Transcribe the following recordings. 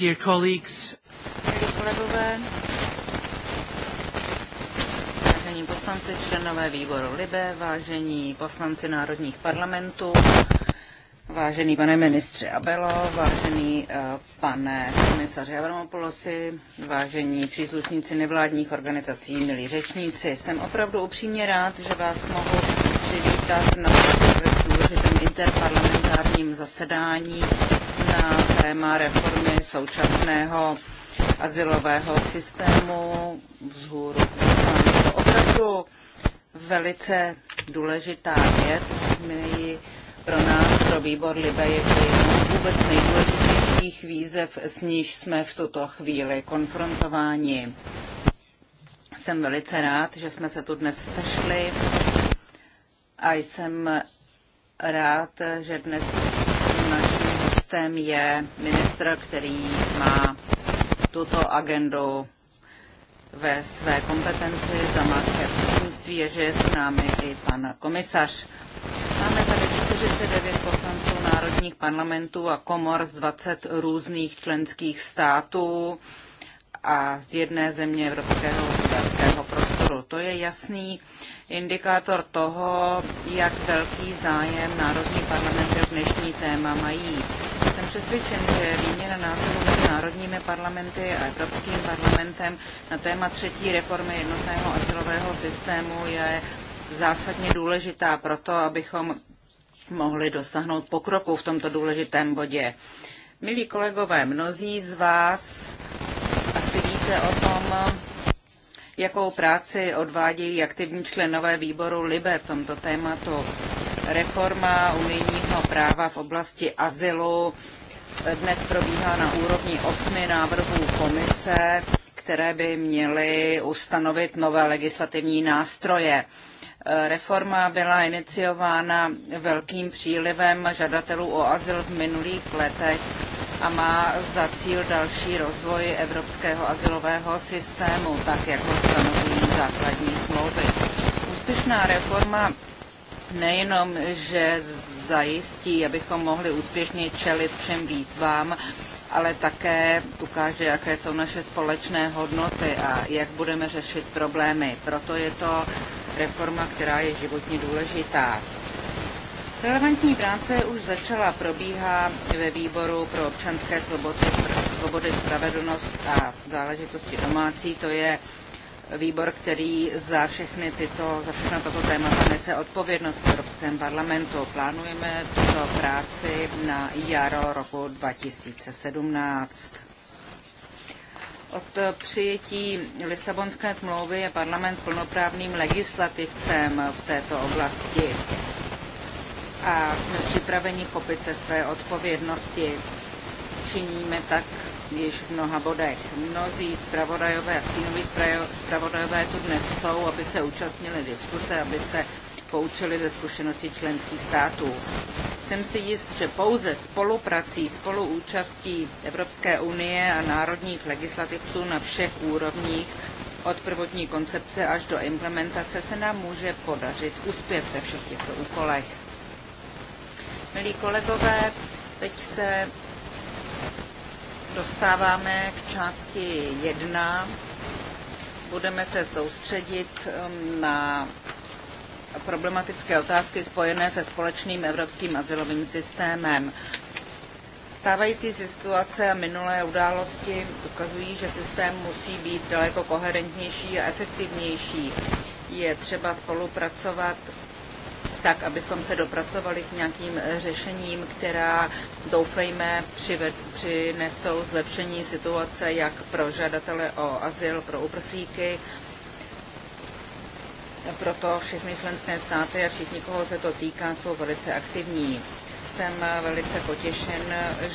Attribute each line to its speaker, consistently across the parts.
Speaker 1: Dear colleagues.
Speaker 2: Milí kolegové, vážení poslanci, členové výboru Libe, vážení poslanci národních parlamentů, vážený pane ministře Abelo, vážený eh, pane komisaři Avramopoulosi, vážení příslušníci nevládních organizací, milí řečníci, jsem opravdu upřímně rád, že vás mohu přivítat na důležitém interparlamentárním zasedání na téma reformy současného asilového systému vzhůru. Je to opravdu velice důležitá věc. My ji pro nás, pro výbor Libe, je to jedna z vůbec nejdůležitějších výzev, s níž jsme v tuto chvíli konfrontováni. Jsem velice rád, že jsme se tu dnes sešli a jsem rád, že dnes Ministrem je ministr, který má tuto agendu ve své kompetenci za malské předsednictví je, že je s námi i pan komisař. Máme tady 49 poslanců národních parlamentů a komor z 20 různých členských států a z jedné země Evropského hospodářského prostoru. To je jasný indikátor toho, jak velký zájem národní parlamenty v dnešní téma mají. Jsem přesvědčen, že výměna názorů mezi národními parlamenty a Evropským parlamentem na téma třetí reformy jednotného azylového systému je zásadně důležitá pro to, abychom mohli dosáhnout pokroku v tomto důležitém bodě. Milí kolegové, mnozí z vás asi víte o tom, jakou práci odvádějí aktivní členové výboru LIBE v tomto tématu. Reforma unijního práva v oblasti azylu dnes probíhá na úrovni osmi návrhů komise, které by měly ustanovit nové legislativní nástroje. Reforma byla iniciována velkým přílivem žadatelů o azyl v minulých letech a má za cíl další rozvoj evropského azylového systému, tak jak ho stanoví základní smlouvy. Úspěšná reforma nejenom, že zajistí, abychom mohli úspěšně čelit všem výzvám, ale také ukáže, jaké jsou naše společné hodnoty a jak budeme řešit problémy. Proto je to reforma, která je životně důležitá. Relevantní práce už začala, probíhá ve výboru pro občanské svobody, svobody spravedlnost a záležitosti domácí. To je výbor, který za všechny tyto, za všechna tato témata nese odpovědnost v Evropském parlamentu. Plánujeme tuto práci na jaro roku 2017. Od přijetí Lisabonské smlouvy je parlament plnoprávným legislativcem v této oblasti a jsme připraveni chopit se své odpovědnosti. Činíme tak již v mnoha bodech. Mnozí zpravodajové a stínoví zpravodajové tu dnes jsou, aby se účastnili diskuse, aby se poučili ze zkušenosti členských států. Jsem si jist, že pouze spoluprací, spoluúčastí Evropské unie a národních legislativců na všech úrovních od prvotní koncepce až do implementace se nám může podařit uspět ve všech těchto úkolech. Milí kolegové, teď se dostáváme k části 1. Budeme se soustředit um, na problematické otázky spojené se společným evropským azylovým systémem. Stávající situace a minulé události ukazují, že systém musí být daleko koherentnější a efektivnější. Je třeba spolupracovat tak abychom se dopracovali k nějakým eh, řešením, která doufejme přived, přinesou zlepšení situace jak pro žadatele o azyl, pro uprchlíky, proto všechny členské státy a všichni, koho se to týká, jsou velice aktivní. Jsem eh, velice potěšen,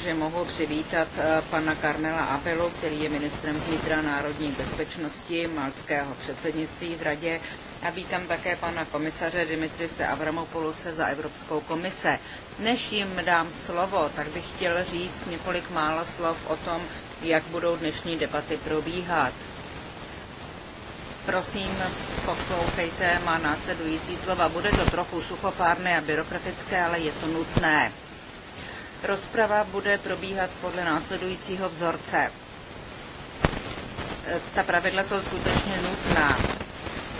Speaker 2: že mohu přivítat eh, pana Karmela Apelu, který je ministrem vnitra národní bezpečnosti malckého předsednictví v radě a vítám také pana komisaře Dimitrise Avramopoulose za Evropskou komise. Než jim dám slovo, tak bych chtěl říct několik málo slov o tom, jak budou dnešní debaty probíhat. Prosím, poslouchejte má následující slova. Bude to trochu suchopárné a byrokratické, ale je to nutné. Rozprava bude probíhat podle následujícího vzorce. Ta pravidla jsou skutečně nutná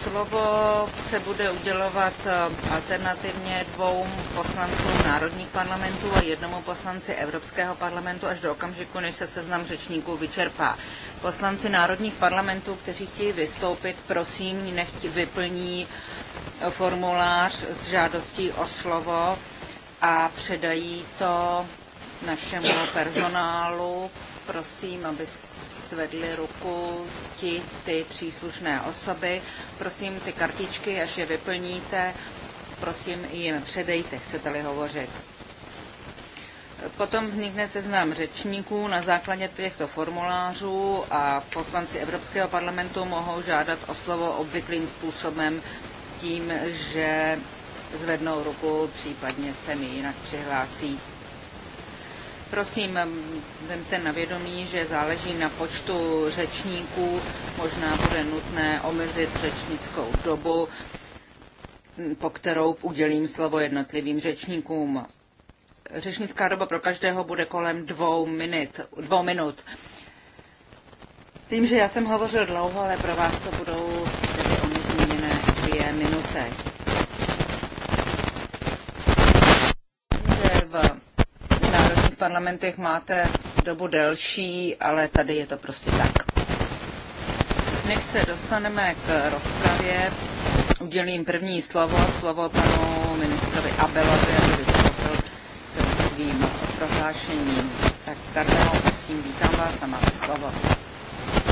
Speaker 2: Slovo se bude udělovat eh, alternativně dvou poslancům národních parlamentů a jednomu poslanci Evropského parlamentu až do okamžiku, než se seznam řečníků vyčerpá. Poslanci národních parlamentů, kteří chtějí vystoupit, prosím, nechť vyplní eh, formulář s žádostí o slovo a předají to našemu personálu. Prosím, aby se zvedli ruku ti, ty příslušné osoby. Prosím, ty kartičky, až je vyplníte, prosím, jim předejte, chcete-li hovořit. Potom vznikne seznam řečníků na základě těchto formulářů a poslanci Evropského parlamentu mohou žádat o slovo obvyklým způsobem tím, že zvednou ruku, případně se mi jinak přihlásí Prosím, vemte na vědomí, že záleží na počtu řečníků. Možná bude nutné omezit řečnickou dobu, po kterou udělím slovo jednotlivým řečníkům. Řečnická doba pro každého bude kolem dvou minut. Dvou minut. Vím, že já jsem hovořil dlouho, ale pro vás to budou tedy omezněné dvě minuty. parlamentech máte dobu delší, ale tady je to prostě tak. Než se dostaneme k rozpravě, udělím první slovo, slovo panu ministrovi Abelovi, aby vystoupil se svým prohlášením. Tak kardinál, prosím, vítám vás a máte slovo.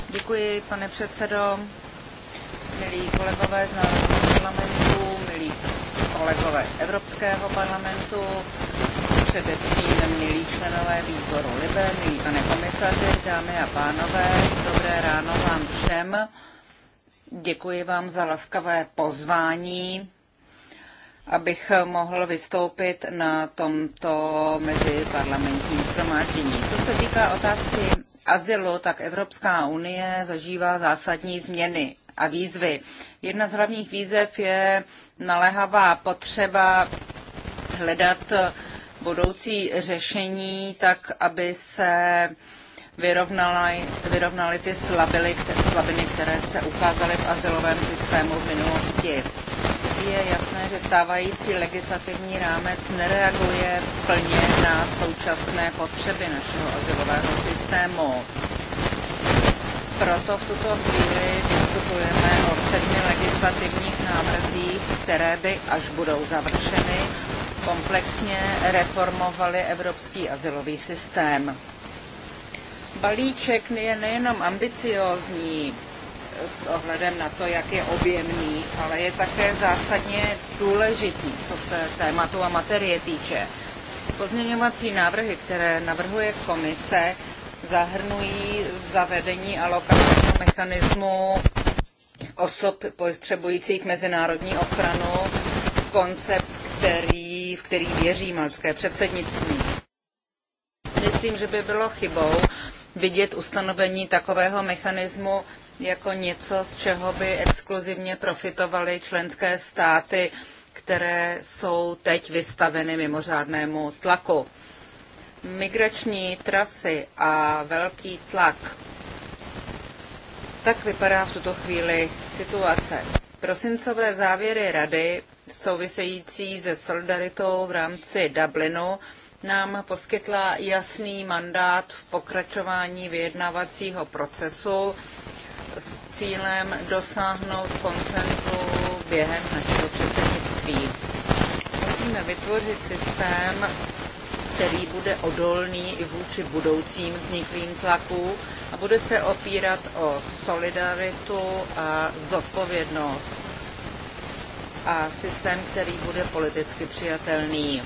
Speaker 2: Děkuji, pane předsedo, milí kolegové z Národního parlamentu, milí kolegové z Evropského parlamentu, především milí členové výboru LIBE, milí pane komisaři, dámy a pánové, dobré ráno vám všem. Děkuji vám za laskavé pozvání, abych mohl vystoupit na tomto meziparlamentním shromáždění. Co se týká otázky azylu, tak Evropská unie zažívá zásadní změny a výzvy. Jedna z hlavních výzev je naléhavá potřeba hledat budoucí řešení, tak aby se vyrovnaly, ty slabiny, slabiny, které se ukázaly v azylovém systému v minulosti. Je jasné, že stávající legislativní rámec nereaguje plně na současné potřeby našeho azylového systému. Proto v tuto chvíli diskutujeme o sedmi legislativních návrzích, které by, až budou završeny, komplexně reformovali evropský azylový systém. Balíček je nejenom ambiciózní s ohledem na to, jak je objemný, ale je také zásadně důležitý, co se tématu a materie týče. Pozměňovací návrhy, které navrhuje komise, zahrnují zavedení alokačního mechanismu osob potřebujících mezinárodní ochranu, koncept, který v který věří malské předsednictví. Myslím, že by bylo chybou vidět ustanovení takového mechanismu jako něco, z čeho by exkluzivně profitovaly členské státy, které jsou teď vystaveny mimořádnému tlaku. Migrační trasy a velký tlak. Tak vypadá v tuto chvíli situace. Prosincové závěry rady související se solidaritou v rámci Dublinu nám poskytla jasný mandát v pokračování vyjednávacího procesu s cílem dosáhnout koncenzu během našeho předsednictví. Musíme vytvořit systém, který bude odolný i vůči budoucím vzniklým tlakům a bude se opírat o solidaritu a zodpovědnost a systém, který bude politicky přijatelný.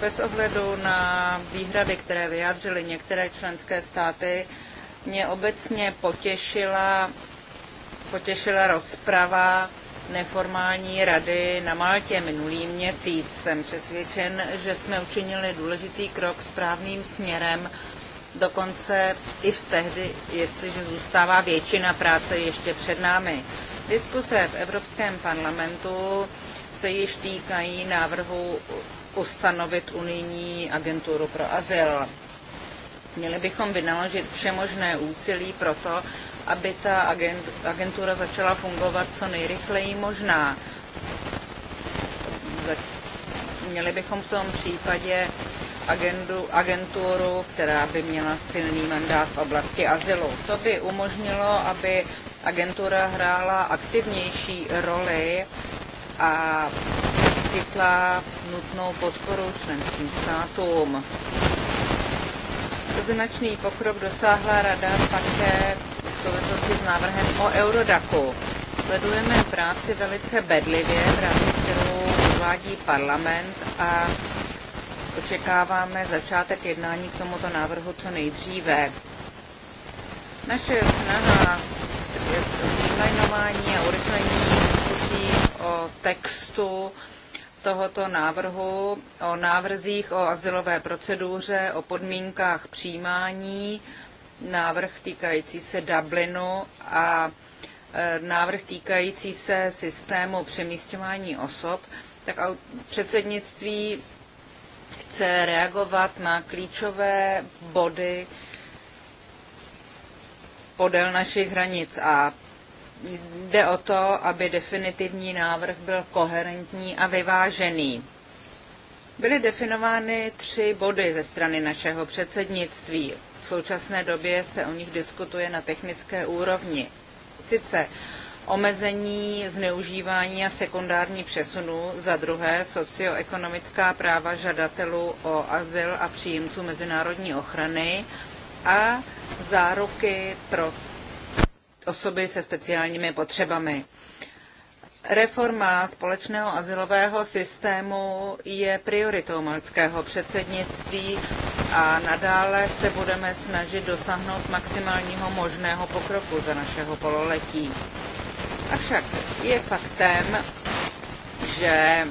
Speaker 2: Bez ohledu na výhrady, které vyjádřily některé členské státy, mě obecně potěšila, potěšila rozprava neformální rady na Maltě minulý měsíc. Jsem přesvědčen, že jsme učinili důležitý krok správným směrem, dokonce i v tehdy, jestliže zůstává většina práce ještě před námi. Diskuse v Evropském parlamentu se již týkají návrhu ustanovit unijní agenturu pro azyl. Měli bychom vynaložit všemožné úsilí pro to, aby ta agentura začala fungovat co nejrychleji možná. Měli bychom v tom případě agendu, agenturu, která by měla silný mandát v oblasti azylu. To by umožnilo, aby agentura hrála aktivnější roli a poskytla nutnou podporu členským státům. Značný pokrok dosáhla Rada také v souvislosti s návrhem o Eurodaku. Sledujeme práci velice bedlivě, práci, kterou uvádí parlament a očekáváme začátek jednání k tomuto návrhu co nejdříve. Naše snaha streamlinování a urychlení diskusí o textu tohoto návrhu, o návrzích o asilové proceduře, o podmínkách přijímání, návrh týkající se Dublinu a e, návrh týkající se systému přemístování osob, tak předsednictví chce reagovat na klíčové body podél našich hranic a jde o to, aby definitivní návrh byl koherentní a vyvážený. Byly definovány tři body ze strany našeho předsednictví. V současné době se o nich diskutuje na technické úrovni. Sice omezení zneužívání a sekundární přesunu, za druhé socioekonomická práva žadatelů o azyl a příjemců mezinárodní ochrany a záruky pro osoby se speciálními potřebami. Reforma společného azylového systému je prioritou malckého předsednictví a nadále se budeme snažit dosáhnout maximálního možného pokroku za našeho pololetí. Avšak je faktem, že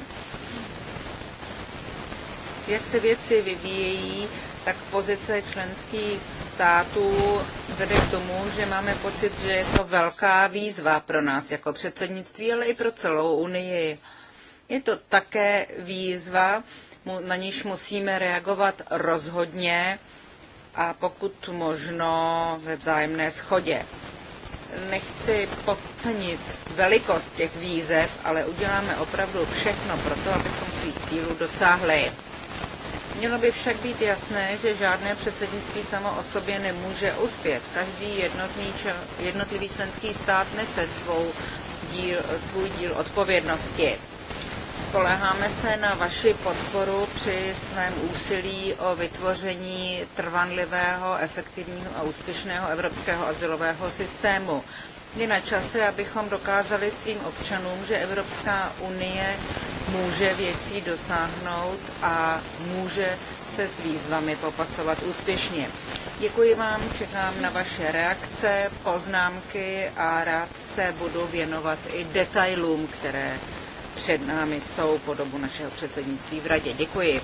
Speaker 2: jak se věci vyvíjejí, tak pozice členských států vede k tomu, že máme pocit, že je to velká výzva pro nás jako předsednictví, ale i pro celou Unii. Je to také výzva, na níž musíme reagovat rozhodně a pokud možno ve vzájemné schodě nechci podcenit velikost těch výzev, ale uděláme opravdu všechno pro to, abychom svých cílů dosáhli. Mělo by však být jasné, že žádné předsednictví samo o sobě nemůže uspět. Každý jednotný, jednotlivý členský stát nese svou díl, svůj díl odpovědnosti spoléháme se na vaši podporu při svém úsilí o vytvoření trvanlivého, efektivního a úspěšného evropského azylového systému. Je na čase, abychom dokázali svým občanům, že Evropská unie může věcí dosáhnout a může se s výzvami popasovat úspěšně. Děkuji vám, čekám na vaše reakce, poznámky a rád se budu věnovat i detailům, které před námi jsou po dobu našeho předsednictví v Radě. Děkuji.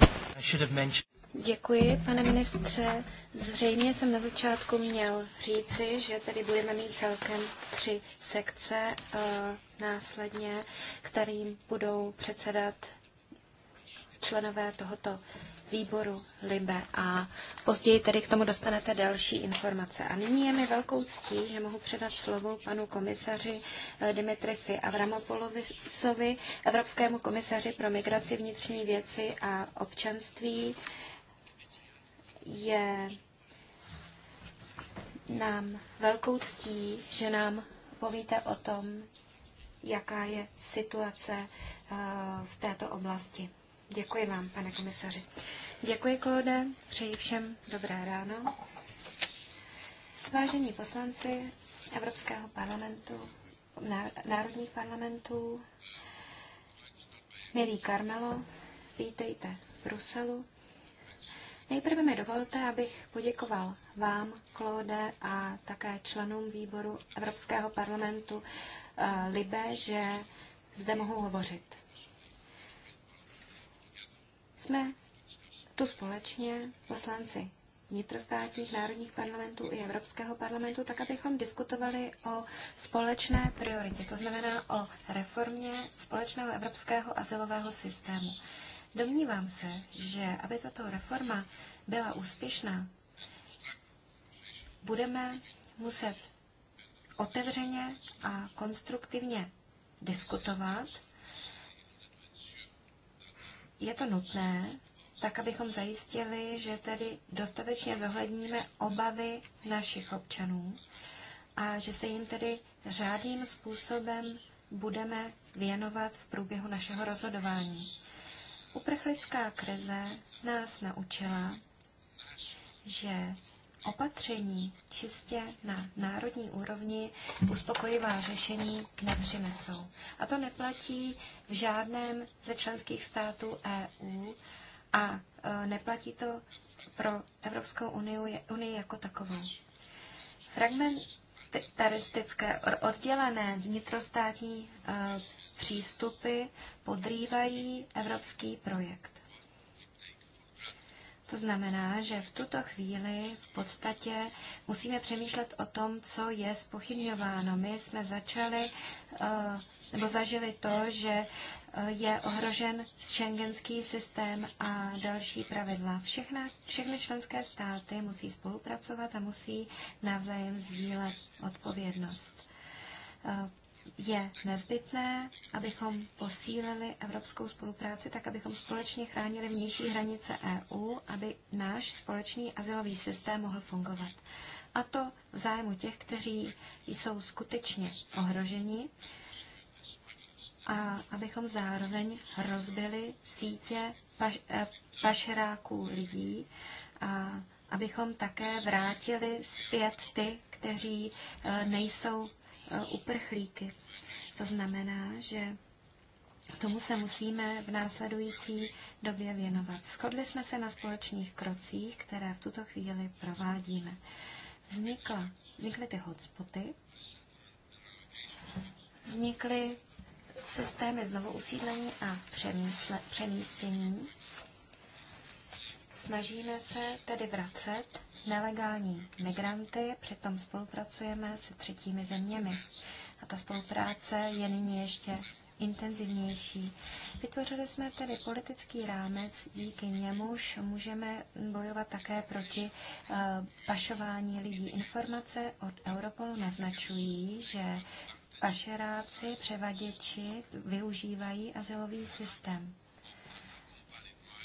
Speaker 3: Děkuji, pane ministře. Zřejmě jsem na začátku měl říci, že tady budeme mít celkem tři sekce uh, následně, kterým budou předsedat členové tohoto výboru LIBE a později tedy k tomu dostanete další informace. A nyní je mi velkou ctí, že mohu předat slovo panu komisaři eh, Dimitrisi Avramopolovisovi, Evropskému komisaři pro migraci, vnitřní věci a občanství. Je nám velkou ctí, že nám povíte o tom, jaká je situace eh, v této oblasti. Děkuji vám, pane komisaři. Děkuji, Klode. Přeji všem dobré ráno. Vážení poslanci Evropského parlamentu, národních parlamentů, milý Karmelo, vítejte v Bruselu. Nejprve mi dovolte, abych poděkoval vám, Claude, a také členům výboru Evropského parlamentu eh, Libe, že zde mohu hovořit. Jsme tu společně poslanci vnitrostátních národních parlamentů i Evropského parlamentu, tak abychom diskutovali o společné prioritě, to znamená o reformě společného evropského asilového systému. Domnívám se, že aby tato reforma byla úspěšná, budeme muset otevřeně a konstruktivně diskutovat je to nutné, tak abychom zajistili, že tedy dostatečně zohledníme obavy našich občanů a že se jim tedy řádným způsobem budeme věnovat v průběhu našeho rozhodování. Uprchlická krize nás naučila, že opatření čistě na národní úrovni uspokojivá řešení nepřinesou. A to neplatí v žádném ze členských států EU a e, neplatí to pro Evropskou unii, jako takovou. Fragmentaristické oddělené vnitrostátní e, přístupy podrývají evropský projekt. To znamená, že v tuto chvíli v podstatě musíme přemýšlet o tom, co je spochybňováno. My jsme začali eh, nebo zažili to, že eh, je ohrožen šengenský systém a další pravidla. Všechna, všechny členské státy musí spolupracovat a musí navzájem sdílet odpovědnost. Eh, je nezbytné, abychom posílili evropskou spolupráci tak, abychom společně chránili vnější hranice EU, aby náš společný asilový systém mohl fungovat. A to v zájmu těch, kteří jsou skutečně ohroženi a abychom zároveň rozbili sítě paš, eh, pašeráků lidí a abychom také vrátili zpět ty, kteří eh, nejsou uprchlíky. To znamená, že tomu se musíme v následující době věnovat. Shodli jsme se na společných krocích, které v tuto chvíli provádíme. Vznikla, vznikly ty hotspoty, vznikly systémy znovu usídlení a přemístění. Snažíme se tedy vracet nelegální migranty, přitom spolupracujeme se třetími zeměmi. A ta spolupráce je nyní ještě intenzivnější. Vytvořili jsme tedy politický rámec, díky němuž můžeme bojovat také proti uh, pašování lidí. Informace od Europolu naznačují, že pašeráci, převaděči využívají azylový systém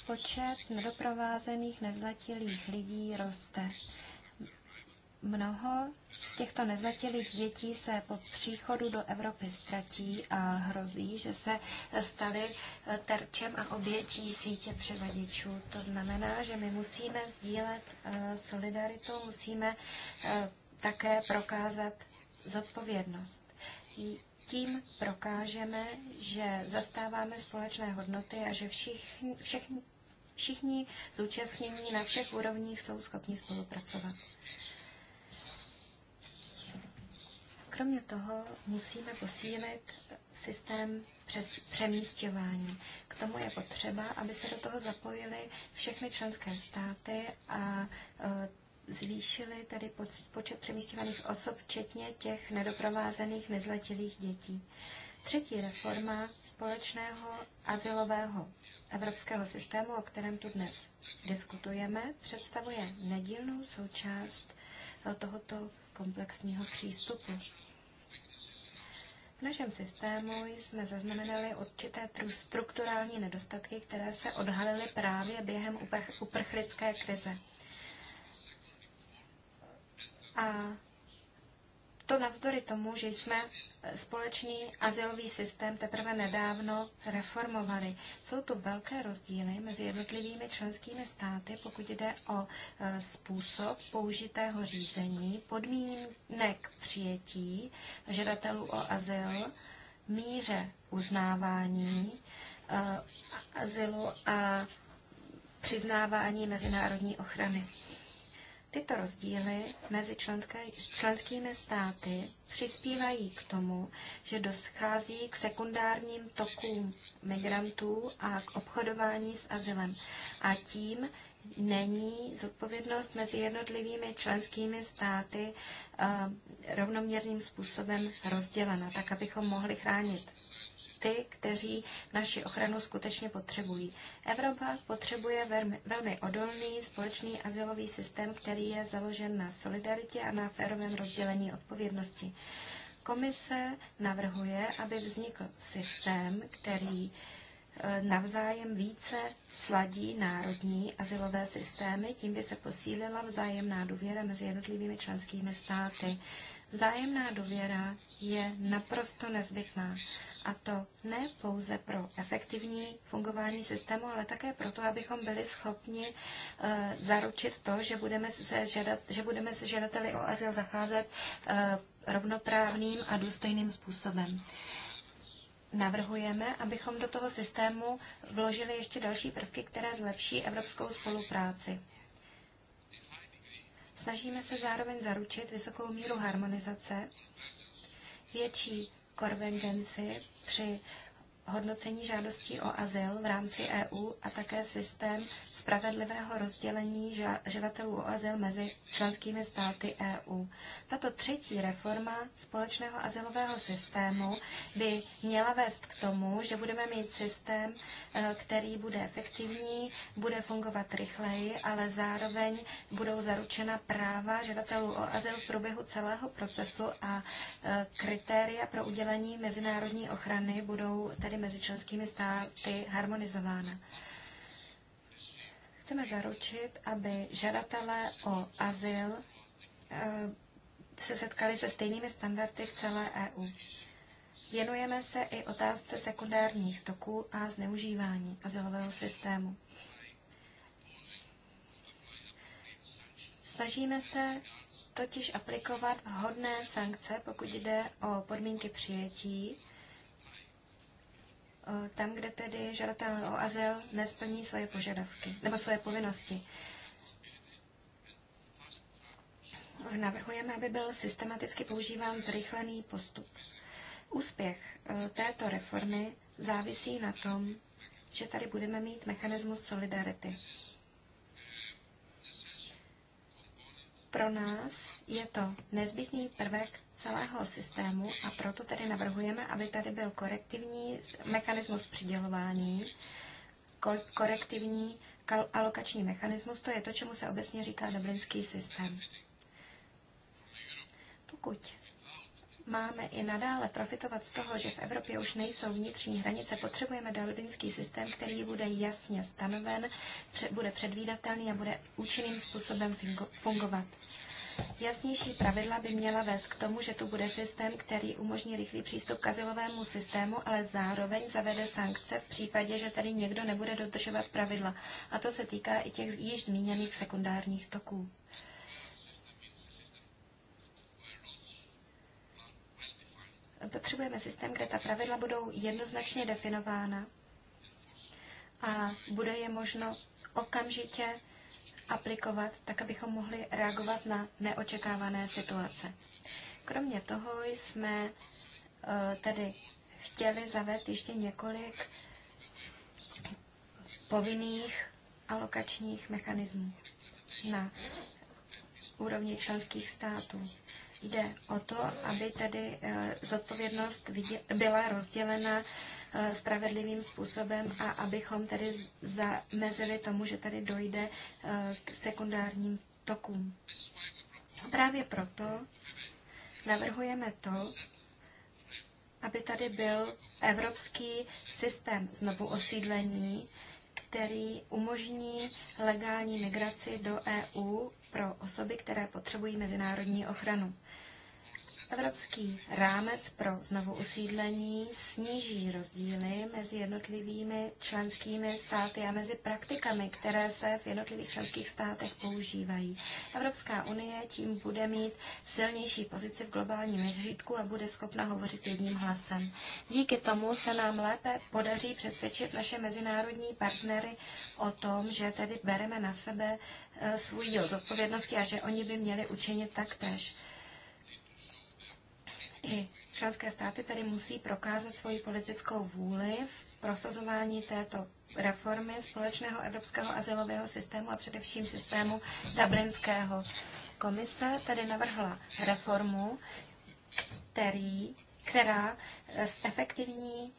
Speaker 3: počet nedoprovázených nezletilých lidí roste. Mnoho z těchto nezletilých dětí se po příchodu do Evropy ztratí a hrozí, že se staly terčem a obětí sítě převaděčů. To znamená, že my musíme sdílet eh, solidaritu, musíme eh, také prokázat zodpovědnost. Tím prokážeme, že zastáváme společné hodnoty a že všichni, všichni všichni zúčastnění na všech úrovních jsou schopni spolupracovat. Kromě toho musíme posílit systém přes přemístěvání. K tomu je potřeba, aby se do toho zapojily všechny členské státy a e, zvýšili tedy počet přemístěvaných osob, včetně těch nedoprovázených nezletilých dětí. Třetí reforma společného asilového evropského systému, o kterém tu dnes diskutujeme, představuje nedílnou součást eh, tohoto komplexního přístupu. V našem systému jsme zaznamenali určité strukturální nedostatky, které se odhalily právě během uprchlické krize. A to navzdory tomu, že jsme společný azylový systém teprve nedávno reformovali. Jsou tu velké rozdíly mezi jednotlivými členskými státy, pokud jde o e, způsob použitého řízení, podmínek přijetí žadatelů o azyl, míře uznávání e, azylu a přiznávání mezinárodní ochrany. Tyto rozdíly mezi členské, členskými státy přispívají k tomu, že doschází k sekundárním tokům migrantů a k obchodování s azylem. A tím není zodpovědnost mezi jednotlivými členskými státy eh, rovnoměrným způsobem rozdělena, tak abychom mohli chránit ty, kteří naši ochranu skutečně potřebují. Evropa potřebuje velmi, velmi odolný společný asilový systém, který je založen na solidaritě a na férovém rozdělení odpovědnosti. Komise navrhuje, aby vznikl systém, který eh, navzájem více sladí národní asilové systémy, tím by se posílila vzájemná důvěra mezi jednotlivými členskými státy. Vzájemná důvěra je naprosto nezbytná. A to ne pouze pro efektivní fungování systému, ale také proto, abychom byli schopni uh, zaručit to, že budeme se, žadat, že budeme se žadateli o azyl zacházet uh, rovnoprávným a důstojným způsobem. Navrhujeme, abychom do toho systému vložili ještě další prvky, které zlepší evropskou spolupráci. Snažíme se zároveň zaručit vysokou míru harmonizace, větší konvergenci při hodnocení žádostí o azyl v rámci EU a také systém spravedlivého rozdělení žadatelů o azyl mezi členskými státy EU. Tato třetí reforma společného azylového systému by měla vést k tomu, že budeme mít systém, e, který bude efektivní, bude fungovat rychleji, ale zároveň budou zaručena práva žadatelů o azyl v průběhu celého procesu a e, kritéria pro udělení mezinárodní ochrany budou tedy mezi členskými státy harmonizována. Chceme zaručit, aby žadatelé o azyl eh, se setkali se stejnými standardy v celé EU. Věnujeme se i otázce sekundárních toků a zneužívání azylového systému. Snažíme se totiž aplikovat vhodné sankce, pokud jde o podmínky přijetí Eh, tam, kde tedy žadatel o azyl nesplní svoje požadavky nebo svoje povinnosti. Navrhujeme, aby byl systematicky používán zrychlený postup. Úspěch eh, této reformy závisí na tom, že tady budeme mít mechanismus solidarity. Pro nás je to nezbytný prvek celého systému a proto tedy navrhujeme, aby tady byl korektivní mechanismus přidělování, korektivní alokační mechanismus, to je to, čemu se obecně říká dublinský systém. Pokud máme i nadále profitovat z toho, že v Evropě už nejsou vnitřní hranice, potřebujeme dublinský systém, který bude jasně stanoven, bude předvídatelný a bude účinným způsobem fungovat. Jasnější pravidla by měla vést k tomu, že tu bude systém, který umožní rychlý přístup k azylovému systému, ale zároveň zavede sankce v případě, že tady někdo nebude dodržovat pravidla. A to se týká i těch již zmíněných sekundárních toků. Potřebujeme systém, kde ta pravidla budou jednoznačně definována a bude je možno okamžitě aplikovat, tak abychom mohli reagovat na neočekávané situace. Kromě toho jsme eh, tedy chtěli zavést ještě několik povinných alokačních mechanismů na úrovni členských států. Jde o to, aby tady eh, zodpovědnost byla rozdělena eh, spravedlivým způsobem a abychom tedy zamezili tomu, že tady dojde eh, k sekundárním tokům. Právě proto navrhujeme to, aby tady byl evropský systém znovu osídlení, který umožní legální migraci do EU pro osoby, které potřebují mezinárodní ochranu. Evropský rámec pro znovu usídlení sníží rozdíly mezi jednotlivými členskými státy a mezi praktikami, které se v jednotlivých členských státech používají. Evropská unie tím bude mít silnější pozici v globálním měřítku a bude schopna hovořit jedním hlasem. Díky tomu se nám lépe podaří přesvědčit naše mezinárodní partnery o tom, že tedy bereme na sebe eh, svůj díl zodpovědnosti a že oni by měli učinit taktéž i členské státy tedy musí prokázat svoji politickou vůli v prosazování této reformy společného evropského azylového systému a především systému dublinského. Komise tedy navrhla reformu, který, která eh, zefektivní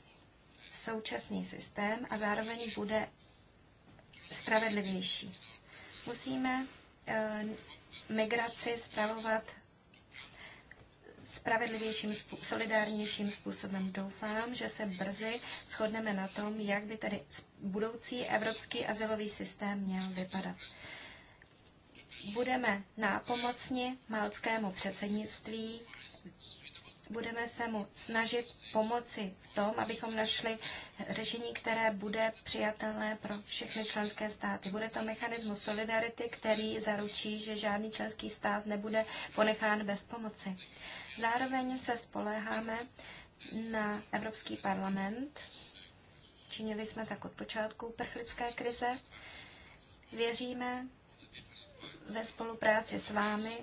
Speaker 3: současný systém a zároveň bude spravedlivější. Musíme eh, migraci spravovat spravedlivějším, solidárnějším způsobem. Doufám, že se brzy shodneme na tom, jak by tedy budoucí evropský azylový systém měl vypadat. Budeme nápomocni malckému předsednictví budeme se mu snažit pomoci v tom, abychom našli řešení, které bude přijatelné pro všechny členské státy. Bude to mechanismus solidarity, který zaručí, že žádný členský stát nebude ponechán bez pomoci. Zároveň se spoléháme na Evropský parlament. Činili jsme tak od počátku prchlické krize. Věříme ve spolupráci s vámi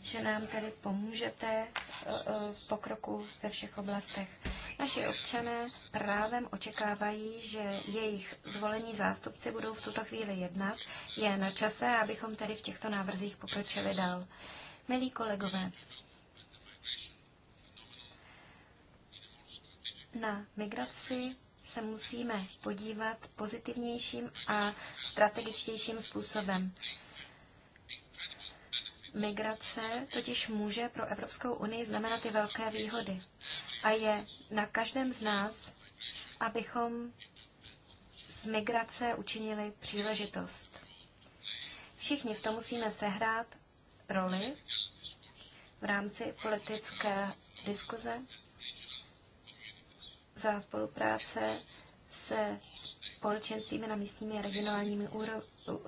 Speaker 3: že nám tedy pomůžete eh, eh, v pokroku ve všech oblastech. Naši občané právem očekávají, že jejich zvolení zástupci budou v tuto chvíli jednat. Je na čase, abychom tedy v těchto návrzích pokročili dál. Milí kolegové, na migraci se musíme podívat pozitivnějším a strategičtějším způsobem. Migrace totiž může pro Evropskou unii znamenat i velké výhody. A je na každém z nás, abychom z migrace učinili příležitost. Všichni v tom musíme sehrát roli v rámci politické diskuze za spolupráce se společenstvími na místními a regionálními úro...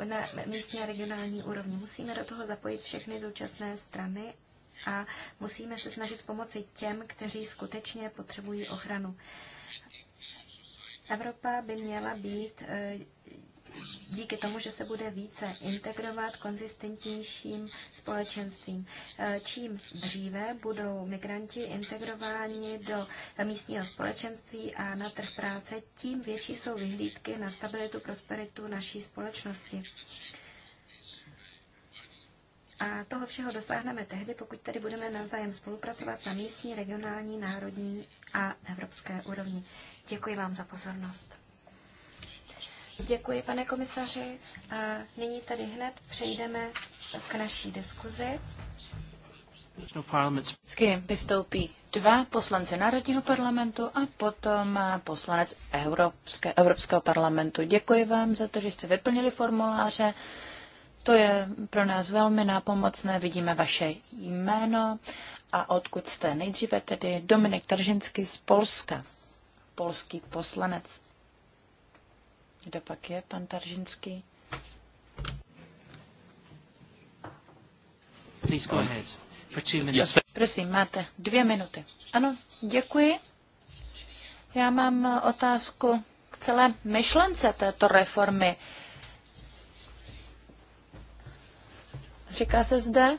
Speaker 3: na místní a regionální úrovni. Musíme do toho zapojit všechny zúčastné strany a musíme se snažit pomoci těm, kteří skutečně potřebují ochranu. Evropa by měla být eh, díky tomu, že se bude více integrovat konzistentnějším společenstvím. E, čím dříve budou migranti integrováni do místního společenství a na trh práce, tím větší jsou vyhlídky na stabilitu, prosperitu naší společnosti. A toho všeho dosáhneme tehdy, pokud tady budeme navzájem spolupracovat na místní, regionální, národní a evropské úrovni. Děkuji vám za pozornost. Děkuji, pane komisaři. A nyní tady hned přejdeme k naší diskuzi.
Speaker 4: Vždycky vystoupí dva poslanci Národního parlamentu a potom poslanec Evropské, Evropského parlamentu. Děkuji vám za to, že jste vyplnili formuláře. To je pro nás velmi nápomocné. Vidíme vaše jméno a odkud jste. Nejdříve tedy Dominik Tržinsky z Polska, polský poslanec. Kde pak je pan Taržinský?
Speaker 5: Please go ahead. For two minutes.
Speaker 4: Prosím, máte dvě minuty. Ano, děkuji. Já mám otázku k celé myšlence této reformy. Říká se zde,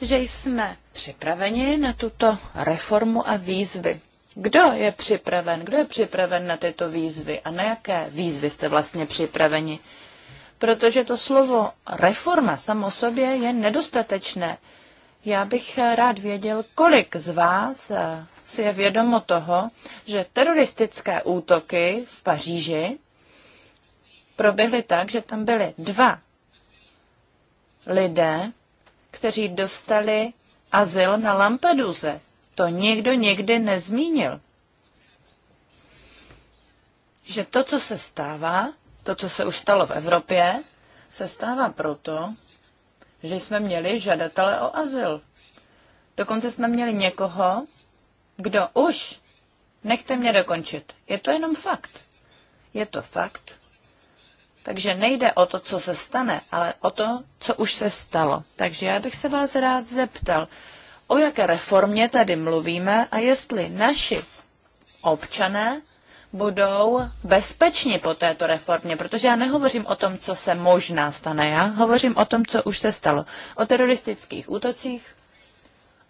Speaker 4: že jsme připraveni na tuto reformu a výzvy. Kdo je připraven? Kdo je připraven na tyto výzvy? A na jaké výzvy jste vlastně připraveni? Protože to slovo reforma samo sobě je nedostatečné. Já bych rád věděl, kolik z vás eh, si je vědomo toho, že teroristické útoky v Paříži proběhly tak, že tam byli dva lidé, kteří dostali azyl na Lampeduze to nikdo nikdy nezmínil. Že to, co se stává, to, co se už stalo v Evropě, se stává proto, že jsme měli žadatele o azyl. Dokonce jsme měli někoho, kdo už, nechte mě dokončit, je to jenom fakt. Je to fakt. Takže nejde o to, co se stane, ale o to, co už se stalo. Takže já bych se vás rád zeptal, o jaké reformě tady mluvíme a jestli naši občané budou bezpeční po této reformě, protože já nehovořím o tom, co se možná stane, já hovořím o tom, co už se stalo, o teroristických útocích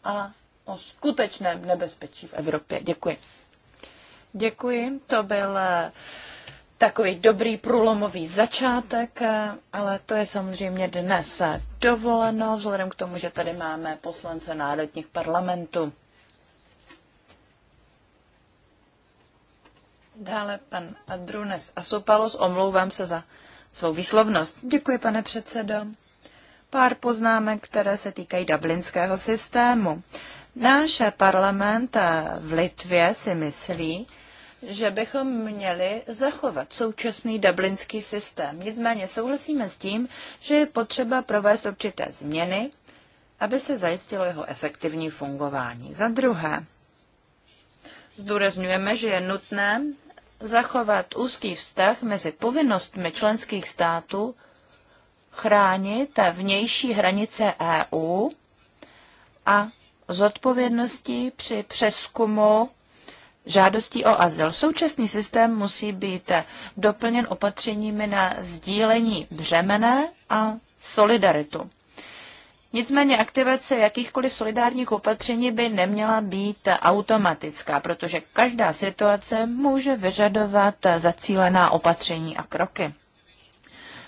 Speaker 4: a o skutečném nebezpečí v Evropě. Děkuji. Děkuji, to byl uh, takový dobrý průlomový začátek, ale to je samozřejmě dnes dovoleno, vzhledem k tomu, že tady máme poslance národních parlamentů. Dále pan Adrunes Asopalos, omlouvám se za svou výslovnost. Děkuji, pane předsedo. Pár poznámek, které se týkají dublinského systému. Náš parlament v Litvě si myslí, že bychom měli zachovat současný dublinský systém. Nicméně souhlasíme s tím, že je potřeba provést určité změny, aby se zajistilo jeho efektivní fungování. Za druhé, zdůrazňujeme, že je nutné zachovat úzký vztah mezi povinnostmi členských států chránit vnější hranice EU a zodpovědností při přeskumu žádostí o azyl. Současný systém musí být doplněn opatřeními na sdílení břemene a solidaritu. Nicméně aktivace jakýchkoliv solidárních opatření by neměla být automatická, protože každá situace může vyžadovat zacílená opatření a kroky.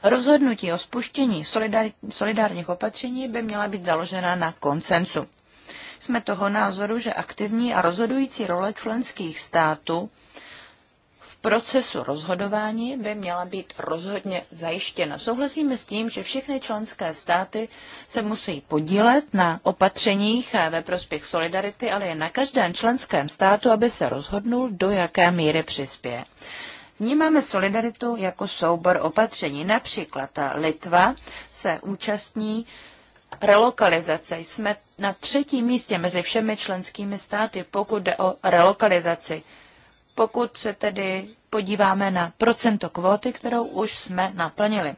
Speaker 4: Rozhodnutí o spuštění solidár, solidárních opatření by měla být založena na koncensu. Jsme toho názoru, že aktivní a rozhodující role členských států v procesu rozhodování by měla být rozhodně zajištěna. Souhlasíme s tím, že všechny členské státy se musí podílet na opatřeních ve prospěch solidarity, ale je na každém členském státu, aby se rozhodnul, do jaké míry přispěje. Vnímáme solidaritu jako soubor opatření. Například Litva se účastní relokalizace. Jsme na třetím místě mezi všemi členskými státy, pokud jde o relokalizaci. Pokud se tedy podíváme na procento kvóty, kterou už jsme naplnili.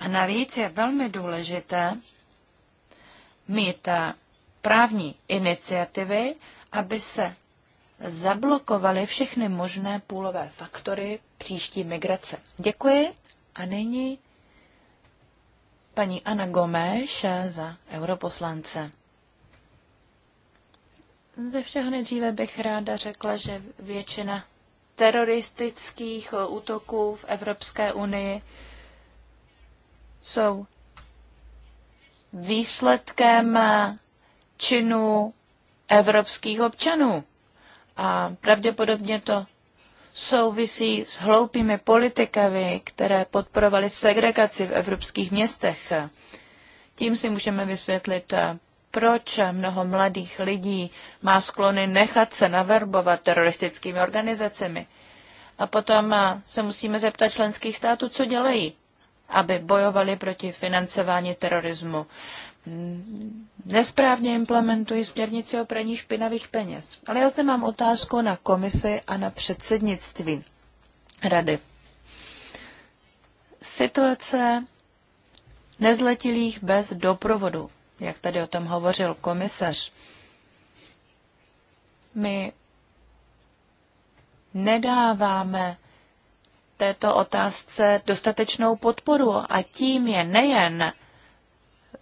Speaker 4: A navíc je velmi důležité mít eh, právní iniciativy, aby se zablokovaly všechny možné půlové faktory příští migrace. Děkuji a nyní paní Ana Gomeš za europoslance. Ze všeho nejdříve bych ráda řekla, že většina teroristických útoků v Evropské unii jsou výsledkem činů evropských občanů. A pravděpodobně to souvisí s hloupými politikami, které podporovaly segregaci v evropských městech. Tím si můžeme vysvětlit, proč mnoho mladých lidí má sklony nechat se naverbovat teroristickými organizacemi. A potom se musíme zeptat členských států, co dělají, aby bojovali proti financování terorismu nesprávně implementují směrnici o praní špinavých peněz. Ale já zde mám otázku na komisi a na předsednictví rady. Situace nezletilých bez doprovodu, jak tady o tom hovořil komisař. My nedáváme této otázce dostatečnou podporu a tím je nejen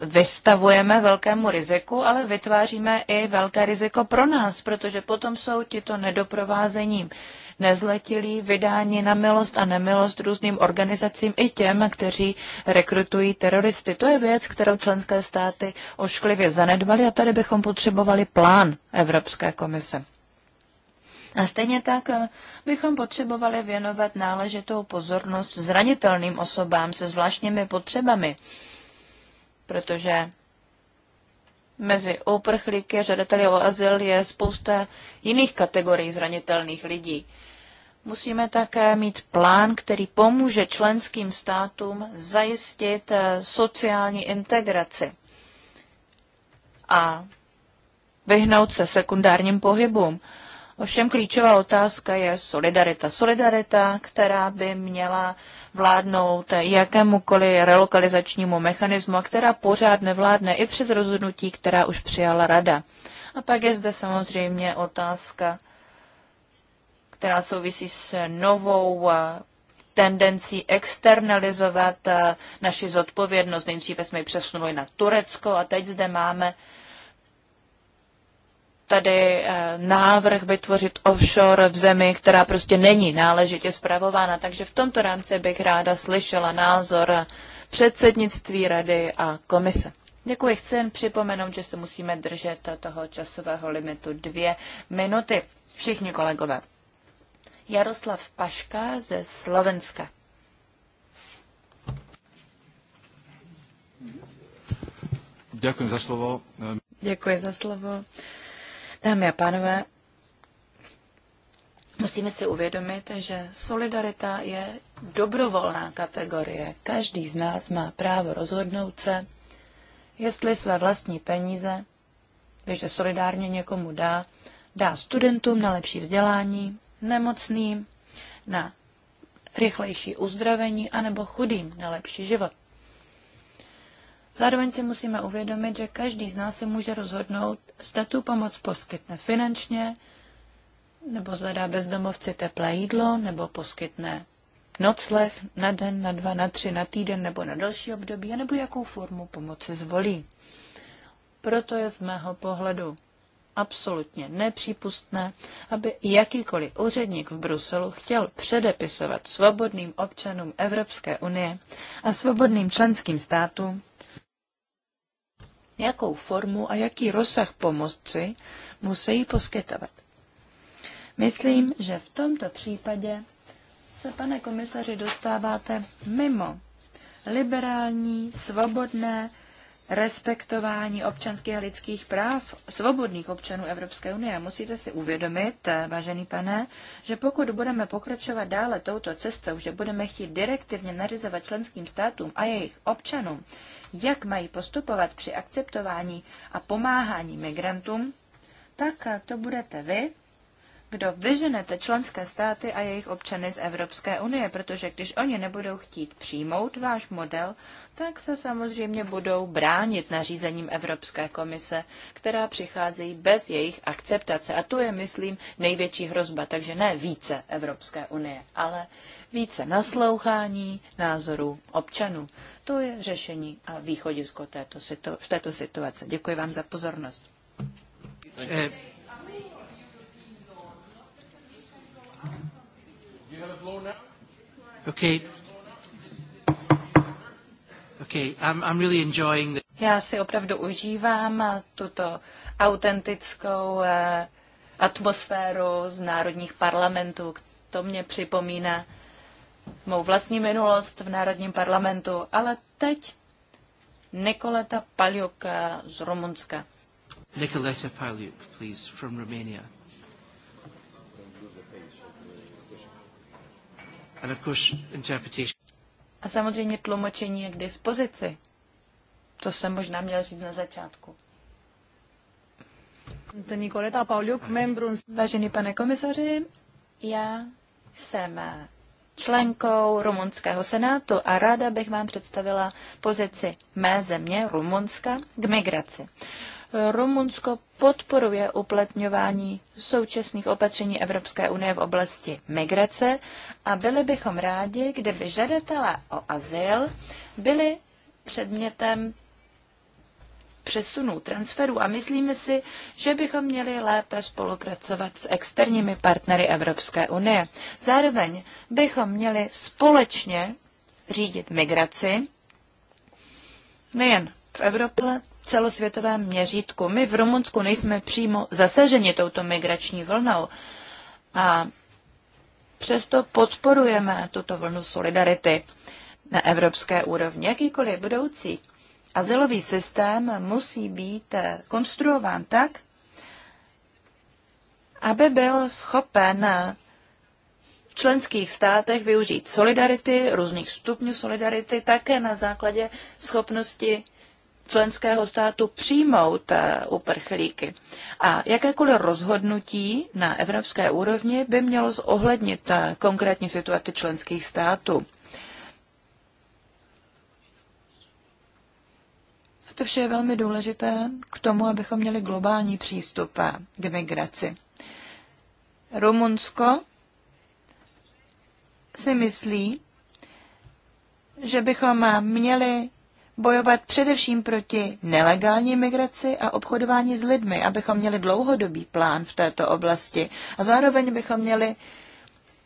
Speaker 4: vystavujeme velkému riziku, ale vytváříme i velké riziko pro nás, protože potom jsou tito nedoprovázení nezletilí vydání na milost a nemilost různým organizacím i těm, kteří rekrutují teroristy. To je věc, kterou členské státy ošklivě zanedbaly a tady bychom potřebovali plán Evropské komise. A stejně tak eh, bychom potřebovali věnovat náležitou pozornost zranitelným osobám se zvláštními potřebami protože mezi úprchlíky a žadateli o azyl je spousta jiných kategorií zranitelných lidí. Musíme také mít plán, který pomůže členským státům zajistit eh, sociální integraci a vyhnout se sekundárním pohybům. Ovšem klíčová otázka je solidarita. Solidarita, která by měla vládnout jakémukoliv relokalizačnímu mechanismu, a která pořád nevládne i přes rozhodnutí, která už přijala rada. A pak je zde samozřejmě otázka, která souvisí s novou eh, tendencí externalizovat eh, naši zodpovědnost. Nejdříve jsme ji přesunuli na Turecko a teď zde máme tady eh, návrh vytvořit offshore v zemi, která prostě není náležitě zpravována. Takže v tomto rámci bych ráda slyšela názor předsednictví rady a komise. Děkuji. Chci jen připomenout, že se musíme držet toho časového limitu dvě minuty. Všichni kolegové. Jaroslav Paška ze Slovenska.
Speaker 3: Děkuji za slovo.
Speaker 4: Děkuji za slovo. Dámy a pánové, musíme si uvědomit, že solidarita je dobrovolná kategorie. Každý z nás má právo rozhodnout se, jestli své vlastní peníze, když se solidárně někomu dá, dá studentům na lepší vzdělání, nemocným, na rychlejší uzdravení anebo chudým na lepší život. Zároveň si musíme uvědomit, že každý z nás se může rozhodnout, zda tu pomoc poskytne finančně, nebo zadá bezdomovci teplé jídlo, nebo poskytne nocleh na den, na dva, na tři, na týden nebo na další období, nebo jakou formu pomoci zvolí. Proto je z mého pohledu absolutně nepřípustné, aby jakýkoliv úředník v Bruselu chtěl předepisovat svobodným občanům Evropské unie a svobodným členským státům jakou formu a jaký rozsah pomoci musí poskytovat. Myslím, že v tomto případě se, pane komisaři, dostáváte mimo liberální, svobodné respektování občanských a lidských práv svobodných občanů Evropské unie. Musíte si uvědomit, eh, vážený pane, že pokud budeme pokračovat dále touto cestou, že budeme chtít direktivně nařizovat členským státům a jejich občanům, jak mají postupovat při akceptování a pomáhání migrantům, tak to budete vy, kdo vyženete členské státy a jejich občany z Evropské unie, protože když oni nebudou chtít přijmout váš model, tak se samozřejmě budou bránit nařízením Evropské komise, která přicházejí bez jejich akceptace. A to je, myslím, největší hrozba. Takže ne více Evropské unie, ale více naslouchání názorů občanů. To je řešení a východisko této, této situace. Děkuji vám za pozornost. Eh.
Speaker 1: Okay. Okay, I'm, I'm really enjoying
Speaker 4: Já si opravdu užívám tuto autentickou eh, atmosféru z národních parlamentů. To mě připomíná mou vlastní minulost v Národním parlamentu, ale teď Nikoleta Paliuk eh, z Rumunska.
Speaker 5: Nikoleta Paliuk, please, from Romania. And of course, interpretation. A samozřejmě tlumočení
Speaker 4: je k dispozici. To jsem možná měl říct na začátku. Nikoleta Pauliuk, membrun. Vážený pane komisaři, já jsem členkou rumunského senátu a ráda bych vám představila pozici mé země, Rumunska, k migraci. Rumunsko podporuje uplatňování současných opatření Evropské unie v oblasti migrace a byli bychom rádi, kdyby žadatelé o azyl byli předmětem přesunů, transferů a myslíme si, že bychom měli lépe spolupracovat s externími partnery Evropské unie. Zároveň bychom měli společně řídit migraci nejen v Evropě, celosvětovém měřítku. My v Rumunsku nejsme přímo zasaženi touto migrační vlnou a přesto podporujeme tuto vlnu solidarity na evropské úrovni. Jakýkoliv budoucí azylový systém musí být eh, konstruován tak, aby byl schopen eh, v členských státech využít solidarity, různých stupňů solidarity, také na základě schopnosti členského státu přijmout eh, uprchlíky. A jakékoliv rozhodnutí na evropské úrovni by mělo zohlednit eh, konkrétní situaci členských států. A to vše je velmi důležité k tomu, abychom měli globální přístup eh, k migraci. Rumunsko si myslí, že bychom měli bojovat především proti nelegální migraci a obchodování s lidmi, abychom měli dlouhodobý plán v této oblasti a zároveň bychom měli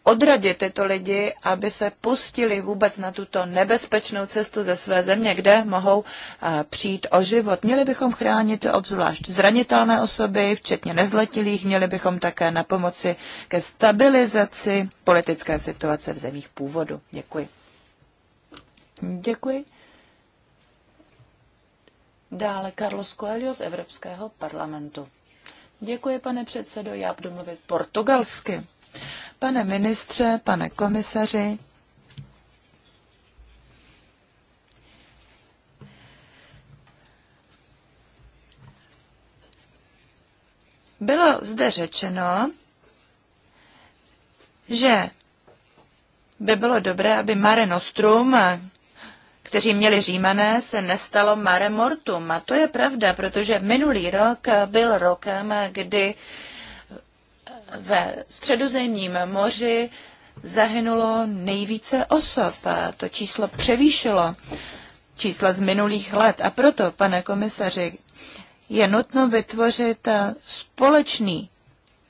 Speaker 4: odradit tyto lidi, aby se pustili vůbec na tuto nebezpečnou cestu ze své země, kde mohou eh, přijít o život. Měli bychom chránit obzvlášť zranitelné osoby, včetně nezletilých, měli bychom také na pomoci ke stabilizaci politické situace v zemích původu. Děkuji. Děkuji. Dále Carlos Coelho z Evropského parlamentu. Děkuji, pane předsedo, já budu mluvit portugalsky. Pane ministře, pane komisaři, bylo zde řečeno, že by bylo dobré, aby Mare Nostrum, kteří měli římané, se nestalo mare mortum. A to je pravda, protože minulý rok byl rokem, kdy ve středozemním moři zahynulo nejvíce osob. A to číslo převýšilo čísla z minulých let. A proto, pane komisaři, je nutno vytvořit společný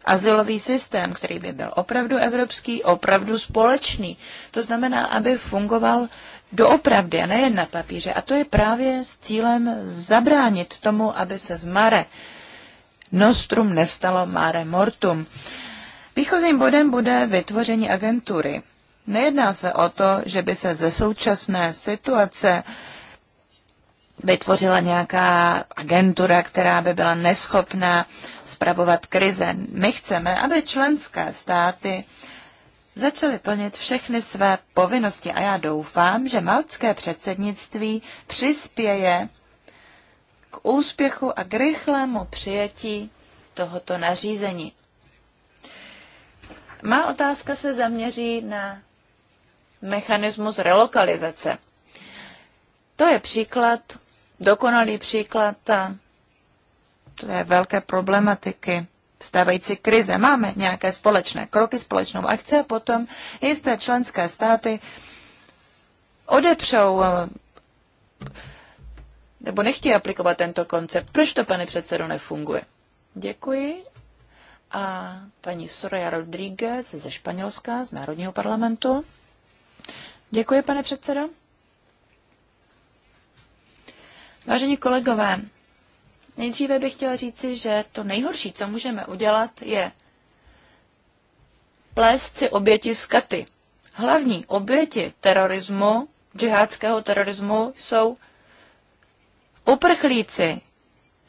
Speaker 4: azylový systém, který by byl opravdu evropský, opravdu společný. To znamená, aby fungoval doopravdy a nejen na papíře. A to je právě s cílem zabránit tomu, aby se z Mare Nostrum nestalo Mare Mortum. Výchozím bodem bude vytvoření agentury. Nejedná se o to, že by se ze současné situace vytvořila nějaká agentura, která by byla neschopná spravovat krize. My chceme, aby členské státy začali plnit všechny své povinnosti a já doufám, že maltské předsednictví přispěje k úspěchu a k rychlému přijetí tohoto nařízení. Má otázka se zaměří na mechanismus relokalizace. To je příklad, dokonalý příklad té velké problematiky stávající krize. Máme nějaké společné kroky, společnou akci a potom jisté členské státy odepřou eh, nebo nechtějí aplikovat tento koncept. Proč to, pane předsedo, nefunguje? Děkuji. A paní Soraya Rodríguez ze Španělska, z Národního parlamentu. Děkuji, pane předsedo. Vážení kolegové, Nejdříve bych chtěla říci, že to nejhorší, co můžeme udělat, je plést si oběti z katy. Hlavní oběti terorismu, džihádského terorismu, jsou uprchlíci,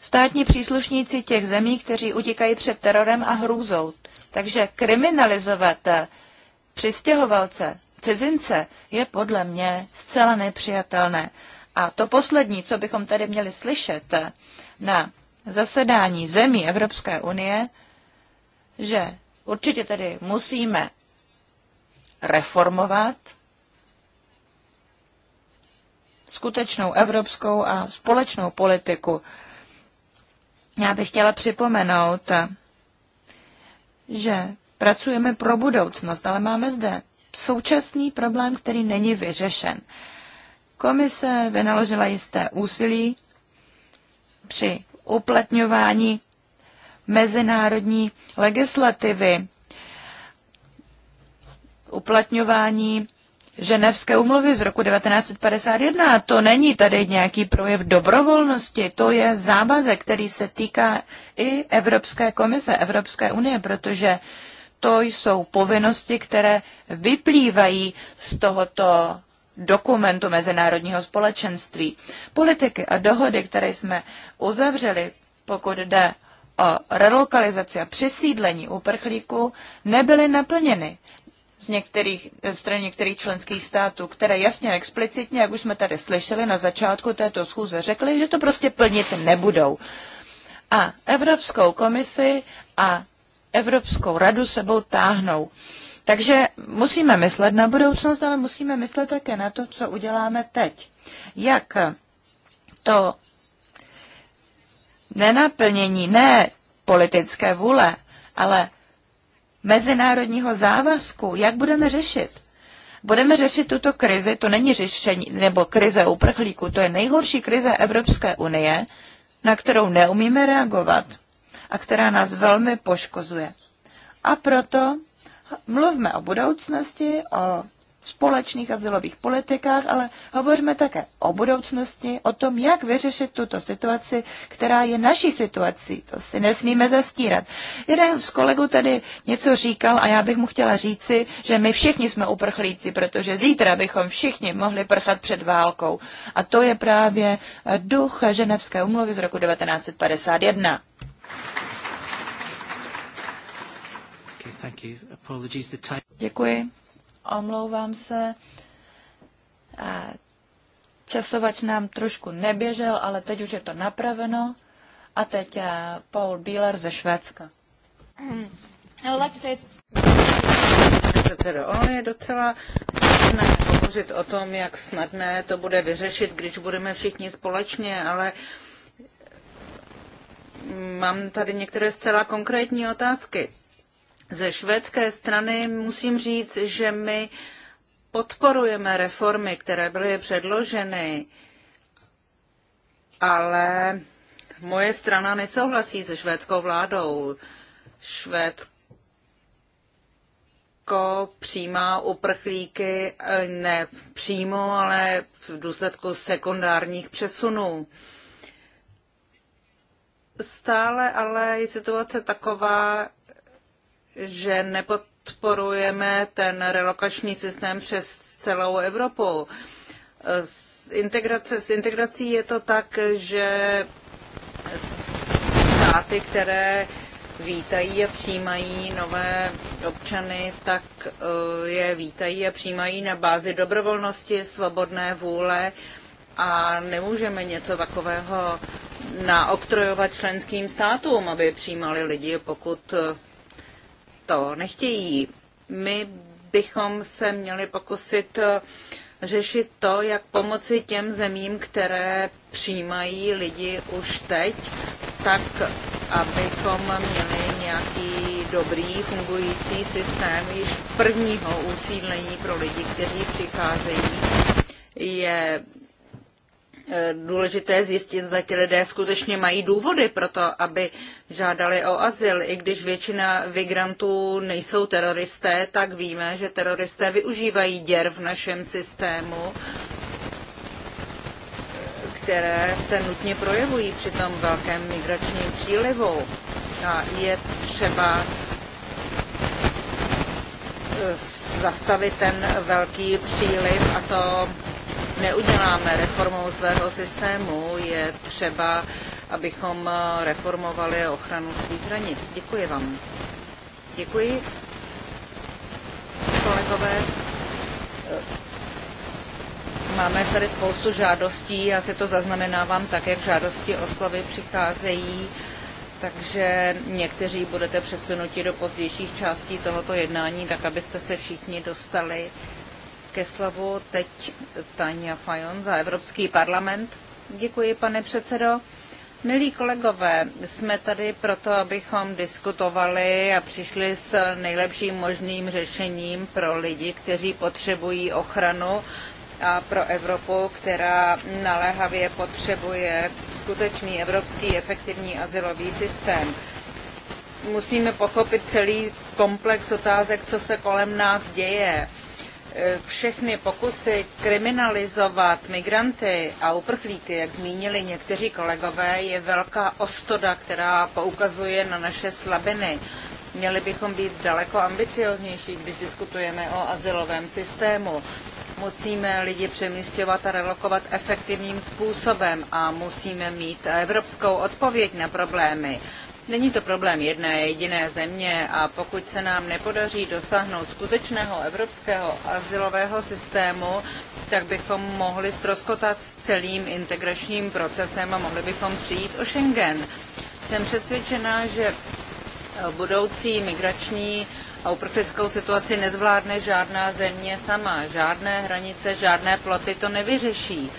Speaker 4: státní příslušníci těch zemí, kteří utíkají před terorem a hrůzou. Takže kriminalizovat přistěhovalce, cizince, je podle mě zcela nepřijatelné. A to poslední, co bychom tady měli slyšet, na zasedání zemí Evropské unie, že určitě tedy musíme reformovat skutečnou evropskou a společnou politiku. Já bych chtěla připomenout, že pracujeme pro budoucnost, ale máme zde současný problém, který není vyřešen. Komise vynaložila jisté úsilí při uplatňování mezinárodní legislativy, uplatňování Ženevské umluvy z roku 1951. To není tady nějaký projev dobrovolnosti, to je závazek, který se týká i Evropské komise, Evropské unie, protože to jsou povinnosti, které vyplývají z tohoto dokumentu mezinárodního společenství. Politiky a dohody, které jsme uzavřeli, pokud jde o relokalizaci a přesídlení uprchlíků, nebyly naplněny z některých, ze strany některých členských států, které jasně a explicitně, jak už jsme tady slyšeli na začátku této schůze, řekly, že to prostě plnit nebudou. A Evropskou komisi a Evropskou radu sebou táhnou. Uh, takže musíme myslet na budoucnost, ale musíme myslet také na to, co uděláme teď. Jak to nenaplnění, ne politické vůle, ale mezinárodního závazku, jak budeme řešit? Budeme řešit tuto krizi, to není řešení, nebo krize uprchlíků, to je nejhorší krize Evropské unie, na kterou neumíme reagovat a která nás velmi poškozuje. A proto Mluvme o budoucnosti, o společných azylových politikách, ale hovořme také o budoucnosti, o tom, jak vyřešit tuto situaci, která je naší situací. To si nesmíme zastírat. Jeden z kolegů tady něco říkal a já bych mu chtěla říci, že my všichni jsme uprchlíci, protože zítra bychom všichni mohli prchat před válkou. A to je právě duch Ženevské umluvy z roku 1951. Děkuji. Omlouvám se. Časovač nám trošku neběžel, ale teď už je to napraveno. A teď eh, Paul Bieler ze Švédska.
Speaker 2: ono je docela snadné hovořit o tom, jak snadné to bude vyřešit, když budeme všichni společně, ale mám tady některé zcela konkrétní otázky. Ze švédské strany musím říct, že my podporujeme reformy, které byly předloženy, ale moje strana nesouhlasí se švédskou vládou. Švédsko přijímá uprchlíky ne přímo, ale v důsledku sekundárních přesunů. Stále ale je situace taková, že nepodporujeme ten relokační systém přes celou Evropu. S, integrace, s integrací je to tak, že státy, které vítají a přijímají nové občany, tak eh, je vítají a přijímají na bázi dobrovolnosti, svobodné vůle a nemůžeme něco takového naoktrojovat členským státům, aby přijímali lidi, pokud eh, to nechtějí. My bychom se měli pokusit eh, řešit to, jak pomoci těm zemím, které přijímají lidi už teď, tak abychom měli nějaký dobrý fungující systém již prvního usídlení pro lidi, kteří přicházejí. Je Eh, důležité zjistit, zda ti lidé skutečně mají důvody pro to, aby žádali o azyl. I když většina migrantů nejsou teroristé, tak víme, že teroristé využívají děr v našem systému, které se nutně projevují při tom velkém migračním přílivu. A je třeba eh, zastavit ten velký příliv a to neuděláme reformou svého systému. Je třeba, abychom eh, reformovali ochranu svých hranic. Děkuji vám. Děkuji. Kolegové, eh, máme tady spoustu žádostí, já si to zaznamenávám tak, jak žádosti oslavy přicházejí, takže někteří budete přesunuti do pozdějších částí tohoto jednání, tak abyste se všichni dostali ke slovu teď Tania Fajon za Evropský parlament. Děkuji, pane předsedo. Milí kolegové, jsme tady proto, abychom diskutovali a přišli s nejlepším možným řešením pro lidi, kteří potřebují ochranu a pro Evropu, která naléhavě potřebuje skutečný evropský efektivní asilový systém. Musíme pochopit celý komplex otázek, co se kolem nás děje Eh, všechny pokusy kriminalizovat migranty a uprchlíky, jak zmínili někteří kolegové, je velká ostoda, která poukazuje na naše slabiny. Měli bychom být daleko ambicioznější, když diskutujeme o azylovém systému. Musíme lidi přemístěvat a relokovat efektivním způsobem a musíme mít evropskou odpověď na problémy. Není to problém jedné jediné země a pokud se nám nepodaří dosáhnout skutečného evropského asilového systému, tak bychom mohli ztroskotat s celým integračním procesem a mohli bychom přijít o Schengen. Jsem přesvědčená, že budoucí migrační a uprchlickou situaci nezvládne žádná země sama. Žádné hranice, žádné ploty to nevyřeší.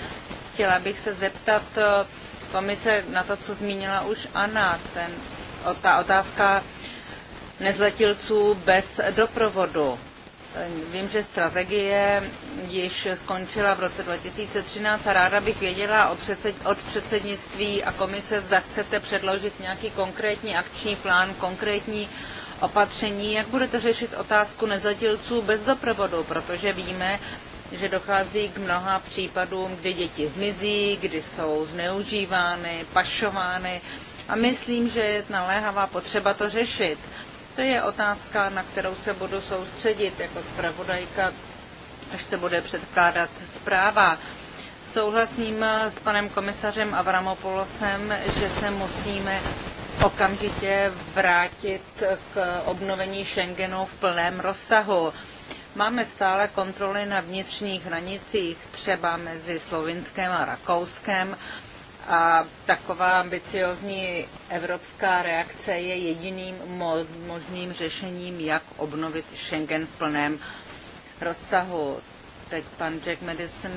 Speaker 2: Chtěla bych se zeptat, komise na to, co zmínila už Anna, ten, ta otázka nezletilců bez doprovodu. Vím, že strategie již skončila v roce 2013 a ráda bych věděla od předsednictví a komise, zda chcete předložit nějaký konkrétní akční plán, konkrétní opatření, jak budete řešit otázku nezletilců bez doprovodu, protože víme, že dochází k mnoha případům, kdy děti zmizí, kdy jsou zneužívány, pašovány a myslím, že je naléhavá potřeba to řešit. To je otázka, na kterou se budu soustředit jako zpravodajka, až se bude předkládat zpráva. Souhlasím s panem komisařem Avramopoulosem, že se musíme okamžitě vrátit k obnovení Schengenu v plném rozsahu Máme stále kontroly na vnitřních hranicích, třeba mezi Slovinskem a Rakouskem. A taková ambiciozní evropská reakce je jediným mo- možným řešením, jak obnovit Schengen v plném rozsahu. Teď pan Jack Madison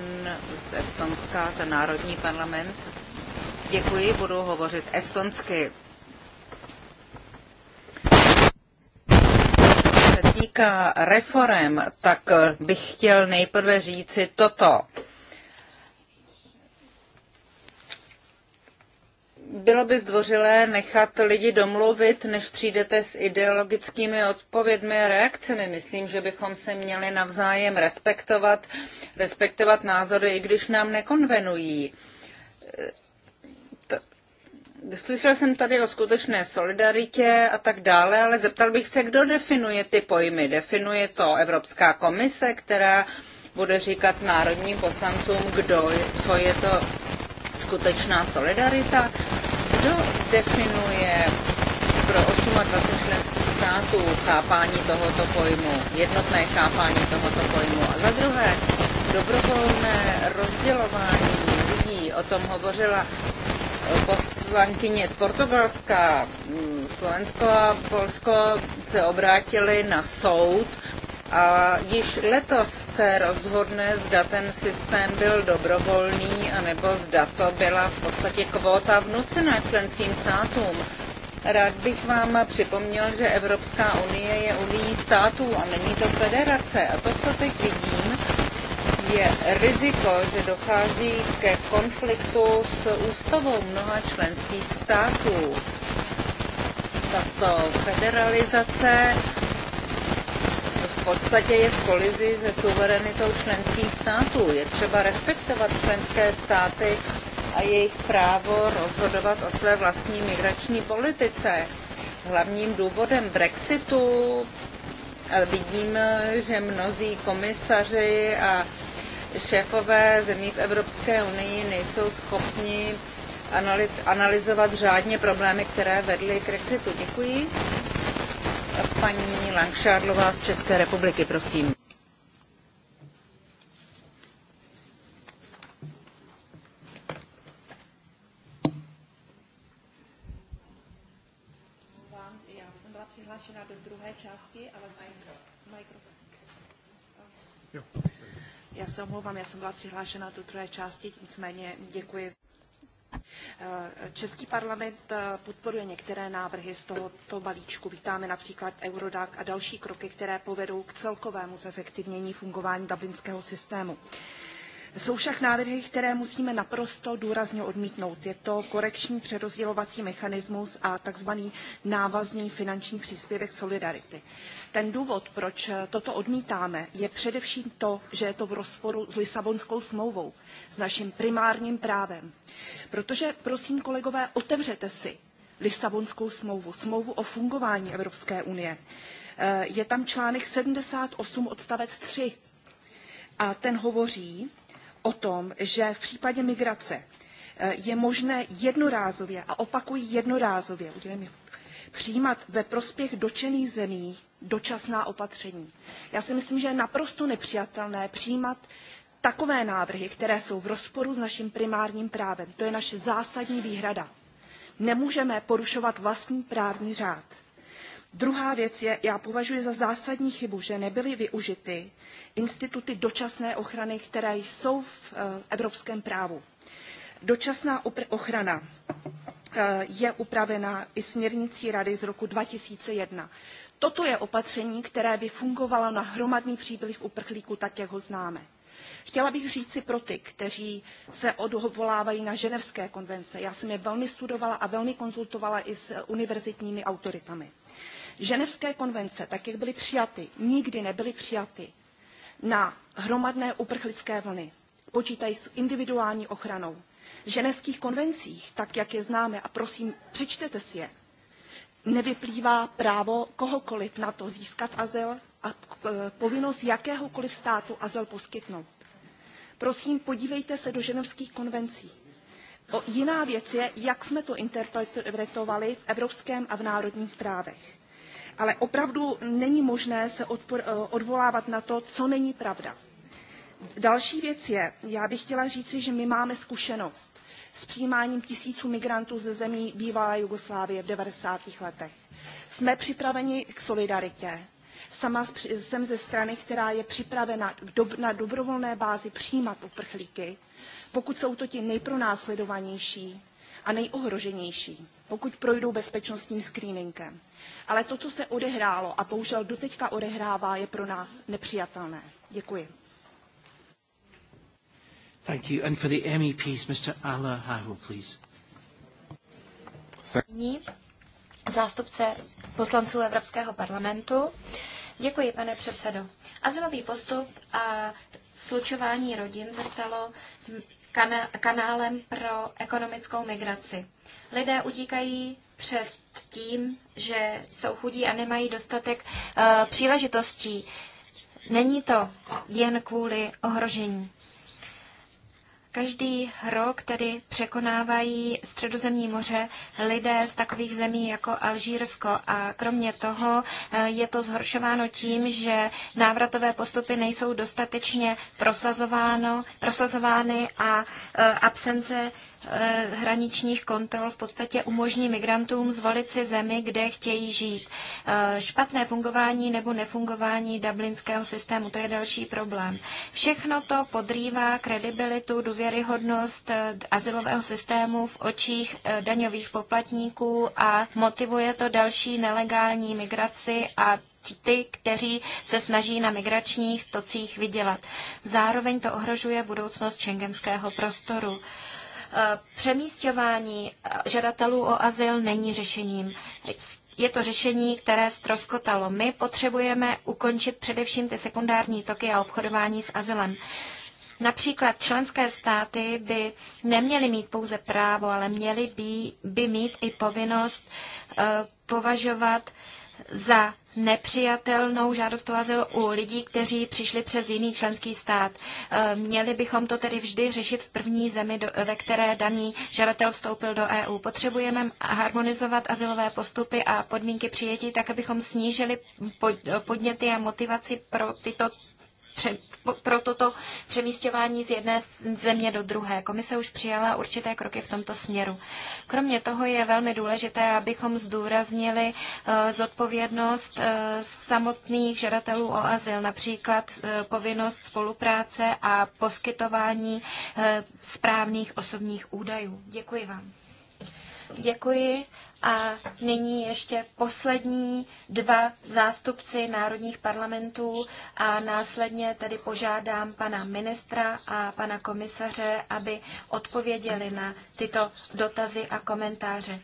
Speaker 2: z Estonska za Národní parlament. Děkuji, budu hovořit estonsky. týká reform, tak eh, bych chtěl nejprve říci toto. Bylo by zdvořilé nechat lidi domluvit, než přijdete s ideologickými odpovědmi a reakcemi. Myslím, že bychom se měli navzájem respektovat, respektovat názory, i když nám nekonvenují Slyšel jsem tady o skutečné solidaritě a tak dále, ale zeptal bych se, kdo definuje ty pojmy. Definuje to Evropská komise, která bude říkat národním poslancům, kdo, co je to skutečná solidarita. Kdo definuje pro 28 členských států chápání tohoto pojmu, jednotné chápání tohoto pojmu? A za druhé, dobrovolné rozdělování lidí, o tom hovořila poslankyně z Portugalska, mm, Slovensko a Polsko se obrátili na soud a již letos se rozhodne, zda ten systém byl dobrovolný, anebo zda to byla v podstatě kvóta vnucená členským státům. Rád bych vám připomněl, že Evropská unie je unii států a není to federace. A to, co teď vidím, je riziko, že dochází ke konfliktu s ústavou mnoha členských států. Tato federalizace v podstatě je v kolizi se suverenitou členských států. Je třeba respektovat členské státy a jejich právo rozhodovat o své vlastní migrační politice. Hlavním důvodem Brexitu vidím, že mnozí komisaři a šéfové zemí v Evropské unii nejsou schopni analyzovat řádně problémy, které vedly k Brexitu. Děkuji. Paní Langšádlová z České republiky, prosím.
Speaker 5: se omlouvám, já jsem byla přihlášena do druhé části, nicméně děkuji. Eh, český parlament eh, podporuje některé návrhy z tohoto balíčku. Vítáme například Eurodac a další kroky, které povedou k celkovému zefektivnění fungování dublinského systému. Jsou však návrhy, které musíme naprosto důrazně odmítnout. Je to korekční přerozdělovací mechanismus a takzvaný návazný finanční příspěvek Solidarity. Ten důvod, proč eh, toto odmítáme, je především to, že je to v rozporu s Lisabonskou smlouvou, s naším primárním právem. Protože, prosím kolegové, otevřete si Lisabonskou smlouvu, smlouvu o fungování Evropské unie. Eh, je tam článek 78 odstavec 3 a ten hovoří o tom, že v případě migrace eh, je možné jednorázově, a opakuji jednorázově, přijímat ve prospěch dočených zemí dočasná opatření. Já si myslím, že je naprosto nepřijatelné přijímat takové návrhy, které jsou v rozporu s naším primárním právem. To je naše zásadní výhrada. Nemůžeme porušovat vlastní právní řád. Druhá věc je, já považuji za zásadní chybu, že nebyly využity instituty dočasné ochrany, které jsou v eh, evropském právu. Dočasná ochrana eh, je upravena i směrnicí Rady z roku 2001. Toto je opatření, které by fungovalo na hromadný příběh uprchlíků, tak jak ho známe. Chtěla bych říci pro ty, kteří se odvolávají na ženevské konvence. Já jsem je velmi studovala a velmi konzultovala i s univerzitními autoritami. Ženevské konvence, tak jak byly přijaty, nikdy nebyly přijaty na hromadné uprchlické vlny. Počítají s individuální ochranou. V ženevských konvencích, tak jak je známe, a prosím, přečtěte si je, nevyplývá právo kohokoliv na to získat azyl a e, povinnost jakéhokoliv státu azyl poskytnout. Prosím, podívejte se do ženevských konvencí. O jiná věc je, jak jsme to interpretovali v evropském a v národních právech. Ale opravdu není možné se odpor, e, odvolávat na to, co není pravda. Další věc je, já bych chtěla říci, že my máme zkušenost s přijímáním tisíců migrantů ze zemí bývalé Jugoslávie v 90. letech. Jsme připraveni k solidaritě. Sama jsem ze strany, která je připravena na dobrovolné bázi přijímat uprchlíky, pokud jsou to ti nejpronásledovanější a nejohroženější, pokud projdou bezpečnostním screeningem. Ale to, co se odehrálo a bohužel doteďka odehrává, je pro nás nepřijatelné. Děkuji.
Speaker 1: Thank you. And for the MEPs, Mr. Ala Hahu, please.
Speaker 5: Nyní
Speaker 3: zástupce poslanců Evropského parlamentu. Děkuji, pane předsedo. Azylový postup a slučování rodin se stalo kanálem pro ekonomickou migraci. Lidé utíkají před tím, že jsou chudí a nemají dostatek uh, příležitostí. Není to jen kvůli ohrožení. Každý rok tedy překonávají středozemní moře lidé z takových zemí jako Alžírsko a kromě toho eh, je to zhoršováno tím, že návratové postupy nejsou dostatečně prosazováno, prosazovány a eh, absence Eh, hraničních kontrol v podstatě umožní migrantům zvolit si zemi, kde chtějí žít. Eh, špatné fungování nebo nefungování dublinského systému, to je další problém. Všechno to podrývá kredibilitu, důvěryhodnost eh, asilového systému v očích daňových poplatníků a motivuje to další nelegální migraci a ty, kteří se snaží na migračních tocích vydělat. Zároveň to ohrožuje budoucnost šengenského prostoru. Eh, přemístování eh, žadatelů o azyl není řešením. Je to řešení, které stroskotalo. My potřebujeme ukončit především ty sekundární toky a obchodování s azylem. Například členské státy by neměly mít pouze právo, ale měly by, by mít i povinnost eh, považovat uh, za nepřijatelnou žádost o azyl u lidí, kteří přišli přes jiný členský stát. Eh, měli bychom to tedy vždy řešit v první zemi, ve které daný žadatel vstoupil do EU. Potřebujeme harmonizovat azylové postupy a podmínky přijetí, tak abychom snížili podněty a motivaci pro tyto pře, pro toto přemístěvání z jedné země do druhé. Komise už přijala určité kroky v tomto směru. Kromě toho je velmi důležité, abychom zdůraznili eh, zodpovědnost eh, samotných žadatelů o azyl, například eh, povinnost spolupráce a poskytování správných osobních údajů. Děkuji vám. Děkuji. A nyní ještě poslední dva zástupci národních parlamentů a následně tedy požádám pana ministra a pana komisaře, aby odpověděli na tyto dotazy a komentáře.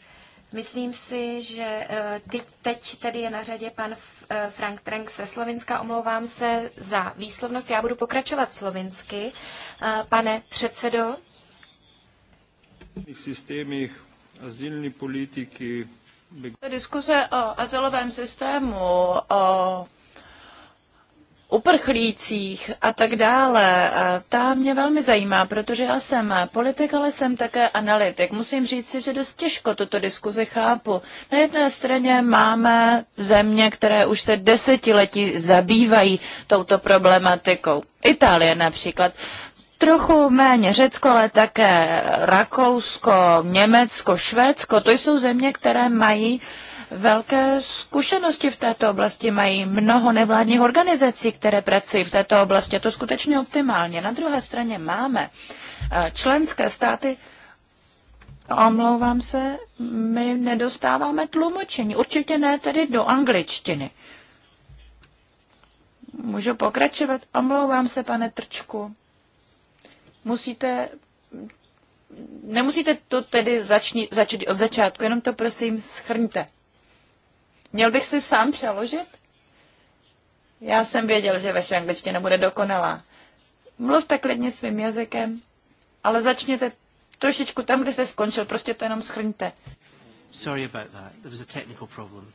Speaker 3: Myslím si, že eh, teď tedy je na řadě pan eh, Frank Trenk ze Slovenska. Omlouvám se za výslovnost. Já budu pokračovat slovinsky. Eh, pane předsedo.
Speaker 2: V systémech azilní politiky.
Speaker 4: Diskuze o azylovém systému, o uprchlících a tak dále, eh, ta mě velmi zajímá, protože já jsem politik, ale jsem také analytik. Musím říct si, že dost těžko tuto diskuzi chápu. Na jedné straně máme země, které už se desetiletí zabývají touto problematikou. Itálie například trochu méně Řecko, ale také Rakousko, Německo, Švédsko. To jsou země, které mají velké zkušenosti v této oblasti, mají mnoho nevládních organizací, které pracují v této oblasti. Je to skutečně optimálně. Na druhé straně máme eh, členské státy, omlouvám se, my nedostáváme tlumočení. Určitě ne tedy do angličtiny. Můžu pokračovat? Omlouvám se, pane Trčku musíte Nemusíte to tedy začni, začít od začátku, jenom to prosím schrňte. Měl bych si sám přeložit? Já jsem věděl, že vaše angličtina bude dokonalá. Mluvte klidně svým jazykem, ale začněte trošičku tam, kde jste skončil, prostě to jenom schrňte.
Speaker 1: Sorry about that. There was a technical
Speaker 3: problem.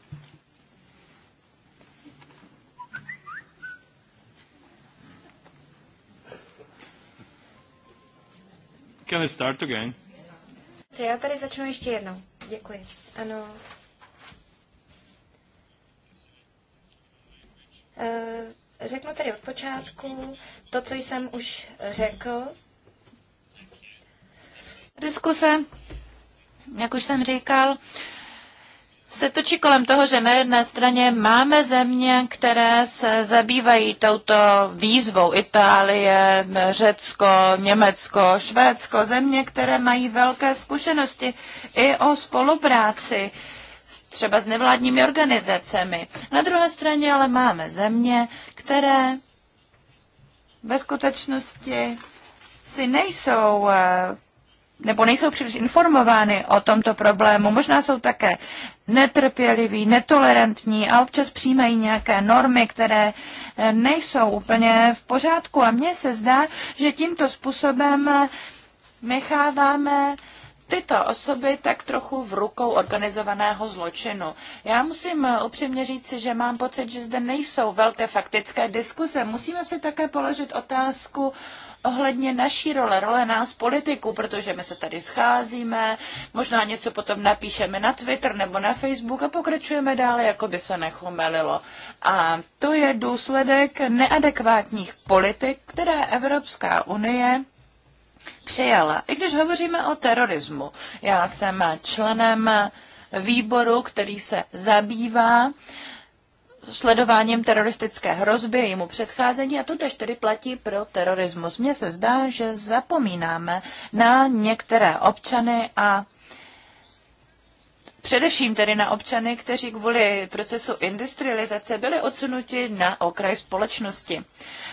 Speaker 3: Can I start again? Dobře, já tady začnu ještě jednou. Děkuji. Ano. Eh, řeknu tady od počátku to, co jsem už řekl.
Speaker 4: Diskuse, jak už jsem říkal, se točí kolem toho, že na jedné straně máme země, které se zabývají touto výzvou. Itálie, Řecko, Německo, Švédsko, země, které mají velké zkušenosti i o spolupráci třeba s nevládními organizacemi. Na druhé straně ale máme země, které ve skutečnosti si nejsou eh, nebo nejsou příliš informovány o tomto problému. Možná jsou také netrpěliví, netolerantní a občas přijímají nějaké normy, které eh, nejsou úplně v pořádku. A mně se zdá, že tímto způsobem eh, necháváme tyto osoby tak trochu v rukou organizovaného zločinu. Já musím eh, upřímně říct, že mám pocit, že zde nejsou velké faktické diskuze. Musíme si také položit otázku ohledně naší role, role nás politiků, protože my se tady scházíme, možná něco potom napíšeme na Twitter nebo na Facebook a pokračujeme dále, jako by se nechomelilo. A to je důsledek neadekvátních politik, které Evropská unie přijala. I když hovoříme o terorismu, já jsem členem výboru, který se zabývá uh, sledováním teroristické hrozby, jemu předcházení a to tež tedy platí pro terorismus. Mně se zdá, že zapomínáme na některé občany a Především tedy na občany, kteří kvůli procesu industrializace byli odsunuti na okraj společnosti.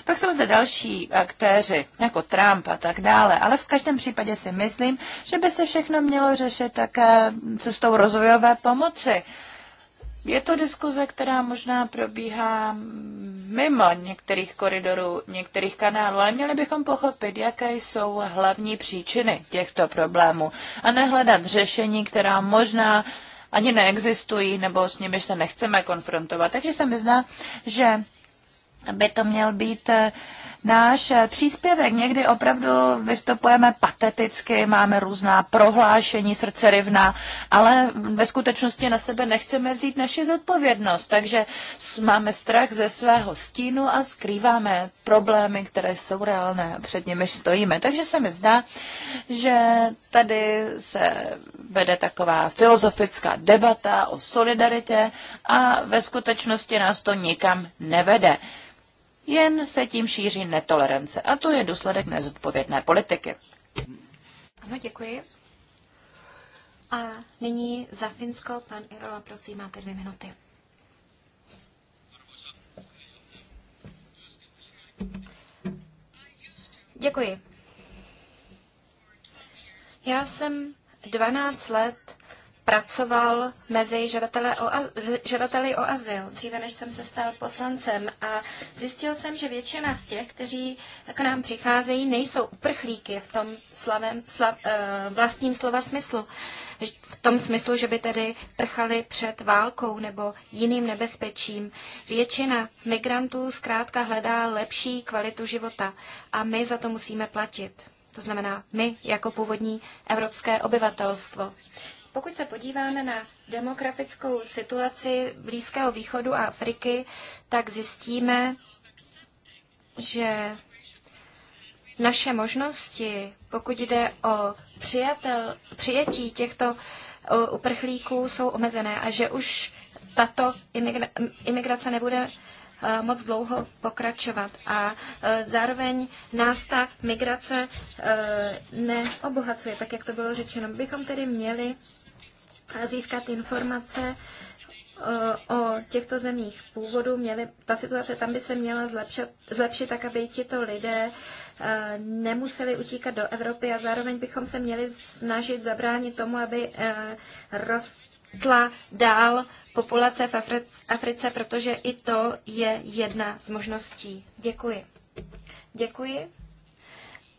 Speaker 4: Pak jsou zde další aktéři, jako Trump a tak dále, ale v každém případě si myslím, že by se všechno mělo řešit také cestou rozvojové pomoci je to diskuze, která možná probíhá mimo některých koridorů, některých kanálů, ale měli bychom pochopit, jaké jsou hlavní příčiny těchto problémů a nehledat řešení, která možná ani neexistují nebo s nimi se nechceme konfrontovat. Takže se mi zdá, že by to měl být uh, náš eh, příspěvek. Někdy opravdu vystupujeme pateticky, máme různá prohlášení rivna, ale ve skutečnosti na sebe nechceme vzít naši zodpovědnost, takže máme strach ze svého stínu a skrýváme problémy, které jsou reálné a před nimi stojíme. Takže se mi zdá, že tady se vede taková filozofická debata o solidaritě a ve skutečnosti nás to nikam nevede jen se tím šíří netolerance a to je důsledek nezodpovědné politiky.
Speaker 3: Ano, děkuji. A nyní za Finsko pan Irola, prosím, máte dvě minuty. Děkuji. Já jsem 12 let pracoval mezi žadateli o, žadateli o azyl, dříve než jsem se stal poslancem. A zjistil jsem, že většina z těch, kteří k nám přicházejí, nejsou uprchlíky v tom slavem, slav, eh, vlastním slova smyslu. V tom smyslu, že by tedy prchali před válkou nebo jiným nebezpečím. Většina migrantů zkrátka hledá lepší kvalitu života a my za to musíme platit. To znamená my jako původní evropské obyvatelstvo. Pokud se podíváme na demografickou situaci Blízkého východu a Afriky, tak zjistíme, že naše možnosti, pokud jde o přijatel, přijetí těchto uprchlíků, jsou omezené a že už tato imigrace nebude e, moc dlouho pokračovat. A e, zároveň nás ta migrace e, neobohacuje, tak jak to bylo řečeno. Bychom tedy měli získat informace eh, o těchto zemích původu. Měli, ta situace tam by se měla zlepšit, zlepšit tak, aby tito lidé eh, nemuseli utíkat do Evropy a zároveň bychom se měli snažit zabránit tomu, aby eh, rostla dál populace v Africe, protože i to je jedna z možností. Děkuji. Děkuji.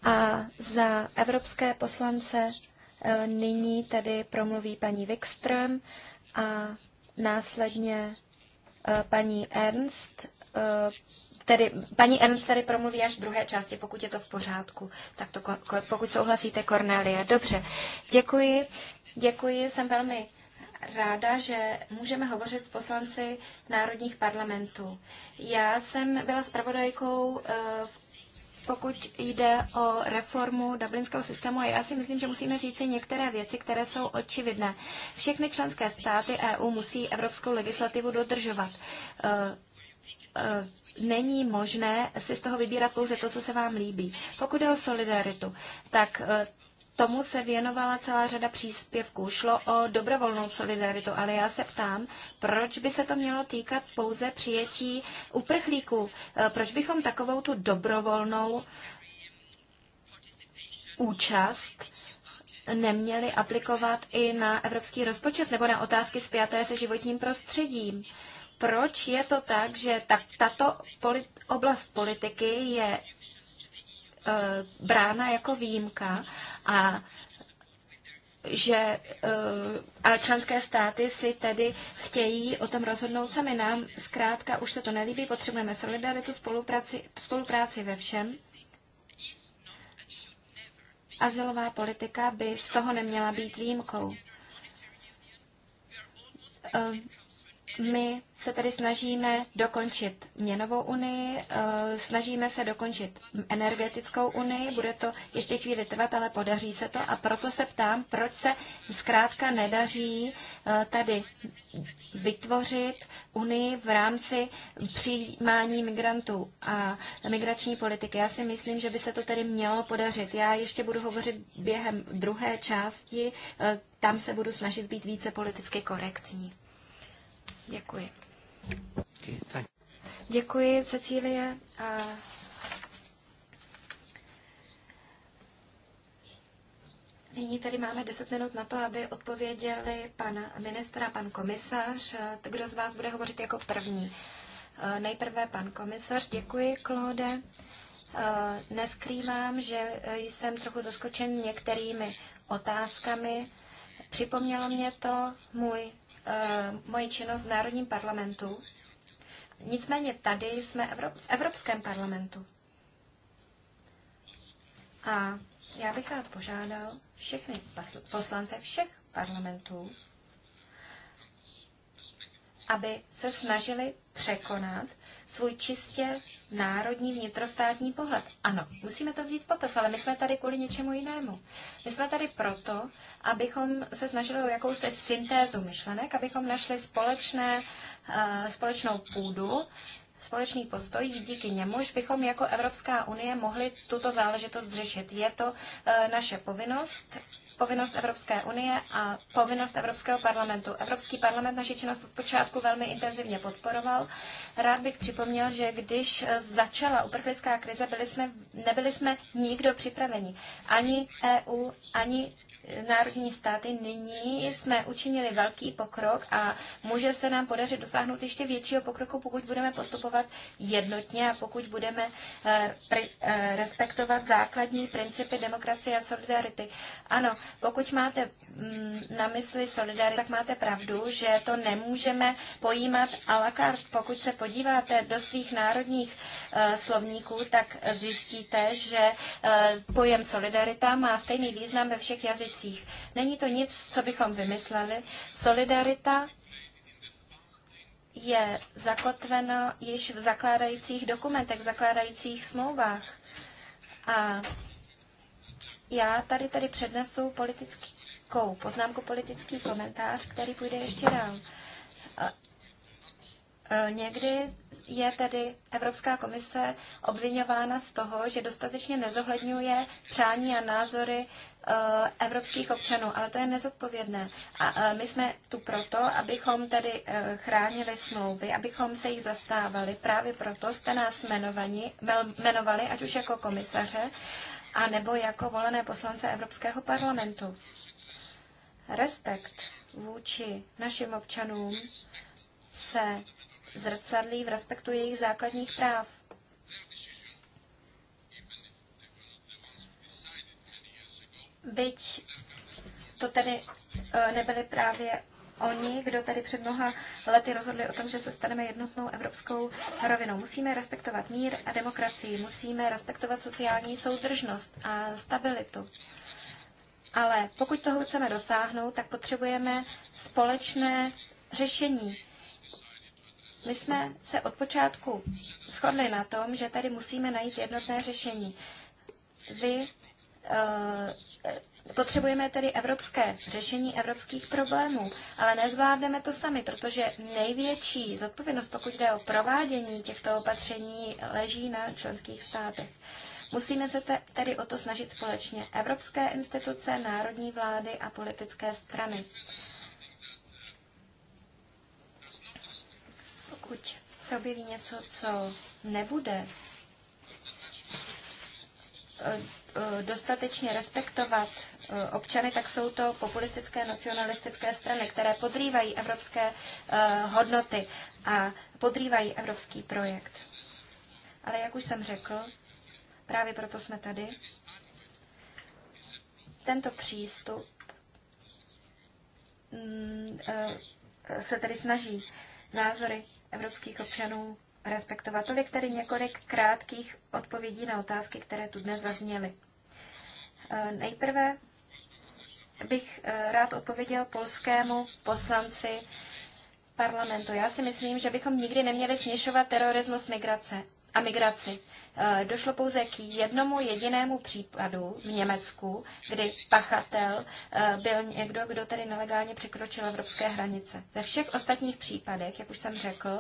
Speaker 3: A za evropské poslance E, nyní tedy promluví paní Wikström a následně e, paní Ernst, e, tedy paní Ernst tady promluví až v druhé části, pokud je to v pořádku. Tak to, pokud souhlasíte, Cornelia. Dobře, děkuji. Děkuji, jsem velmi ráda, že můžeme hovořit s poslanci národních parlamentů. Já jsem byla zpravodajkou v pokud jde o reformu dublinského systému. A já si myslím, že musíme říct si některé věci, které jsou očividné. Všechny členské státy EU musí evropskou legislativu dodržovat. Eh, eh, není možné si z toho vybírat pouze to, co se vám líbí. Pokud jde o solidaritu, tak eh, tomu se věnovala celá řada příspěvků. Šlo o dobrovolnou solidaritu, ale já se ptám, proč by se to mělo týkat pouze přijetí uprchlíků? E, proč bychom takovou tu dobrovolnou účast neměli aplikovat i na evropský rozpočet nebo na otázky spjaté se životním prostředím? Proč je to tak, že tak, tato polit, oblast politiky je Eh, brána jako výjimka a že eh, a členské státy si tedy chtějí o tom rozhodnout sami. Nám zkrátka už se to nelíbí, potřebujeme solidaritu, spolupráci, spolupráci ve všem. Azylová politika by z toho neměla být výjimkou eh, my se tedy snažíme dokončit měnovou unii, eh, snažíme se dokončit energetickou unii, bude to ještě chvíli trvat, ale podaří se to a proto se ptám, proč se zkrátka nedaří eh, tady vytvořit unii v rámci přijímání migrantů a migrační politiky. Já si myslím, že by se to tedy mělo podařit. Já ještě budu hovořit během druhé části, eh, tam se budu snažit být více politicky korektní. Děkuji. Děkuji, Cecílie. A Nyní tady máme 10 minut na to, aby odpověděli pan ministra, a pan komisař. Kdo z vás bude hovořit jako první? Eh, nejprve pan komisař. Děkuji, Klode. Eh, neskrývám, že jsem trochu zaskočen některými otázkami. Připomnělo mě to můj Eh, moji činnost v Národním parlamentu. Nicméně tady jsme v Evropském parlamentu. A já bych rád požádal všechny poslance všech parlamentů, aby se snažili překonat svůj čistě národní vnitrostátní pohled. Ano, musíme to vzít v potaz, ale my jsme tady kvůli něčemu jinému. My jsme tady proto, abychom se snažili o jakousi syntézu myšlenek, abychom našli společné, eh, společnou půdu, společný postoj, díky němuž bychom jako Evropská unie mohli tuto záležitost řešit. Je to eh, naše povinnost, povinnost Evropské unie a povinnost Evropského parlamentu. Evropský parlament naši činnost od počátku velmi intenzivně podporoval. Rád bych připomněl, že když začala uprchlická krize, byli jsme, nebyli jsme nikdo připraveni. Ani EU, ani národní státy. Nyní jsme učinili velký pokrok a může se nám podařit dosáhnout ještě většího pokroku, pokud budeme postupovat jednotně a pokud budeme eh, eh, respektovat základní principy demokracie a solidarity. Ano, pokud máte mm, na mysli solidaritu, tak máte pravdu, že to nemůžeme pojímat a la carte. Pokud se podíváte do svých národních eh, slovníků, tak zjistíte, že pojem solidarita má stejný význam ve všech jazycích ulicích. Není to nic, co bychom vymysleli. Solidarita je zakotvena již v zakládajících dokumentech, v zakládajících smlouvách. A já tady tady přednesu politickou poznámku, politický komentář, který půjde ještě dál. Někdy je tedy Evropská komise obvinována z toho, že dostatečně nezohledňuje přání a názory Eh, evropských občanů, ale to je nezodpovědné. A eh, my jsme tu proto, abychom tady eh, chránili smlouvy, abychom se jich zastávali. Právě proto jste nás jmenovani, jmenovali, ať už jako komisaře, a nebo jako volené poslance Evropského parlamentu. Respekt vůči našim občanům se zrcadlí v respektu jejich základních práv. byť to tedy e, nebyli právě oni, kdo tady před mnoha lety rozhodli o tom, že se staneme jednotnou evropskou rovinou. Musíme respektovat mír a demokracii, musíme respektovat sociální soudržnost a stabilitu. Ale pokud toho chceme dosáhnout, tak potřebujeme společné řešení. My jsme se od počátku shodli na tom, že tady musíme najít jednotné řešení. Vy Eh, potřebujeme tedy evropské řešení evropských problémů, ale nezvládneme to sami, protože největší zodpovědnost, pokud jde o provádění těchto opatření, leží na členských státech. Musíme se tedy o to snažit společně. Evropské instituce, národní vlády a politické strany. Pokud se objeví něco, co nebude Eh, dostatečně respektovat eh, občany, tak jsou to populistické nacionalistické strany, které podrývají evropské eh, hodnoty a podrývají evropský projekt. Ale jak už jsem řekl, právě proto jsme tady. Tento přístup mm, se tedy snaží názory evropských občanů respektovat. Tolik tedy několik krátkých odpovědí na otázky, které tu dnes zazněly. Eh, nejprve bych eh, rád odpověděl polskému poslanci parlamentu. Já si myslím, že bychom nikdy neměli směšovat terorismus migrace a migraci. Eh, došlo pouze k jednomu jedinému případu v Německu, kdy pachatel byl někdo, kdo tedy nelegálně překročil evropské hranice. Ve všech ostatních případech, jak už jsem řekl,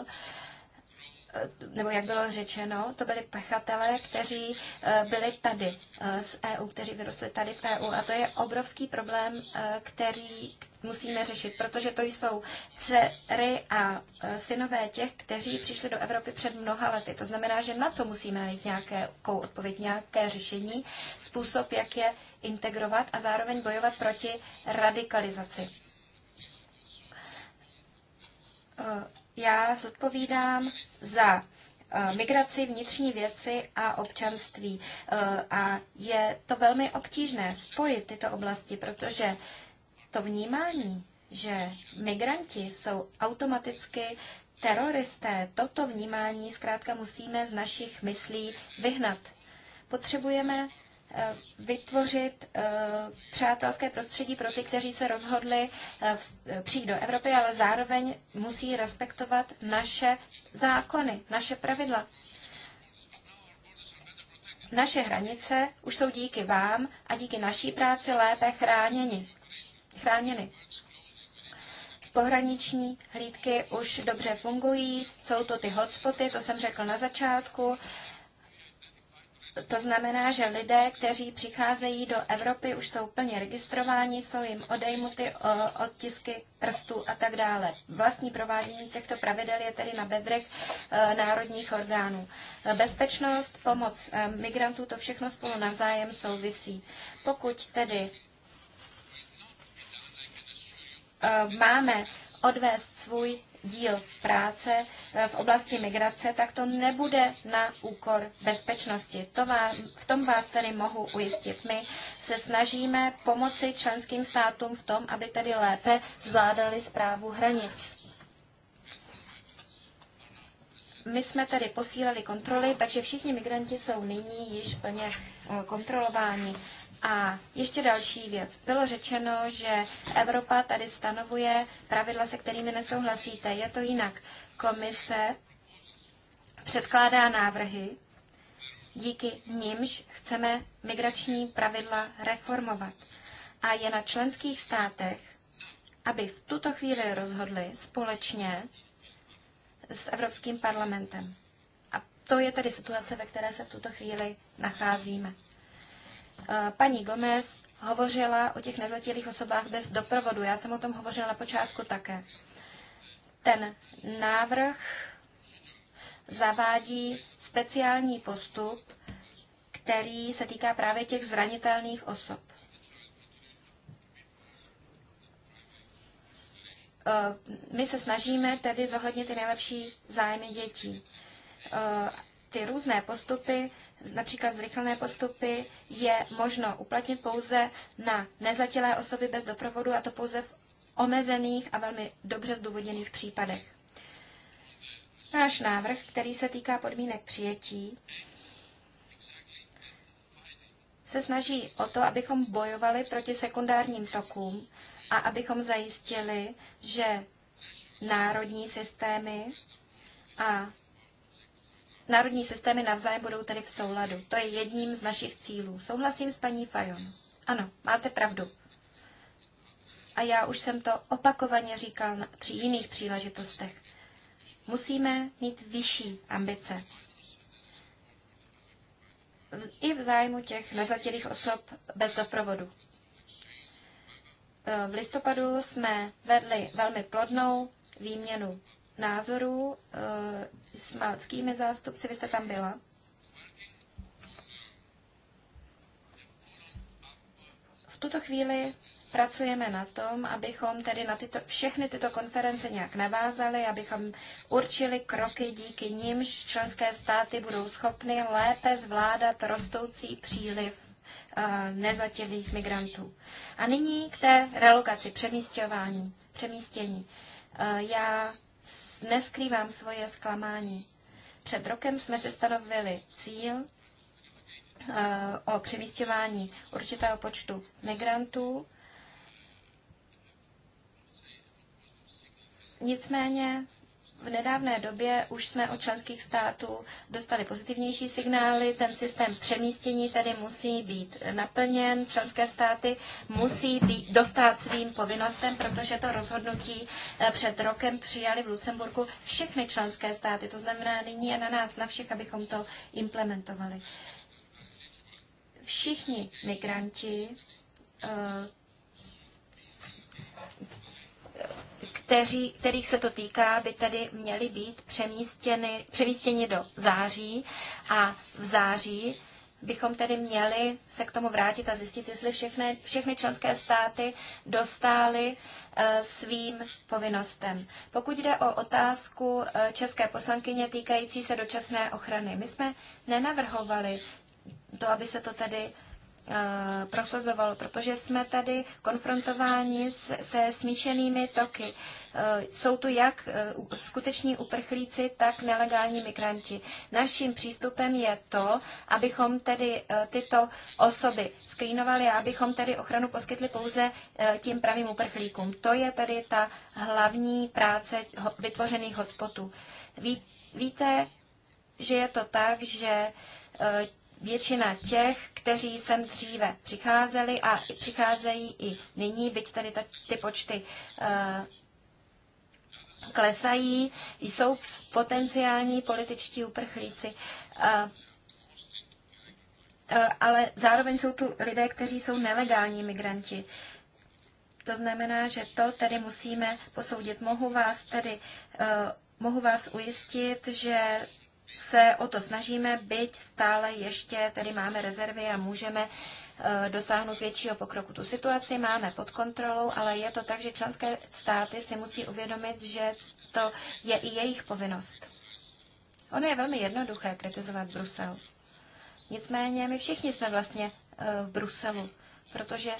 Speaker 3: nebo jak bylo řečeno, to byli pachatelé, kteří eh, byli tady eh, z EU, kteří vyrostli tady v EU. A to je obrovský problém, eh, který musíme řešit, protože to jsou dcery a synové těch, kteří přišli do Evropy před mnoha lety. To znamená, že na to musíme najít nějakou odpověď, nějaké řešení, způsob, jak je integrovat a zároveň bojovat proti radikalizaci. Já zodpovídám za eh, migraci, vnitřní věci a občanství. Eh, a je to velmi obtížné spojit tyto oblasti, protože to vnímání, že migranti jsou automaticky teroristé, toto vnímání zkrátka musíme z našich myslí vyhnat. Potřebujeme eh, vytvořit přátelské prostředí pro ty, kteří se rozhodli přijít do Evropy, ale zároveň musí respektovat naše zákony, naše pravidla. Naše hranice už jsou díky vám a díky naší práci lépe chráněni. chráněny. Pohraniční hlídky už dobře fungují, jsou to ty hotspoty, to jsem řekl na začátku. To znamená, že lidé, kteří přicházejí do Evropy, už jsou plně registrováni, jsou jim odejmuty odtisky prstů a tak dále. Vlastní provádění těchto pravidel je tedy na bedrech e, národních orgánů. Bezpečnost, pomoc e, migrantů, to všechno spolu navzájem souvisí. Pokud tedy e, máme odvést svůj díl práce eh, v oblasti migrace, tak to nebude na úkor bezpečnosti. To vám, v tom vás tedy mohu ujistit. My se snažíme pomoci členským státům v tom, aby tedy lépe zvládali zprávu hranic. My jsme tedy posílali kontroly, takže všichni migranti jsou nyní již plně eh, kontrolováni. A ještě další věc. Bylo řečeno, že Evropa tady stanovuje pravidla, se kterými nesouhlasíte. Je to jinak. Komise předkládá návrhy, díky nimž chceme migrační pravidla reformovat. A je na členských státech, aby v tuto chvíli rozhodli společně s Evropským parlamentem. A to je tedy situace, ve které se v tuto chvíli nacházíme. Paní Gomez hovořila o těch nezletilých osobách bez doprovodu. Já jsem o tom hovořila na počátku také. Ten návrh zavádí speciální postup, který se týká právě těch zranitelných osob. My se snažíme tedy zohlednit ty nejlepší zájmy dětí. Ty různé postupy například zrychlené postupy je možno uplatnit pouze na nezatělé osoby bez doprovodu a to pouze v omezených a velmi dobře zdůvodněných případech. Náš návrh, který se týká podmínek přijetí, se snaží o to, abychom bojovali proti sekundárním tokům a abychom zajistili, že národní systémy a národní systémy navzájem budou tedy v souladu. To je jedním z našich cílů. Souhlasím s paní Fajon. Ano, máte pravdu. A já už jsem to opakovaně říkal při jiných příležitostech. Musíme mít vyšší ambice. I v zájmu těch nezatělých osob bez doprovodu. E, v listopadu jsme vedli velmi plodnou výměnu názorů eh, s malckými zástupci. Vy jste tam byla. V tuto chvíli pracujeme na tom, abychom tedy na tyto, všechny tyto konference nějak navázali, abychom určili kroky, díky nímž členské státy budou schopny lépe zvládat rostoucí příliv eh, nezatělých migrantů. A nyní k té relokaci, přemístěvání, přemístění. Eh, já neskrývám svoje zklamání. Před rokem jsme se stanovili cíl eh, o přemístěvání určitého počtu migrantů. Nicméně v nedávné době už jsme od členských států dostali pozitivnější signály. Ten systém přemístění tedy musí být naplněn. Členské státy musí být, dostat svým povinnostem, protože to rozhodnutí eh, před rokem přijali v Lucemburku všechny členské státy. To znamená, nyní je na nás, na všech, abychom to implementovali. Všichni migranti eh, kteří, kterých se to týká, by tedy měli být přemístěni, přemístěni do září a v září bychom tedy měli se k tomu vrátit a zjistit, jestli všechny, všechny členské státy dostály eh, svým povinnostem. Pokud jde o otázku eh, české poslankyně týkající se dočasné ochrany, my jsme nenavrhovali to, aby se to tedy Eh, prosazovalo, protože jsme tady konfrontováni se smíšenými toky. Eh, jsou tu jak eh, skuteční uprchlíci, tak nelegální migranti. Naším přístupem je to, abychom tedy tyto osoby skrýnovali a abychom tedy ochranu poskytli pouze tím pravým uprchlíkům. To je tedy ta hlavní práce vytvořených hotspotů. Víte, že je to tak, že většina těch, kteří sem dříve přicházeli a přicházejí i nyní, byť tady ta, ty počty uh, klesají, jsou potenciální političtí uprchlíci. Uh, ale zároveň jsou tu lidé, kteří jsou nelegální migranti. To znamená, že to tedy musíme posoudit. Mohu vás tedy, mohu vás ujistit, že se o to snažíme, byť stále ještě tedy máme rezervy a můžeme e, dosáhnout většího pokroku. Tu situaci máme pod kontrolou, ale je to tak, že členské státy si musí uvědomit, že to je i jejich povinnost. Ono je velmi jednoduché kritizovat Brusel. Nicméně my všichni jsme vlastně e, v Bruselu, protože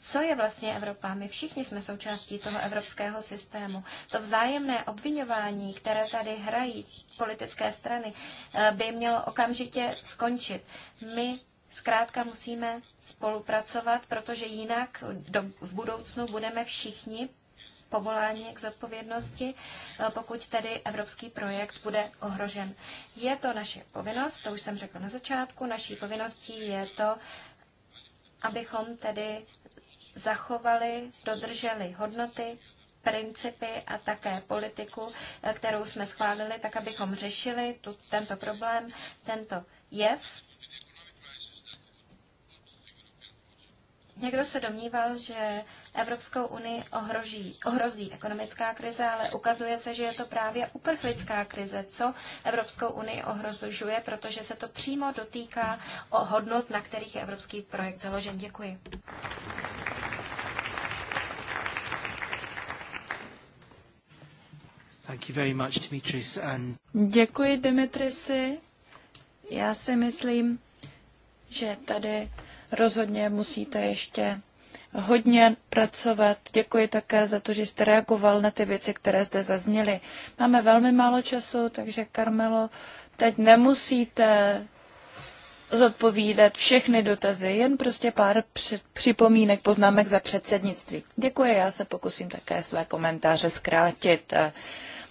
Speaker 3: co je vlastně Evropa? My všichni jsme součástí toho evropského systému. To vzájemné obvinování, které tady hrají politické strany, eh, by mělo okamžitě skončit. My zkrátka musíme spolupracovat, protože jinak do, v budoucnu budeme všichni povoláni k zodpovědnosti, eh, pokud tedy evropský projekt bude ohrožen. Je to naše povinnost, to už jsem řekla na začátku, naší povinností je to, abychom tedy zachovali, dodrželi hodnoty, principy a také politiku, eh, kterou jsme schválili, tak abychom řešili tu, tento problém, tento jev. Někdo se domníval, že Evropskou unii ohroží, ohrozí ekonomická krize, ale ukazuje se, že je to právě uprchlická krize, co Evropskou unii ohrožuje, protože se to přímo dotýká o hodnot, na kterých je evropský projekt založen. Děkuji.
Speaker 1: Thank you very much, Dimitris. And...
Speaker 4: Děkuji, Dimitrisi. Já si myslím, že tady rozhodně musíte ještě hodně pracovat. Děkuji také za to, že jste reagoval na ty věci, které zde zazněly. Máme velmi málo času, takže Karmelo, teď nemusíte zodpovídat všechny dotazy, jen prostě pár připomínek, poznámek za předsednictví. Děkuji, já se pokusím také své komentáře zkrátit.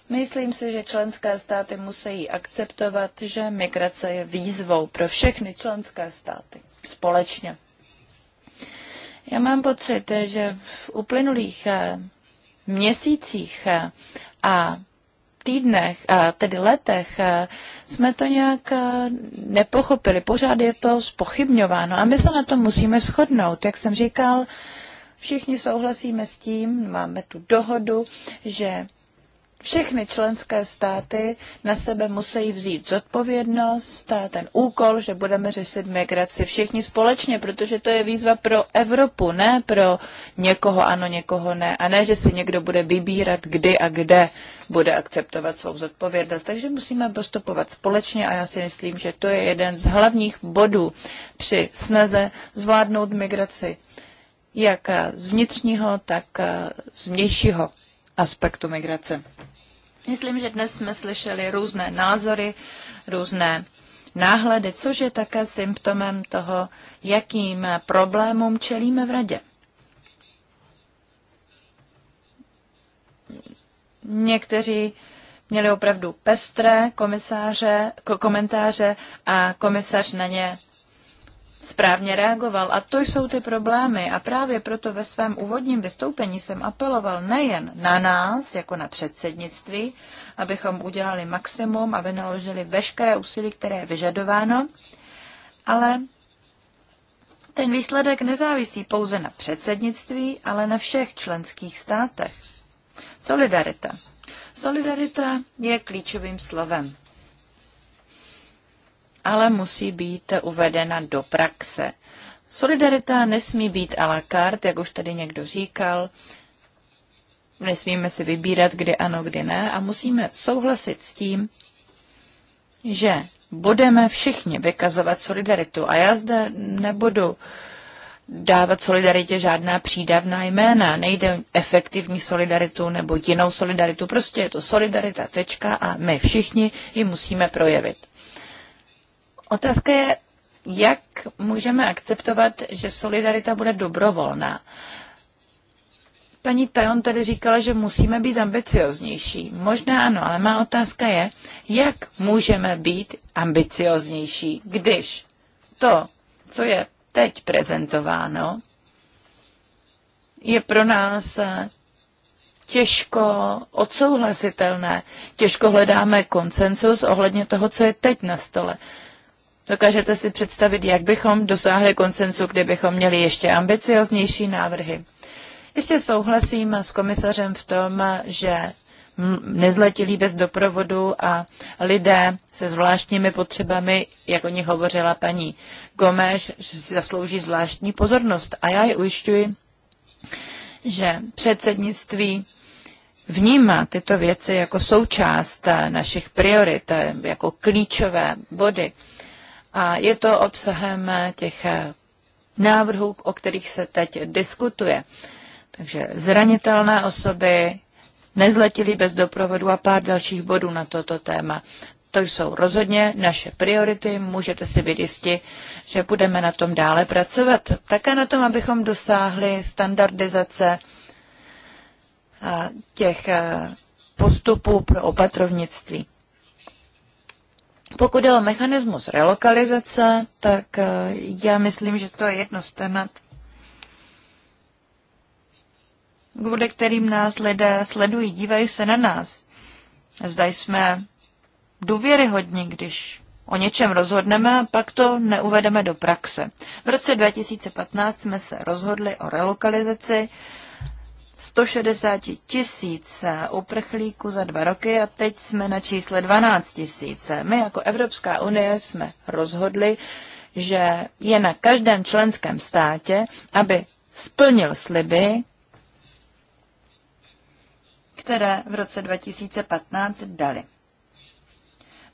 Speaker 4: Myslím si, že členské státy musí akceptovat, že migrace je výzvou pro všechny členské státy společně. Já mám pocit, že v uplynulých eh, měsících eh, a týdnech, a eh, tedy letech, jsme to nějak nepochopili. Pořád je to spochybňováno a my se na to musíme shodnout. Jak jsem říkal, všichni souhlasíme s tím, máme tu dohodu, že všechny členské státy na sebe musí vzít zodpovědnost a ten úkol, že budeme řešit migraci všichni společně, protože to je výzva pro Evropu, ne pro někoho ano, někoho ne. A ne, že si někdo bude vybírat, kdy a kde bude akceptovat svou zodpovědnost. Takže musíme postupovat společně a já si myslím, že to je jeden z hlavních bodů při snaze zvládnout migraci jak z vnitřního, tak z vnějšího aspektu migrace. Myslím, že dnes jsme slyšeli různé názory, různé náhledy, což je také symptomem toho, jakým problémům čelíme v radě. Někteří měli opravdu pestré komisáře, komentáře a komisař na ně správně reagoval. A to jsou ty problémy. A právě proto ve svém úvodním vystoupení jsem apeloval nejen na nás, jako na předsednictví, abychom udělali maximum a vynaložili veškeré úsilí, které je vyžadováno, ale ten výsledek nezávisí pouze na předsednictví, ale na všech členských státech. Solidarita. Solidarita je klíčovým slovem ale musí být uvedena do praxe. Solidarita nesmí být à la carte, jak už tady někdo říkal. Nesmíme si vybírat, kdy ano, kdy ne a musíme souhlasit s tím, že budeme všichni vykazovat solidaritu. A já zde nebudu dávat solidaritě žádná přídavná jména. Nejde efektivní solidaritu nebo jinou solidaritu. Prostě je to solidarita tečka a my všichni ji musíme projevit. Otázka je, jak můžeme akceptovat, že solidarita bude dobrovolná. Paní Tajon tady říkala, že musíme být ambicioznější. Možná ano, ale má otázka je, jak můžeme být ambicioznější, když to, co je teď prezentováno, je pro nás těžko odsouhlasitelné. Těžko hledáme konsensus ohledně toho, co je teď na stole. Dokážete si představit, jak bychom dosáhli konsensu, kdybychom měli ještě ambicioznější návrhy? Jistě souhlasím s komisařem v tom, že nezletilí bez doprovodu a lidé se zvláštními potřebami, jak o nich hovořila paní Gomeš, zaslouží zvláštní pozornost. A já ji ujišťuji, že předsednictví vnímá tyto věci jako součást našich priorit, jako klíčové body a je to obsahem těch návrhů, o kterých se teď diskutuje. Takže zranitelné osoby, nezletilí bez doprovodu a pár dalších bodů na toto téma. To jsou rozhodně naše priority, můžete si být jisti, že budeme na tom dále pracovat. Také na tom, abychom dosáhli standardizace eh, těch eh, postupů pro opatrovnictví. Pokud je o mechanismus relokalizace, tak eh, já myslím, že to je jedno z témat, kvůli kterým nás lidé sledují, dívají se na nás. Zda jsme důvěryhodní, když o něčem rozhodneme a pak to neuvedeme do praxe. V roce 2015 jsme se rozhodli o relokalizaci 160 tisíc uprchlíků za dva roky a teď jsme na čísle 12 tisíc. My jako Evropská unie jsme rozhodli, že je na každém členském státě, aby splnil sliby, které v roce 2015 dali.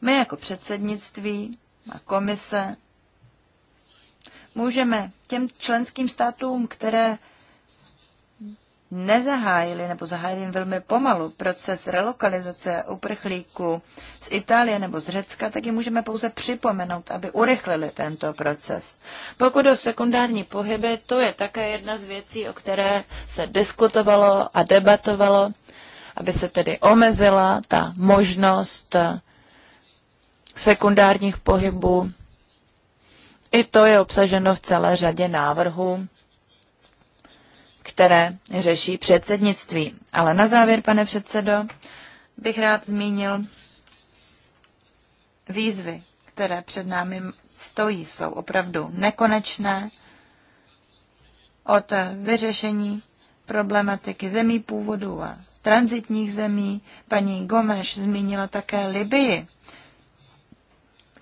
Speaker 4: My jako předsednictví a komise můžeme těm členským státům, které nezahájili nebo zahájili velmi pomalu proces relokalizace uprchlíků z Itálie nebo z Řecka, tak ji můžeme pouze připomenout, aby urychlili tento proces. Pokud o sekundární pohyby, to je také jedna z věcí, o které se diskutovalo a debatovalo, aby se tedy omezila ta možnost sekundárních pohybů. I to je obsaženo v celé řadě návrhů které řeší předsednictví. Ale na závěr, pane předsedo, bych rád zmínil výzvy, které před námi stojí, jsou opravdu nekonečné od vyřešení problematiky zemí původu a transitních zemí. Paní Gomeš zmínila také Libii,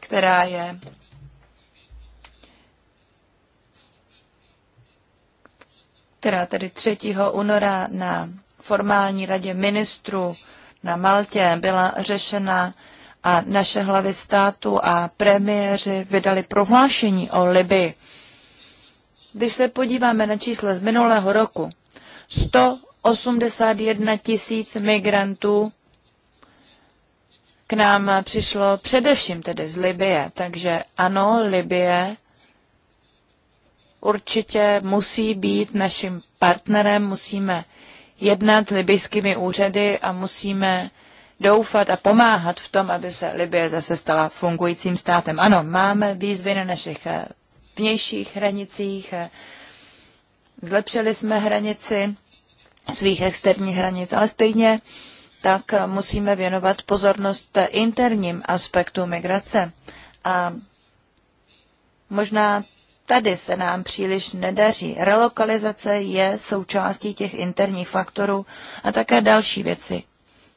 Speaker 4: která je která tedy 3. února na formální radě ministrů na Maltě byla řešena a naše hlavy státu a premiéři vydali prohlášení o Libii. Když se podíváme na čísla z minulého roku, 181 tisíc migrantů k nám přišlo především tedy z Libie. Takže ano, Libie určitě musí být naším partnerem, musíme jednat s libijskými úřady a musíme doufat a pomáhat v tom, aby se Libie zase stala fungujícím státem. Ano, máme výzvy na našich eh, vnějších hranicích, zlepšili jsme hranici svých externích hranic, ale stejně tak musíme věnovat pozornost interním aspektu migrace. A možná Tady se nám příliš nedaří. Relokalizace je součástí těch interních faktorů a také další věci,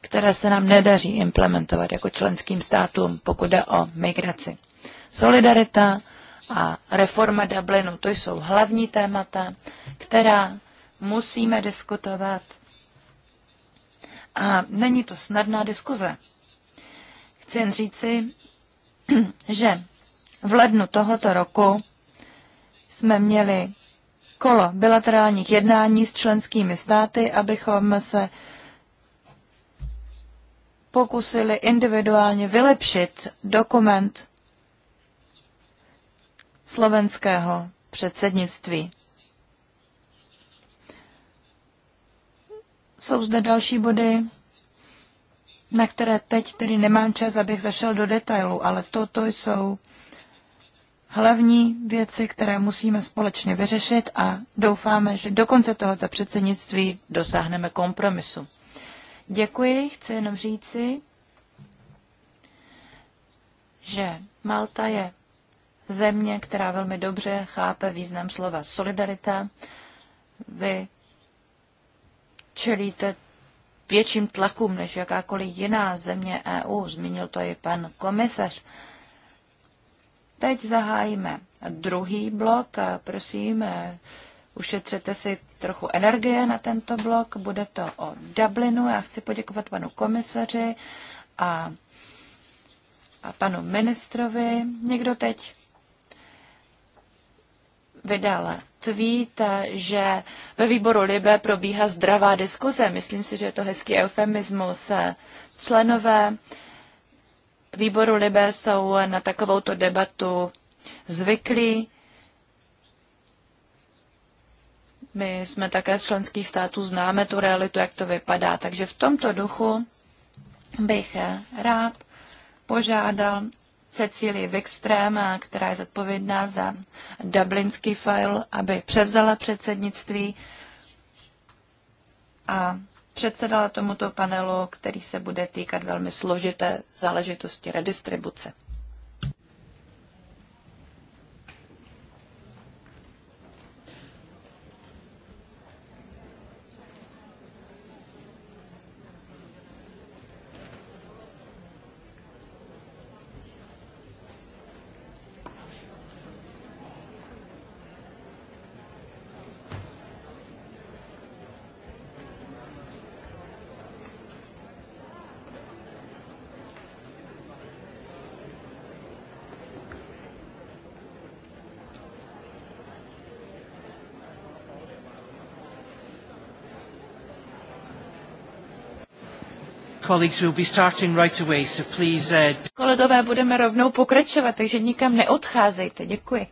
Speaker 4: které se nám nedaří implementovat jako členským státům, pokud jde o migraci. Solidarita a reforma Dublinu, to jsou hlavní témata, která musíme diskutovat. A není to snadná diskuze. Chci jen říci, že v lednu tohoto roku jsme měli kolo bilaterálních jednání s členskými státy, abychom se pokusili individuálně vylepšit dokument slovenského předsednictví. Jsou zde další body, na které teď tedy nemám čas, abych zašel do detailu, ale toto jsou hlavní věci, které musíme společně vyřešit a doufáme, že do konce tohoto předsednictví dosáhneme kompromisu. Děkuji, chci jenom říci, že Malta je země, která velmi dobře chápe význam slova solidarita. Vy čelíte větším tlakům než jakákoliv jiná země EU, zmínil to i pan komisař. Teď zahájíme druhý blok. Prosím, eh, ušetřete si trochu energie na tento blok. Bude to o Dublinu. Já chci poděkovat panu komisaři a, a panu ministrovi. Někdo teď vydal tweet, že ve výboru Libe probíhá zdravá diskuze. Myslím si, že je to hezký eufemismus. Členové výboru Libé jsou na takovouto debatu zvyklí. My jsme také z členských států, známe tu realitu, jak to vypadá. Takže v tomto duchu bych rád požádal Cecílii Wikström, která je zodpovědná za dublinský file, aby převzala předsednictví a předsedala tomuto panelu, který se bude týkat velmi složité záležitosti redistribuce.
Speaker 1: Colleagues will be starting right away, so please... Uh,
Speaker 4: Kolegové, budeme rovnou pokračovat, takže nikam neodcházejte. Děkuji.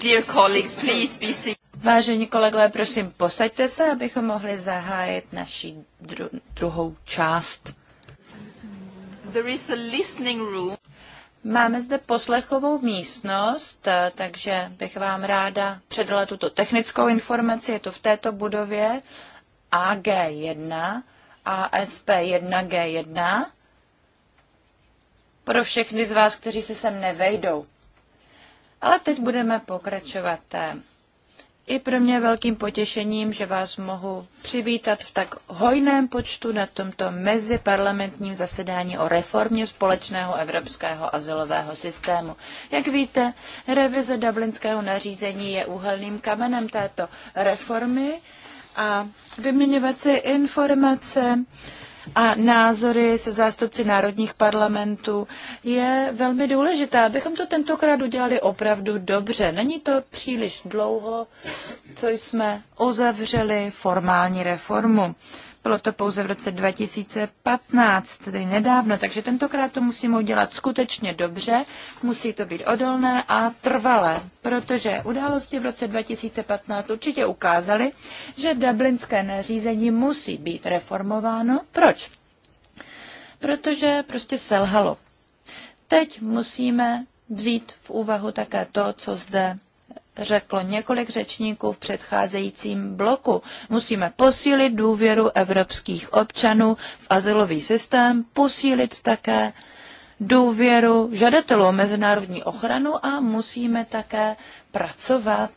Speaker 4: Dear colleagues, please be seated. Vážení kolegové, prosím, posaďte se, abychom mohli zahájit naši dru- druhou část. There is a listening room. Máme zde poslechovou místnost, eh, takže bych vám ráda předala tuto technickou informaci. Je to v této budově AG1 a SP1G1 pro všechny z vás, kteří se sem nevejdou. Ale teď budeme pokračovat. I pro mě velkým potěšením, že vás mohu přivítat v tak hojném počtu na tomto meziparlamentním zasedání o reformě společného evropského azylového systému. Jak víte, revize dublinského nařízení je úhelným kamenem této reformy a vyměňovat si informace a názory se zástupci národních parlamentů, je velmi důležitá, abychom to tentokrát udělali opravdu dobře. Není to příliš dlouho, co jsme uzavřeli formální reformu. Bylo to pouze v roce 2015, tedy nedávno, takže tentokrát to musíme udělat skutečně dobře, musí to být odolné a trvalé, protože události v roce 2015 určitě ukázaly, že dublinské nařízení musí být reformováno. Proč? Protože prostě selhalo. Teď musíme vzít v úvahu také to, co zde řeklo několik řečníků v předcházejícím bloku. Musíme posílit důvěru evropských občanů v azylový systém, posílit také důvěru žadatelů o mezinárodní ochranu a musíme také pracovat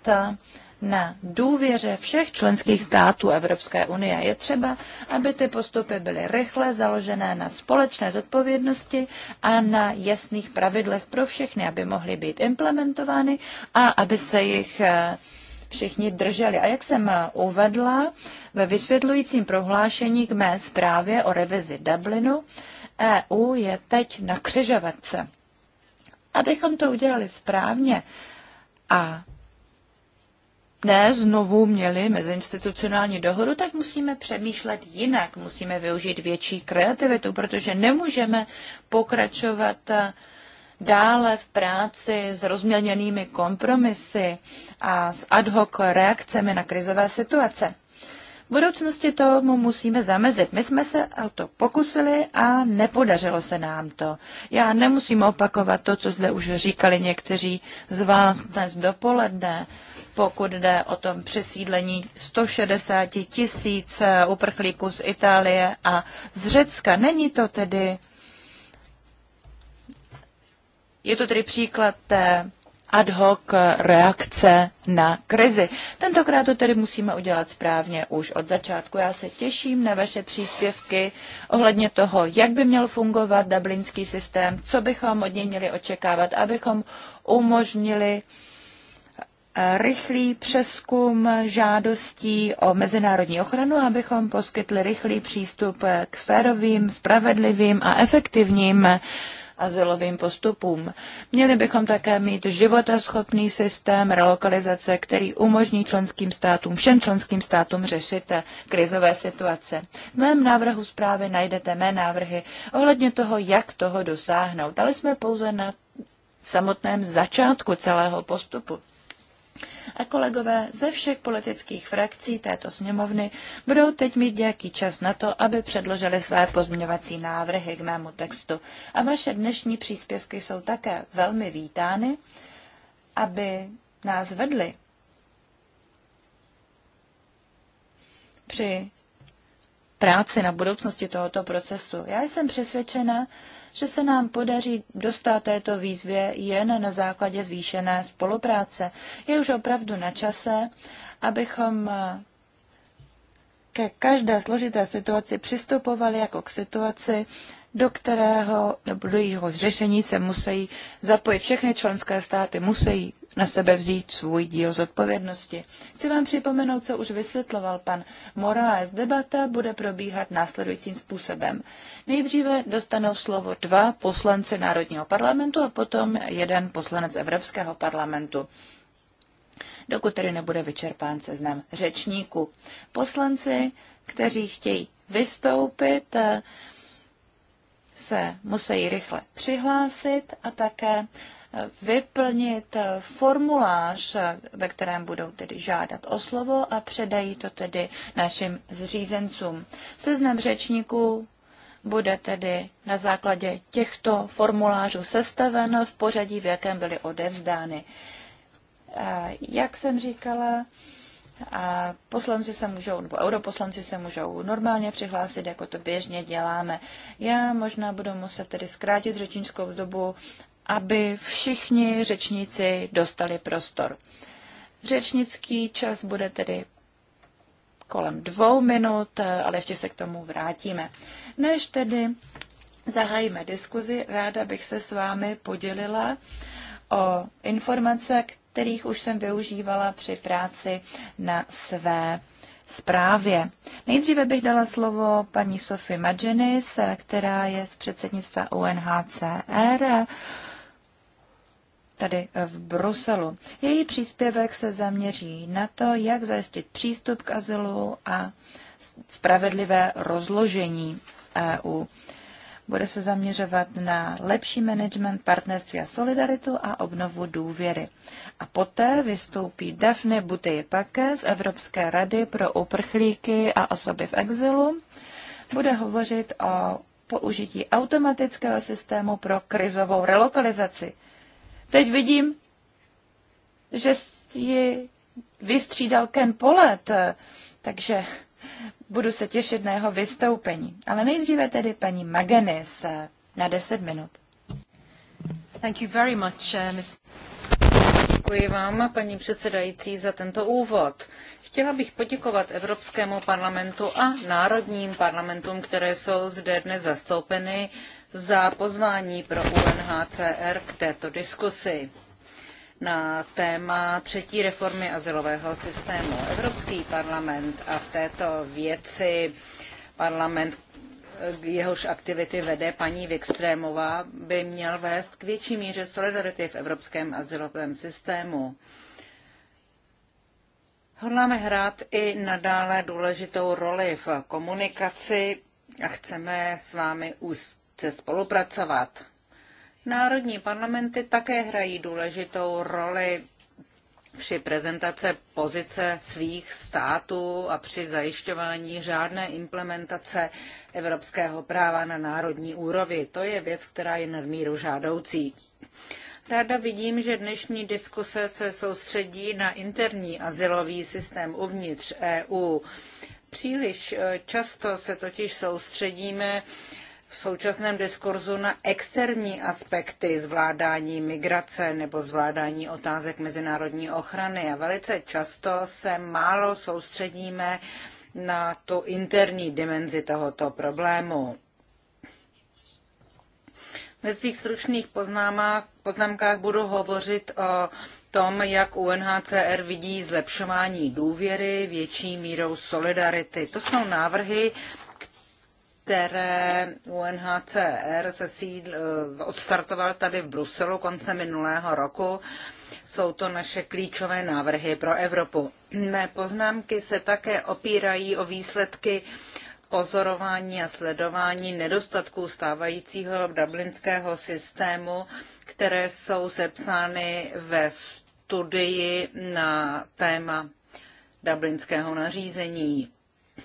Speaker 4: na důvěře všech členských států Evropské unie. Je třeba, aby ty postupy byly rychle založené na společné zodpovědnosti a na jasných pravidlech pro všechny, aby mohly být implementovány a aby se jich eh, všichni drželi. A jak jsem eh, uvedla ve vysvětlujícím prohlášení k mé zprávě o revizi Dublinu, EU je teď na křižovatce. Abychom to udělali správně a ne znovu měli meziinstitucionální dohodu, tak musíme přemýšlet jinak, musíme využít větší kreativitu, protože nemůžeme pokračovat eh, dále v práci s rozmělněnými kompromisy a s ad hoc reakcemi na krizové situace. V budoucnosti tomu musíme zamezit. My jsme se o to pokusili a nepodařilo se nám to. Já nemusím opakovat to, co zde už říkali někteří z vás dnes dopoledne pokud jde o tom přesídlení 160 tisíc uprchlíků z Itálie a z Řecka. Není to tedy, je to tedy příklad té ad hoc reakce na krizi. Tentokrát to tedy musíme udělat správně už od začátku. Já se těším na vaše příspěvky ohledně toho, jak by měl fungovat dublinský systém, co bychom od něj měli očekávat, abychom umožnili uh, rychlý přeskum žádostí o mezinárodní ochranu, abychom poskytli rychlý přístup k férovým, spravedlivým a efektivním azylovým postupům. Měli bychom také mít životaschopný systém relokalizace, který umožní členským státům, všem členským státům řešit krizové situace. V mém návrhu zprávy najdete mé návrhy ohledně toho, jak toho dosáhnout. Dali jsme pouze na samotném začátku celého postupu a kolegové ze všech politických frakcí této sněmovny budou teď mít nějaký čas na to, aby předložili své pozměňovací návrhy k mému textu. A vaše dnešní příspěvky jsou také velmi vítány, aby nás vedly při práci na budoucnosti tohoto procesu. Já jsem přesvědčena, že se nám podaří dostat této výzvě jen na základě zvýšené spolupráce. Je už opravdu na čase, abychom ke každé složité situaci přistupovali jako k situaci, do kterého nebo do jejího řešení se musí zapojit všechny členské státy, musí na sebe vzít svůj díl zodpovědnosti. Chci vám připomenout, co už vysvětloval pan Moraes. Debata bude probíhat následujícím způsobem. Nejdříve dostanou slovo dva poslanci Národního parlamentu a potom jeden poslanec Evropského parlamentu dokud tedy nebude vyčerpán seznam řečníků. Poslanci, kteří chtějí vystoupit, eh, se musí rychle přihlásit a také eh, vyplnit eh, formulář, ve kterém budou tedy žádat o slovo a předají to tedy našim zřízencům. Seznam řečníků bude tedy na základě těchto formulářů sestaven v pořadí, v jakém byly odevzdány. Jak jsem říkala, a poslanci se můžou, nebo europoslanci se můžou normálně přihlásit, jako to běžně děláme. Já možná budu muset tedy zkrátit řečnickou dobu, aby všichni řečníci dostali prostor. Řečnický čas bude tedy kolem dvou minut, ale ještě se k tomu vrátíme. Než tedy zahájíme diskuzi, ráda bych se s vámi podělila o informace, kterých už jsem využívala při práci na své zprávě. Nejdříve bych dala slovo paní Sofie Magenis, která je z předsednictva UNHCR tady v Bruselu. Její příspěvek se zaměří na to, jak zajistit přístup k azylu a spravedlivé rozložení EU. Bude se zaměřovat na lepší management, partnerství a solidaritu a obnovu důvěry. A poté vystoupí Daphne Butejpake z Evropské rady pro uprchlíky a osoby v exilu. Bude hovořit o použití automatického systému pro krizovou relokalizaci. Teď vidím, že si vystřídal Ken Polet, takže budu se těšit na jeho vystoupení. Ale nejdříve tedy
Speaker 2: paní Magenis na 10 minut. Thank you very much, uh, eh, Ms. Děkuji vám, paní předsedající, za tento úvod. Chtěla bych poděkovat Evropskému parlamentu a národním parlamentům, které jsou zde dnes zastoupeny, za pozvání pro UNHCR k této diskusi na téma třetí reformy azylového systému. Evropský parlament a v této věci parlament jehož aktivity vede paní Vikstrémová, by měl vést k větší míře solidarity v evropském azylovém systému. Hodláme hrát i nadále důležitou roli v komunikaci a chceme s vámi úzce spolupracovat. Národní parlamenty také hrají důležitou roli při prezentace pozice svých států a při zajišťování řádné implementace evropského práva na národní úrovni. To je věc, která je nadmíru žádoucí. Ráda vidím, že dnešní diskuse se soustředí na interní azylový systém uvnitř EU. Příliš eh, často se totiž soustředíme v současném diskurzu na externí aspekty zvládání migrace nebo zvládání otázek mezinárodní ochrany. A velice často se málo soustředíme na tu interní dimenzi tohoto problému. Ve svých stručných poznámkách budu hovořit o tom, jak UNHCR vidí zlepšování důvěry větší mírou solidarity. To jsou návrhy, které UNHCR se sídl, eh, odstartoval tady v Bruselu konce minulého roku. Jsou to naše klíčové návrhy pro Evropu. Mé poznámky se také opírají o výsledky pozorování a sledování nedostatků stávajícího dublinského systému, které jsou sepsány ve studii na téma dublinského nařízení.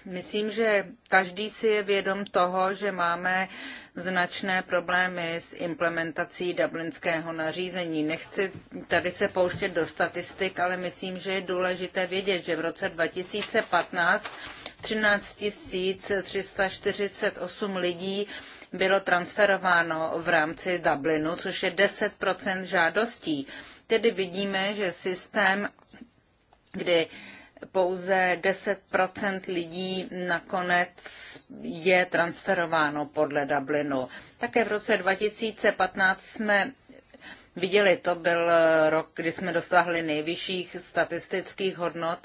Speaker 2: Myslím, že každý si je vědom toho, že máme značné problémy s implementací dublinského nařízení. Nechci tady se pouštět do statistik, ale myslím, že je důležité vědět, že v roce 2015 13 348 lidí bylo transferováno v rámci Dublinu, což je 10 žádostí. Tedy vidíme, že systém, kdy pouze 10 lidí nakonec je transferováno podle Dublinu. Také v roce 2015 jsme viděli, to byl rok, kdy jsme dosáhli nejvyšších statistických hodnot.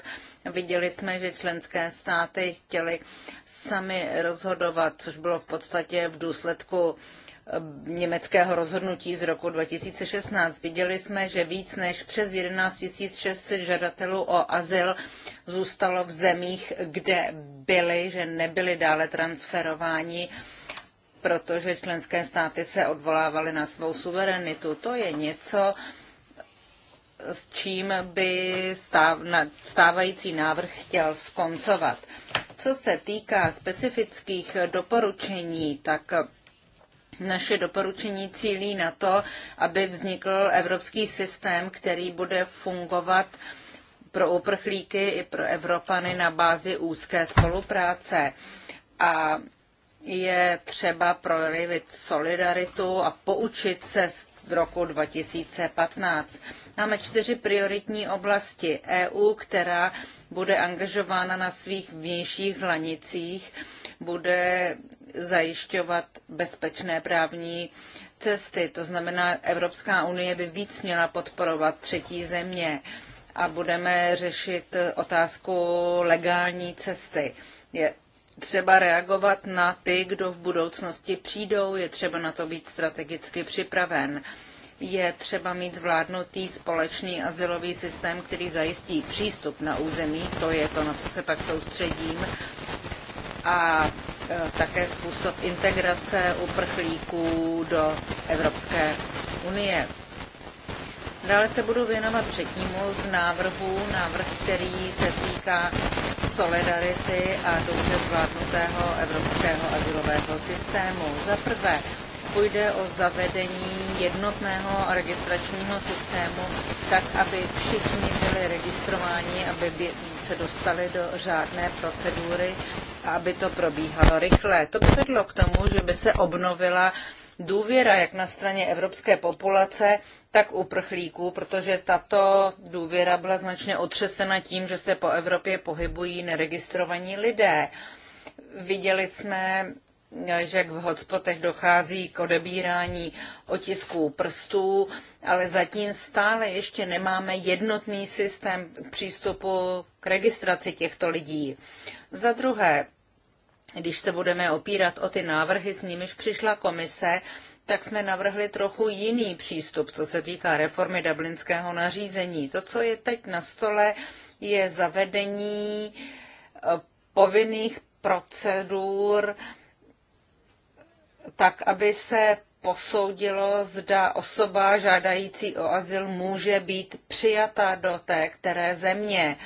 Speaker 2: Viděli jsme, že členské státy chtěly sami rozhodovat, což bylo v podstatě v důsledku uh, německého rozhodnutí z roku 2016. Viděli jsme, že víc než přes 11 600 žadatelů o azyl zůstalo v zemích, kde byli, že nebyli dále transferováni protože členské státy se odvolávaly na svou suverenitu. To je něco, s čím by stáv, stávající návrh chtěl skoncovat. Co se týká specifických doporučení, tak naše doporučení cílí na to, aby vznikl evropský systém, který bude fungovat pro uprchlíky i pro Evropany na bázi úzké spolupráce. A je třeba projevit solidaritu a poučit se z roku 2015. Máme čtyři prioritní oblasti EU, která bude angažována na svých vnějších hranicích, bude zajišťovat bezpečné právní cesty. To znamená, Evropská unie by víc měla podporovat třetí země a budeme řešit otázku legální cesty. Je třeba reagovat na ty, kdo v budoucnosti přijdou, je třeba na to být strategicky připraven. Je třeba mít zvládnutý společný asilový systém, který zajistí přístup na území, to je to, na co se pak soustředím, a e, také způsob integrace uprchlíků do Evropské unie. Dále se budu věnovat třetímu z návrhů, návrh, který se týká solidarity a dobře zvládnutého evropského azylového systému. Za prvé půjde o zavedení jednotného registračního systému, tak aby všichni byli registrováni, aby se dostali do řádné procedury aby to probíhalo rychle. To by vedlo k tomu, že by se obnovila důvěra jak na straně evropské populace, tak uprchlíků, protože tato důvěra byla značně otřesena tím, že se po Evropě pohybují neregistrovaní lidé. Viděli jsme, že v hotspotech dochází k odebírání otisků prstů, ale zatím stále ještě nemáme jednotný systém přístupu k registraci těchto lidí. Za druhé, když se budeme opírat o ty návrhy, s nimiž přišla komise, tak jsme navrhli trochu jiný přístup, co se týká reformy dublinského nařízení. To, co je teď na stole, je zavedení eh, povinných procedur, tak, aby se posoudilo, zda osoba žádající o azyl může být přijata do té které země.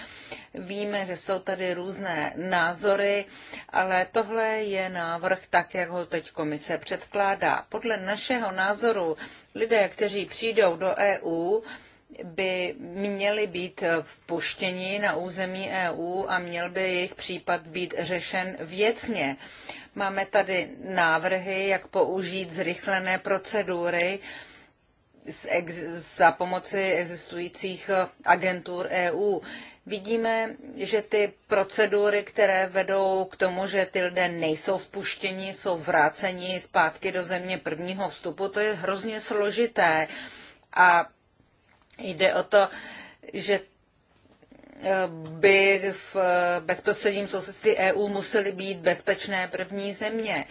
Speaker 2: Víme, že jsou tady různé názory, ale tohle je návrh tak, jak ho teď komise předkládá. Podle našeho názoru lidé, kteří přijdou do EU, by měli být vpuštěni na území EU a měl by jejich případ být řešen věcně. Máme tady návrhy, jak použít zrychlené procedury za pomoci existujících agentur EU. Vidíme, že ty procedury, které vedou k tomu, že ty lidé nejsou vpuštěni, jsou vráceni zpátky do země prvního vstupu, to je hrozně složité. A jde o to, že eh, by v eh, bezprostředním sousedství EU musely být bezpečné první země.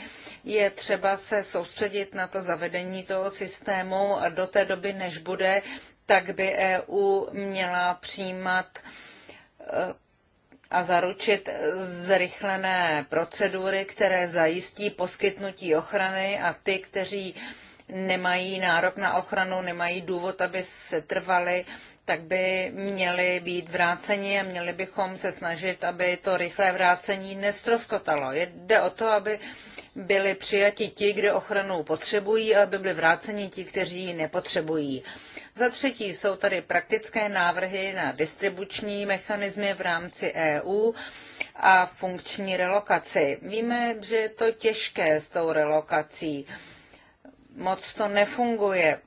Speaker 2: Je třeba se soustředit na to zavedení toho systému a do té doby, než bude, tak by EU měla přijímat uh, a zaručit zrychlené procedury, které zajistí poskytnutí ochrany a ty, kteří nemají nárok na ochranu, nemají důvod, aby se trvali, tak by měli být vráceni a měli bychom se snažit, aby to rychlé vrácení nestroskotalo. Jde o to, aby byli přijati ti, kdo ochranu potřebují, a aby byli vráceni ti, kteří ji nepotřebují. Za třetí jsou tady praktické návrhy na distribuční mechanismy v rámci EU a funkční relokaci. Víme, že je to těžké s tou relokací. Moc to nefunguje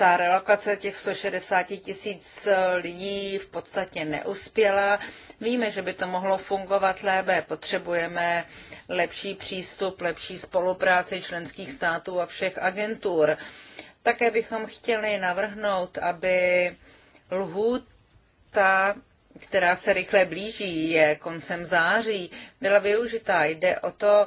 Speaker 2: ta relokace těch 160 tisíc lidí v podstatě neuspěla. Víme, že by to mohlo fungovat lépe. Potřebujeme lepší přístup, lepší spolupráci členských států a všech agentur. Také bychom chtěli navrhnout, aby lhůta, která se rychle blíží, je koncem září, byla využitá. Jde o to,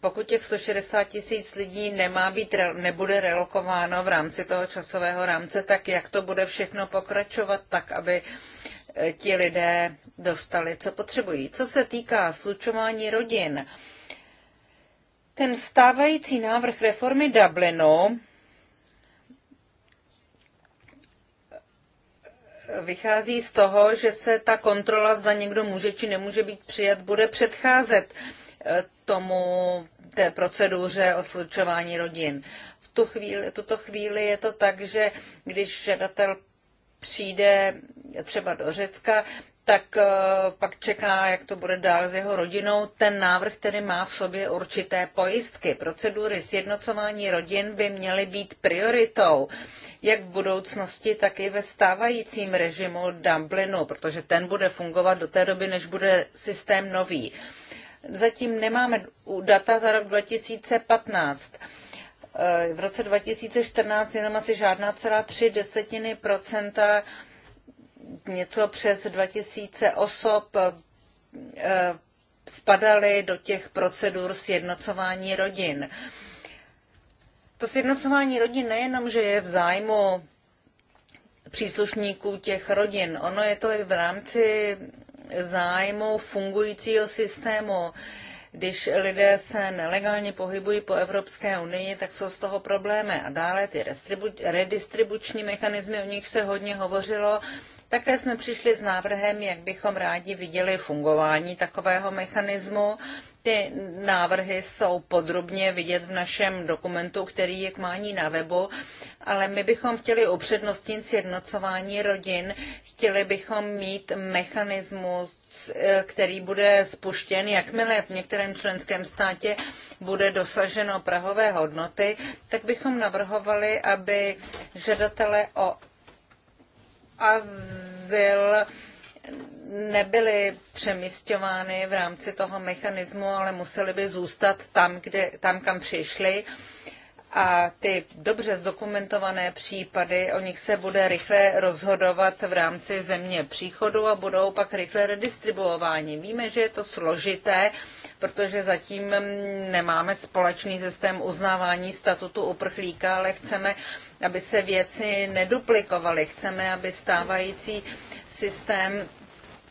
Speaker 2: pokud těch 160 tisíc lidí nemá být, nebude relokováno v rámci toho časového rámce, tak jak to bude všechno pokračovat tak, aby eh, ti lidé dostali, co potřebují. Co se týká slučování rodin, ten stávající návrh reformy Dublinu eh, vychází z toho, že se ta kontrola, zda někdo může či nemůže být přijat, bude předcházet tomu té proceduře o slučování rodin. V tu chvíli, tuto chvíli je to tak, že když žadatel přijde třeba do Řecka, tak eh, pak čeká, jak to bude dál s jeho rodinou. Ten návrh tedy má v sobě určité pojistky. Procedury sjednocování rodin by měly být prioritou, jak v budoucnosti, tak i ve stávajícím režimu Dublinu, protože ten bude fungovat do té doby, než bude systém nový. Zatím nemáme data za rok 2015. Eh, v roce 2014 jenom asi žádná celá tři desetiny procenta, něco přes 2000 osob eh, spadaly do těch procedur sjednocování rodin. To sjednocování rodin nejenom, že je v zájmu příslušníků těch rodin, ono je to i v rámci zájmu fungujícího systému. Když lidé se nelegálně pohybují po Evropské unii, tak jsou z toho problémy. A dále ty redistribuční mechanismy, o nich se hodně hovořilo, také jsme přišli s návrhem, jak bychom rádi viděli fungování takového mechanismu. Ty návrhy jsou podrobně vidět v našem dokumentu, který je k mání na webu, ale my bychom chtěli upřednostnit sjednocování rodin, chtěli bychom mít mechanismus, eh, který bude spuštěn, jakmile v některém členském státě bude dosaženo prahové hodnoty, tak bychom navrhovali, aby žadatele o azyl nebyly přemysťovány v rámci toho mechanismu, ale musely by zůstat tam, kde, tam kam přišly. A ty dobře zdokumentované případy, o nich se bude rychle rozhodovat v rámci země příchodu a budou pak rychle redistribuováni. Víme, že je to složité, protože zatím nemáme společný systém uznávání statutu uprchlíka, ale chceme, aby se věci neduplikovaly. Chceme, aby stávající systém,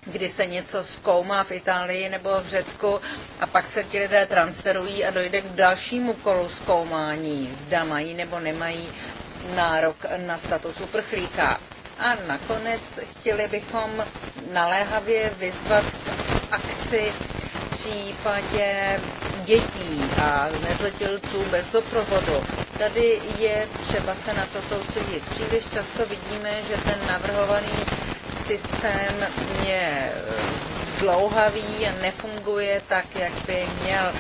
Speaker 2: kdy se něco zkoumá v Itálii nebo v Řecku a pak se ti lidé transferují a dojde k dalšímu kolu zkoumání, zda mají nebo nemají nárok na status uprchlíka. A nakonec chtěli bychom naléhavě vyzvat akci v případě dětí a nezletilců bez doprovodu. Tady je třeba se na to soustředit. Příliš často vidíme, že ten navrhovaný systém je zdlouhavý a nefunguje tak, jak by měl.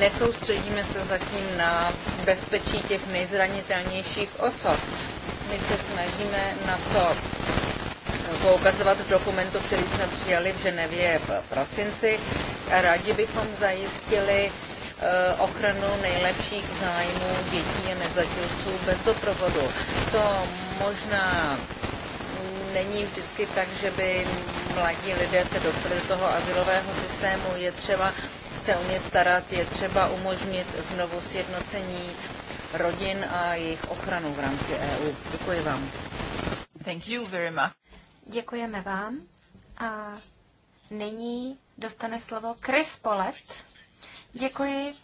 Speaker 2: Nesoustředíme se zatím na bezpečí těch nejzranitelnějších osob. My se snažíme na to poukazovat v dokumentu, který jsme přijali v Ženevě v prosinci. A rádi bychom zajistili eh, ochranu nejlepších zájmů dětí a nezletilců bez doprovodu. To možná není vždycky tak, že by mladí lidé se dostali do toho azylového systému. Je třeba se o ně starat, je třeba umožnit znovu sjednocení rodin a jejich ochranu v rámci EU. Děkuji vám. Thank you very much. Děkujeme vám.
Speaker 3: A nyní dostane slovo Chris Polet. Děkuji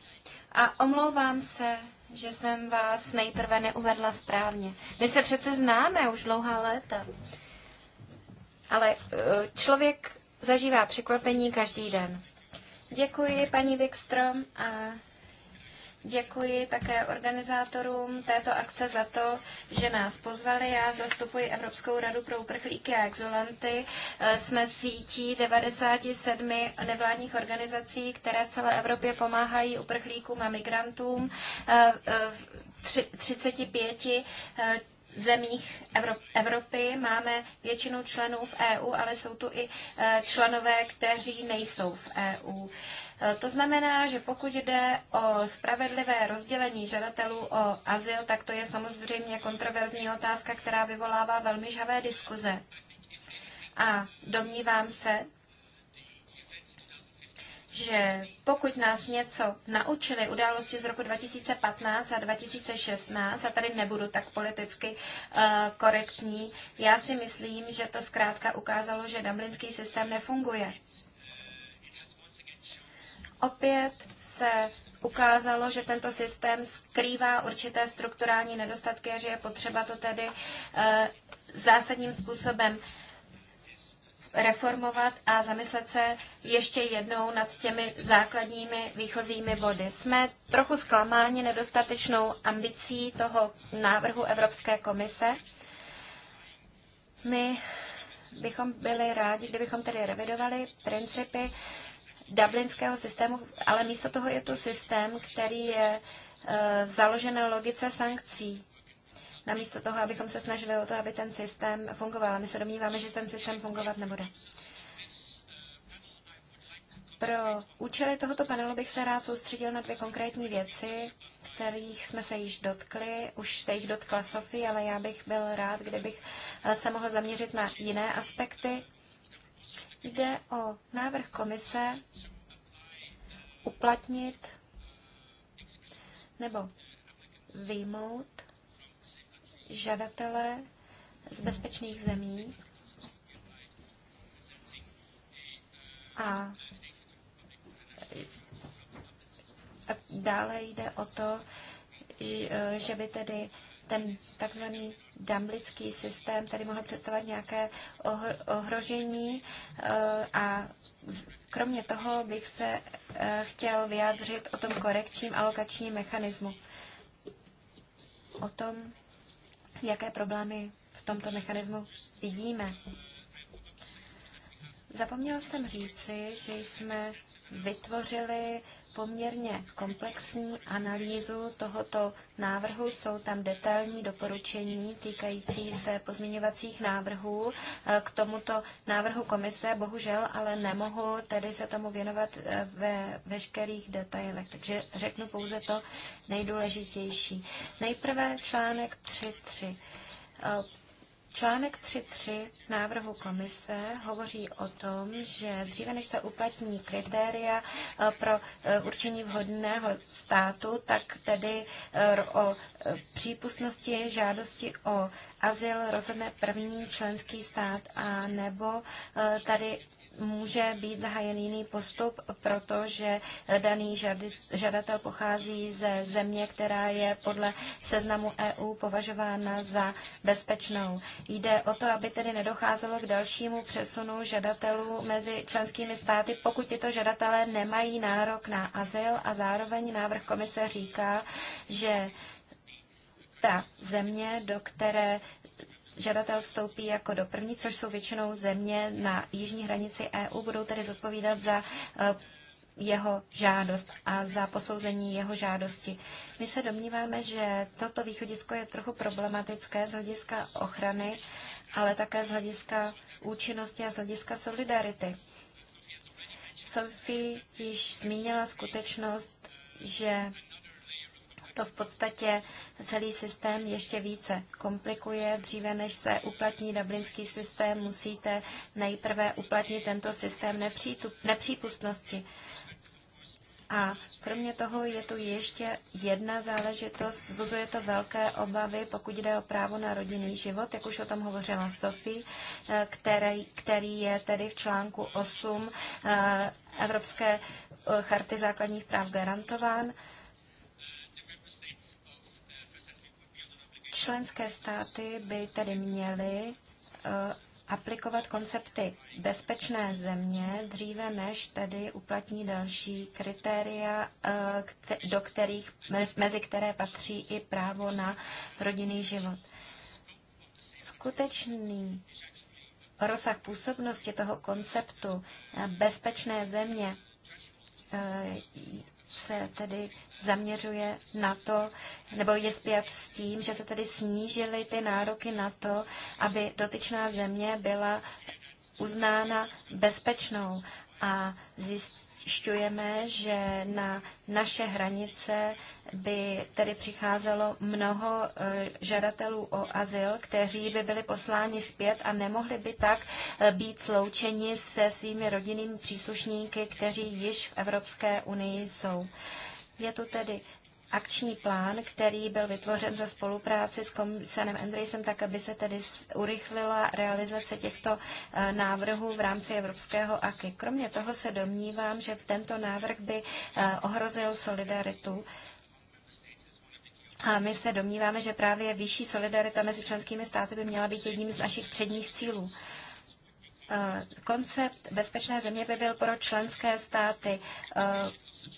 Speaker 3: a omlouvám se, že jsem vás nejprve neuvedla správně. My se přece známe už dlouhá léta ale eh, člověk zažívá překvapení každý den. Děkuji paní Wikstrom a Děkuji také organizátorům této akce za to, že nás pozvali. Já zastupuji Evropskou radu pro uprchlíky a exolanty. Eh, jsme sítí 97 nevládních organizací, které v celé Evropě pomáhají uprchlíkům a migrantům 35 eh, zemích Evropy máme většinu členů v EU, ale jsou tu i e, členové, kteří nejsou v EU. E, to znamená, že pokud jde o spravedlivé rozdělení žadatelů o azyl, tak to je samozřejmě kontroverzní otázka, která vyvolává velmi žavé diskuze. A domnívám se, že pokud nás něco naučili události z roku 2015 a 2016, a tady nebudu tak politicky uh, korektní, já si myslím, že to zkrátka ukázalo, že dublinský systém nefunguje. Opět se ukázalo, že tento systém skrývá určité strukturální nedostatky a že je potřeba to tedy uh, zásadním způsobem uh, reformovat a zamyslet se ještě jednou nad těmi základními výchozími body. Jsme trochu zklamáni nedostatečnou ambicí toho návrhu Evropské komise. My bychom byli rádi, kdybychom tedy revidovali principy dublinského systému, ale místo toho je to systém, který je e, založen na logice sankcí namísto toho, abychom se snažili o to, aby ten systém fungoval. My se domníváme, že ten systém fungovat nebude. Pro účely tohoto panelu bych se rád soustředil na dvě konkrétní věci, kterých jsme se již dotkli. Už se jich dotkla Sofie, ale já bych byl rád, kdybych eh, se mohl zaměřit na jiné aspekty. Jde o návrh komise uplatnit nebo vyjmout žadatele z bezpečných zemí a dále jde o to, že by tedy ten takzvaný damblický systém tady mohl představovat nějaké ohrožení eh, a kromě toho bych se eh, chtěl vyjádřit o tom korekčním alokačním mechanismu. O tom jaké problémy v tomto mechanismu vidíme. Zapomněl jsem říci, že jsme vytvořili poměrně komplexní analýzu tohoto návrhu. Jsou tam detailní doporučení týkající se pozměňovacích návrhů eh, k tomuto návrhu komise. Bohužel ale nemohu tedy se tomu věnovat eh, ve veškerých detailech, takže řeknu pouze to nejdůležitější. Nejprve článek 3.3 Článek 3.3 návrhu komise hovoří o tom, že dříve než se uplatní kritéria eh, pro eh, určení vhodného státu, tak tedy eh, o přípustnosti žádosti o azyl rozhodne první členský stát a nebo tady může být zahájen jiný postup, protože daný žadatel pochází ze země, která je podle seznamu EU považována za bezpečnou. Jde o to, aby tedy nedocházelo k dalšímu přesunu žadatelů mezi členskými státy, pokud tyto žadatelé nemají nárok na azyl a zároveň návrh komise říká, že ta země, do které žadatel vstoupí jako do první, což jsou většinou země na jižní hranici EU, budou tedy zodpovídat za eh, jeho žádost a za posouzení jeho žádosti. My se domníváme, že toto východisko je trochu problematické z hlediska ochrany, ale také z hlediska účinnosti a z hlediska solidarity. Sophie již zmínila skutečnost, že to v podstatě celý systém ještě více komplikuje. Dříve než se uplatní dublinský systém, musíte nejprve uplatnit tento systém nepřípustnosti. A kromě toho je tu ještě jedna záležitost. Vzbuzuje to velké obavy, pokud jde o právo na rodinný život, jak už o tom hovořila Sofie, eh, který, který je tedy v článku 8 eh, Evropské eh, charty základních práv garantován. Členské státy by tedy měly eh, aplikovat koncepty bezpečné země dříve, než tedy uplatní další kritéria, eh, do kterých, mezi které patří i právo na rodinný život. Skutečný rozsah působnosti toho konceptu eh, bezpečné země se tedy zaměřuje na to, nebo je zpět s tím, že se tedy snížily ty nároky na to, aby dotyčná země byla uznána bezpečnou a zjistila, zjišťujeme, že na naše hranice by tedy přicházelo mnoho eh, žadatelů o azyl, kteří by byli posláni zpět a nemohli by tak eh, být sloučeni se svými rodinnými příslušníky, kteří již v Evropské unii jsou. Je tu tedy akční plán, který byl vytvořen za spolupráci s komisanem Andrejsem, tak aby se tedy urychlila realizace těchto eh, návrhů v rámci evropského AKY. Kromě toho se domnívám, že tento návrh by eh, ohrozil solidaritu a my se domníváme, že právě vyšší solidarita mezi členskými státy by měla být jedním z našich předních cílů. Eh, koncept bezpečné země by byl pro členské státy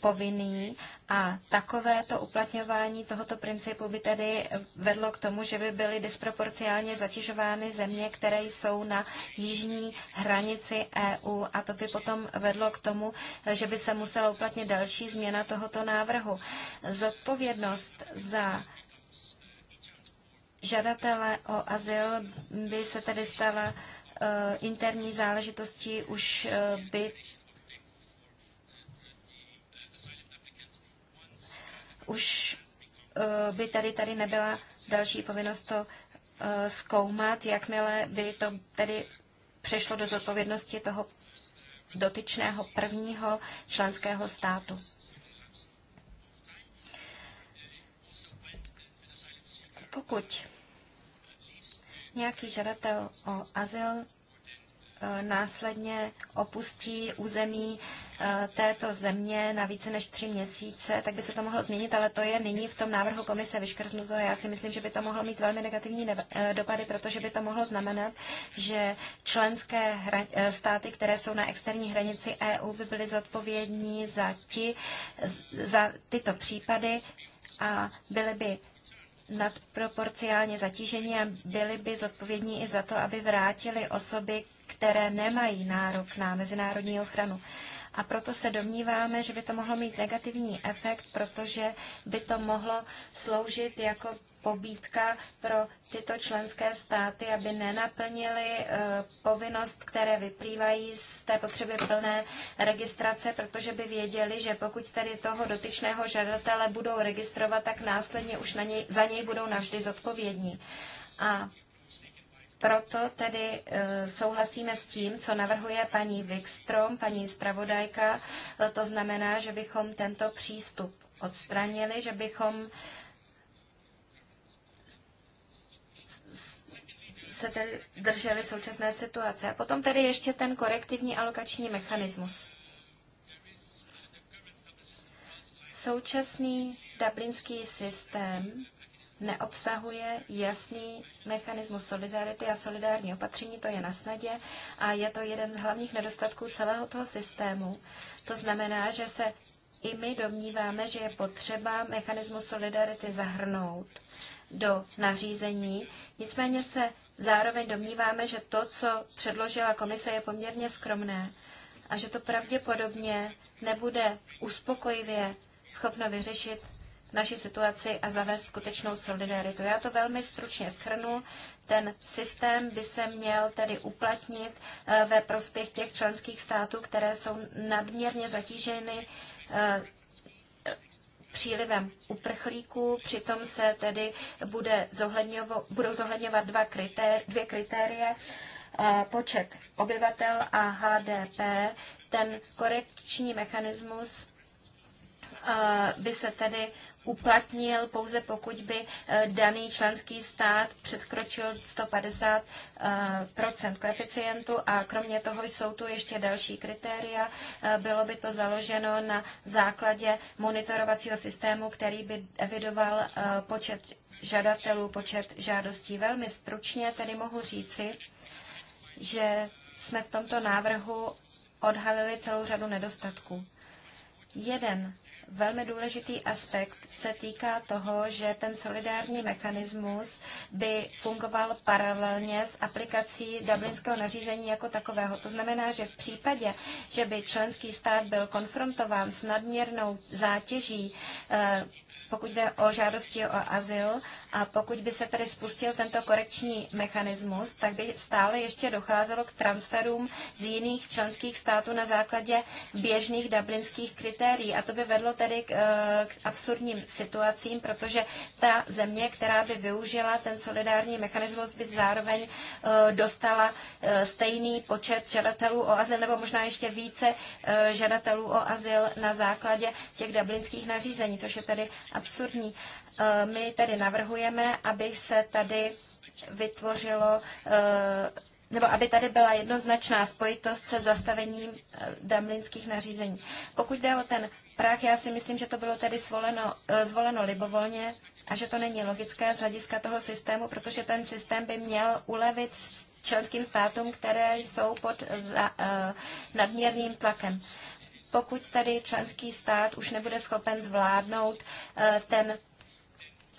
Speaker 3: povinný a takovéto uplatňování tohoto principu by tedy vedlo k tomu, že by byly disproporciálně zatěžovány země, které jsou na jižní hranici EU a to by potom vedlo k tomu, že by se musela uplatnit další změna tohoto návrhu. Zodpovědnost za žadatele o azyl by se tedy stala eh, interní záležitosti už eh, by už eh, by tady, tady nebyla další povinnost to eh, zkoumat, jakmile by to tedy přešlo do zodpovědnosti toho dotyčného prvního členského státu. Pokud nějaký žadatel o azyl Eh, následně opustí území eh, této země na více než tři měsíce, tak by se to mohlo změnit, ale to je nyní v tom návrhu komise vyškrtnuto. Já si myslím, že by to mohlo mít velmi negativní eh, dopady, protože by to mohlo znamenat, že členské státy, které jsou na externí hranici EU, by byly zodpovědní za, ti, za tyto případy a byly by nadproporciálně zatížení a byli by zodpovědní i za to, aby vrátili osoby které nemají nárok na mezinárodní ochranu. A proto se domníváme, že by to mohlo mít negativní efekt, protože by to mohlo sloužit jako pobídka pro tyto členské státy, aby nenaplnili eh, povinnost, které vyplývají z té potřeby plné registrace, protože by věděli, že pokud tedy toho dotyčného žadatele budou registrovat, tak následně už na něj, za něj budou navždy zodpovědní. A proto tedy e, souhlasíme s tím, co navrhuje paní Wikstrom, paní zpravodajka. E, to znamená, že bychom tento přístup odstranili, že bychom se tedy drželi současné situace. A potom tedy ještě ten korektivní alokační mechanismus. Současný dublinský systém neobsahuje jasný mechanismus solidarity a solidární opatření, to je na snadě a je to jeden z hlavních nedostatků celého toho systému. To znamená, že se i my domníváme, že je potřeba mechanismus solidarity zahrnout do nařízení. Nicméně se zároveň domníváme, že to, co předložila komise, je poměrně skromné a že to pravděpodobně nebude uspokojivě schopno vyřešit naši situaci a zavést skutečnou solidaritu. Já to velmi stručně schrnu. Ten systém by se měl tedy uplatnit eh, ve prospěch těch členských států, které jsou nadměrně zatíženy eh, přílivem uprchlíků, přitom se tedy bude zohledňovo, budou zohledňovat dva kritér, dvě kritérie, eh, počet obyvatel a HDP. Ten korekční mechanismus by se tedy uplatnil pouze pokud by eh, daný členský stát předkročil 150 eh, koeficientu a kromě toho jsou tu ještě další kritéria. Eh, bylo by to založeno na základě monitorovacího systému, který by evidoval počet žadatelů, počet žádostí. Velmi stručně tedy mohu říci, že jsme v tomto návrhu odhalili celou řadu nedostatků. Jeden Velmi důležitý aspekt se týká toho, že ten solidární mechanismus by fungoval paralelně s aplikací dublinského nařízení jako takového. To znamená, že v případě, že by členský stát byl konfrontován s nadměrnou zátěží, eh, pokud jde o žádosti o azyl a pokud by se tedy spustil tento korekční mechanismus, tak by stále ještě docházelo k transferům z jiných členských států na základě běžných dublinských kritérií. A to by vedlo tedy k, eh, k absurdním situacím, protože ta země, která by využila ten solidární mechanismus, by zároveň eh, dostala eh, stejný počet žadatelů o azyl, nebo možná ještě více žadatelů o azyl na základě těch dublinských nařízení, což je tedy absurdní. Eh, my tedy navrhujeme, aby se tady vytvořilo eh, nebo aby tady byla jednoznačná spojitost se zastavením eh, damlinských nařízení. Pokud jde o ten prach, já si myslím, že to bylo tedy zvoleno, zvoleno libovolně a že to není logické z hlediska toho systému, protože ten systém by měl ulevit členským státům, které jsou pod za, nadměrným tlakem. Pokud tady členský stát už nebude schopen zvládnout ten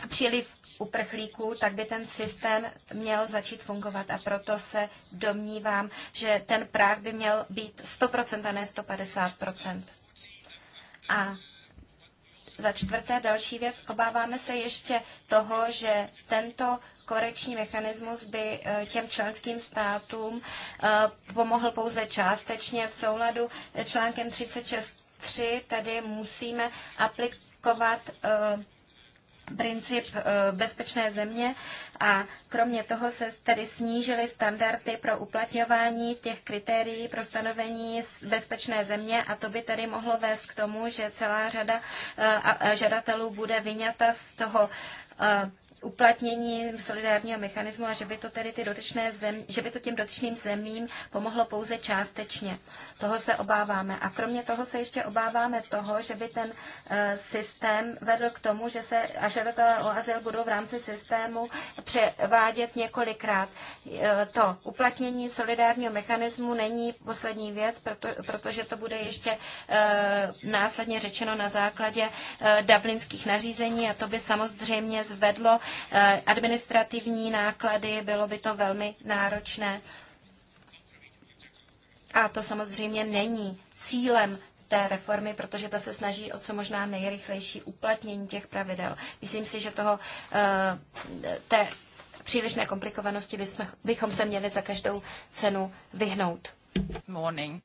Speaker 3: příliv uprchlíků, tak by ten systém měl začít fungovat a proto se domnívám, že ten práh by měl být 100% a ne 150%. A za čtvrté další věc, obáváme se ještě toho, že tento korekční mechanismus by eh, těm členským státům eh, pomohl pouze částečně v souladu článkem 36.3, tedy musíme aplikovat eh, princip eh, bezpečné země a kromě toho se tedy snížily standardy pro uplatňování těch kritérií pro stanovení bezpečné země a to by tedy mohlo vést k tomu, že celá řada eh, žadatelů bude vyňata z toho eh, uplatnění solidárního mechanismu a že by to tedy ty dotyčné země, že by to těm dotyčným zemím pomohlo pouze částečně. Toho se obáváme. A kromě toho se ještě obáváme toho, že by ten eh, systém vedl k tomu, že se a žadatelé o azyl budou v rámci systému převádět několikrát. Eh, to uplatnění solidárního mechanismu není poslední věc, proto, protože to bude ještě eh, následně řečeno na základě dublinských nařízení a to by samozřejmě zvedlo administrativní náklady, bylo by to velmi náročné. A to samozřejmě není cílem té reformy, protože ta se snaží o co možná nejrychlejší uplatnění těch pravidel. Myslím si, že toho eh, té přílišné komplikovanosti bychom, bychom se měli za každou cenu vyhnout. Morning.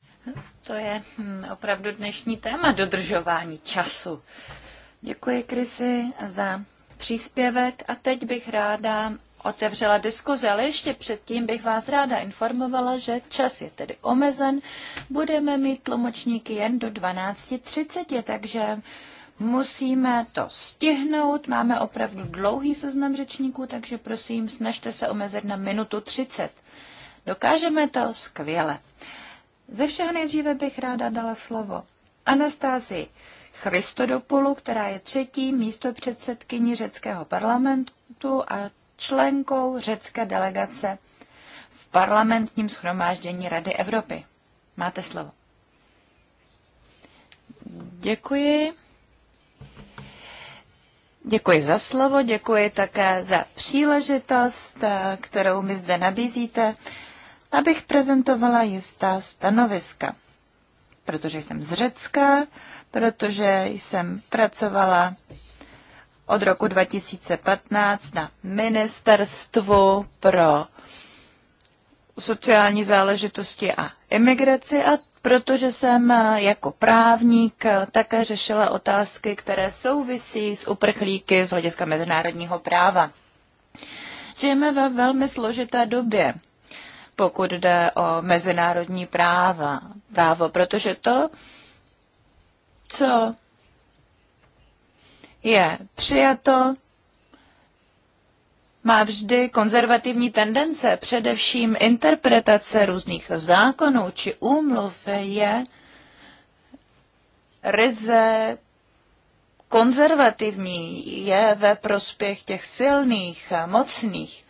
Speaker 3: To je hm,
Speaker 4: opravdu dnešní téma dodržování času. Děkuji, Krisi, za příspěvek a teď bych ráda otevřela diskuze, ale ještě předtím bych vás ráda informovala, že čas je tedy omezen. Budeme mít tlumočníky jen do 12.30, takže musíme to stihnout. Máme opravdu dlouhý seznam řečníků, takže prosím, snažte se omezit na minutu 30. Dokážeme to skvěle. Ze všeho nejdříve bych ráda dala slovo Anastázii Christodopulu, která je třetí místo předsedkyní řeckého parlamentu a členkou řecké delegace v parlamentním schromáždění Rady Evropy. Máte slovo. Děkuji. Děkuji za slovo, děkuji také za příležitost, kterou mi zde nabízíte, abych prezentovala jistá stanoviska. Protože jsem z Řecka, protože jsem pracovala od roku 2015 na Ministerstvu pro sociální záležitosti a imigraci a protože jsem jako právník také řešila otázky, které souvisí s uprchlíky z hlediska mezinárodního práva. Žijeme ve velmi složité době, pokud jde o mezinárodní práva, právo, protože to, co je přijato, má vždy konzervativní tendence, především interpretace různých zákonů či úmluv je ryze konzervativní, je ve prospěch těch silných, mocných.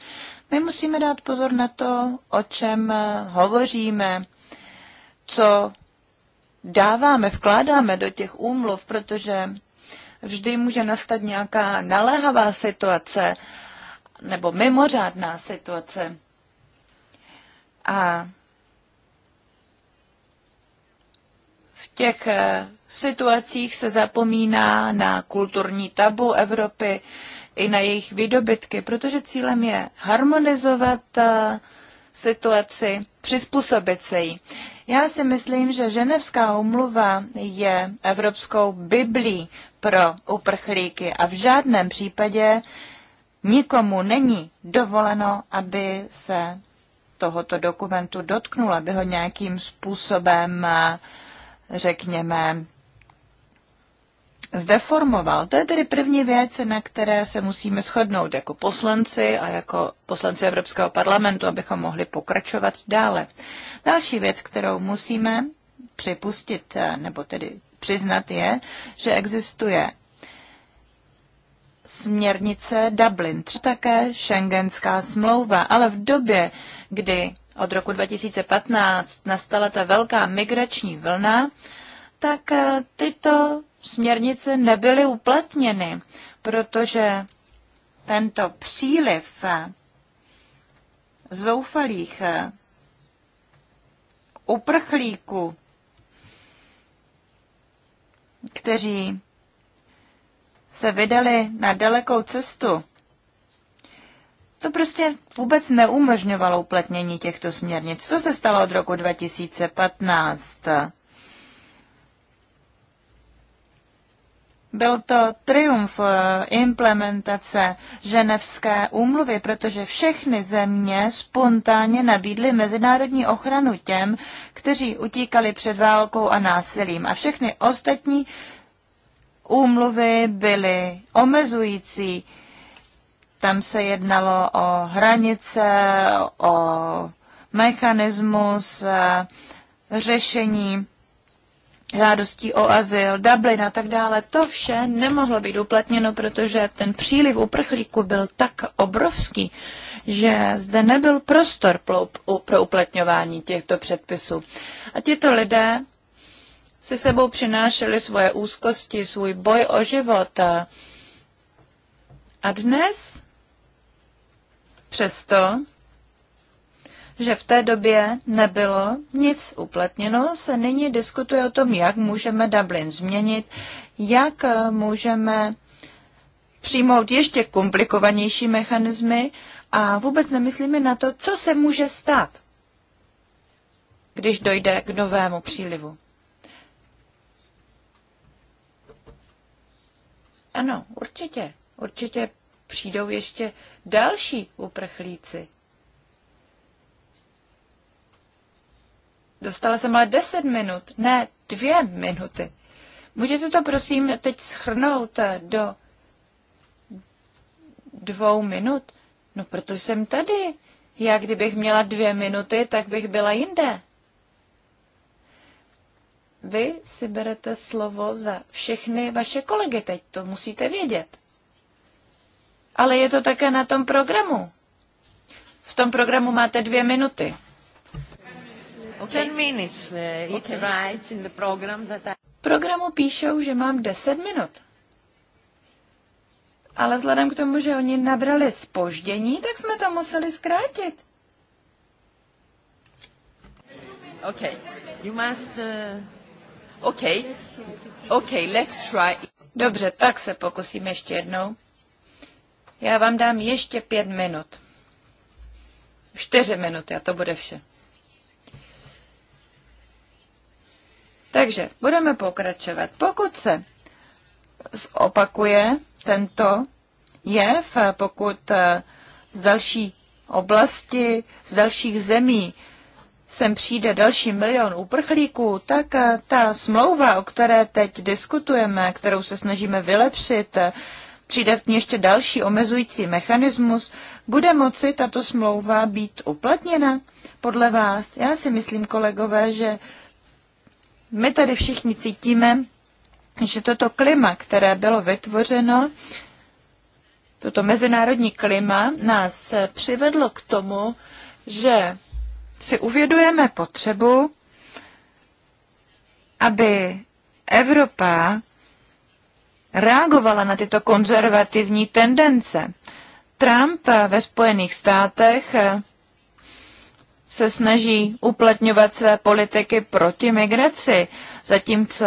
Speaker 4: My musíme dát pozor na to, o čem hovoříme, co dáváme, vkládáme do těch úmluv, protože Vždy může nastat nějaká naléhavá situace nebo mimořádná situace. A v těch eh, situacích se zapomíná na kulturní tabu Evropy i na jejich výdobytky, protože cílem je harmonizovat eh, situaci, přizpůsobit se jí. Já si myslím, že Ženevská umluva je evropskou biblí pro uprchlíky a v žádném případě nikomu není dovoleno, aby se tohoto dokumentu dotknul, aby ho nějakým způsobem, řekněme, zdeformoval. To je tedy první věc, na které se musíme shodnout jako poslanci a jako poslanci Evropského parlamentu, abychom mohli pokračovat dále. Další věc, kterou musíme připustit, nebo tedy přiznat, je, že existuje směrnice Dublin, také šengenská smlouva, ale v době, kdy od roku 2015 nastala ta velká migrační vlna, tak eh, tyto směrnice nebyly uplatněny, protože tento příliv eh, zoufalých eh, uprchlíků kteří se vydali na dalekou cestu, to prostě vůbec neumožňovalo uplatnění těchto směrnic. Co se stalo od roku 2015? Byl to triumf eh, implementace ženevské úmluvy, protože všechny země spontánně nabídly mezinárodní ochranu těm, kteří utíkali před válkou a násilím. A všechny ostatní úmluvy byly omezující. Tam se jednalo o hranice, o mechanismus eh, řešení žádostí o azyl, Dublin a tak dále, to vše nemohlo být uplatněno, protože ten příliv uprchlíků byl tak obrovský, že zde nebyl prostor pro uplatňování těchto předpisů. A tito lidé si sebou přinášeli svoje úzkosti, svůj boj o život. A dnes přesto že v té době nebylo nic uplatněno, se nyní diskutuje o tom, jak můžeme Dublin změnit, jak můžeme přijmout ještě komplikovanější mechanismy a vůbec nemyslíme na to, co se může stát, když dojde k novému přílivu. Ano, určitě. Určitě přijdou ještě další uprchlíci. Dostala jsem ale 10 minut, ne dvě minuty. Můžete to prosím teď schrnout eh, do dvou minut? No, protože jsem tady. Já kdybych měla dvě minuty, tak bych byla jinde. Vy si berete slovo za všechny vaše kolegy teď, to musíte vědět. Ale je to také na tom programu. V tom programu máte dvě minuty. Uh, programu píšou, že mám 10 minut. Ale vzhledem k tomu, že oni nabrali spoždění, tak jsme to museli zkrátit.
Speaker 2: OK. You must... Uh...
Speaker 4: OK. OK, let's try. Dobře, tak se pokusím ještě jednou. Já vám dám ještě pět minut. Čtyři minuty a to bude vše. Takže budeme pokračovat. Pokud se opakuje tento jev, pokud eh, z další oblasti, z dalších zemí sem přijde další milion uprchlíků, tak eh, ta smlouva, o které teď diskutujeme, kterou se snažíme vylepšit, eh, přidat k ještě další omezující mechanismus, bude moci tato smlouva být uplatněna? Podle vás, já si myslím, kolegové, že my tady všichni cítíme, že toto klima, které bylo vytvořeno, toto mezinárodní klima nás přivedlo k tomu, že si uvědujeme potřebu, aby Evropa reagovala na tyto konzervativní tendence. Trump ve Spojených státech se snaží uplatňovat své politiky proti migraci, zatímco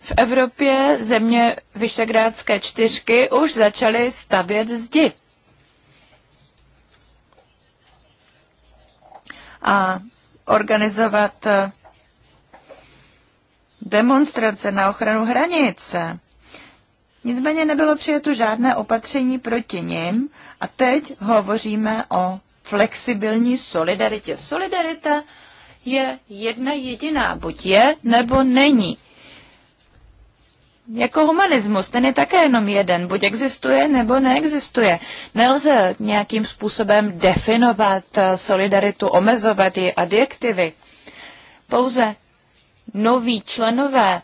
Speaker 4: v Evropě země Vyšegrádské čtyřky už začaly stavět zdi. A organizovat eh, demonstrace na ochranu hranice. Nicméně nebylo přijeto žádné opatření proti nim a teď hovoříme o flexibilní solidaritě. Solidarita je jedna jediná, buď je nebo není. Jako humanismus, ten je také jenom jeden, buď existuje nebo neexistuje. Nelze nějakým způsobem definovat eh, solidaritu, omezovat ji adjektivy. Pouze noví členové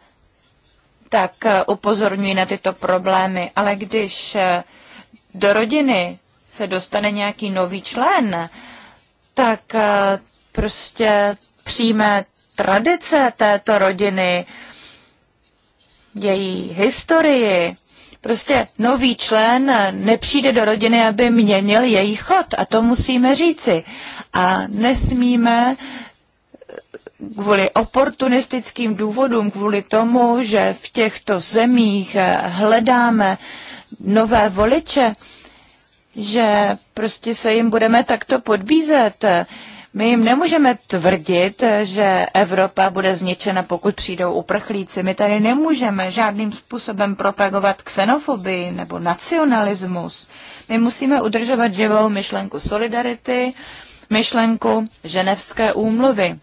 Speaker 4: tak eh, upozorňují na tyto problémy, ale když eh, do rodiny se dostane nějaký nový člen, tak eh, prostě přijme tradice této rodiny, její historii. Prostě nový člen nepřijde do rodiny, aby měnil její chod a to musíme říci. A nesmíme kvůli oportunistickým důvodům, kvůli tomu, že v těchto zemích eh, hledáme nové voliče, že prostě se jim budeme takto podbízet. My jim nemůžeme tvrdit, že Evropa bude zničena, pokud přijdou uprchlíci. My tady nemůžeme žádným způsobem propagovat xenofobii nebo nacionalismus. My musíme udržovat živou myšlenku solidarity, myšlenku ženevské úmluvy.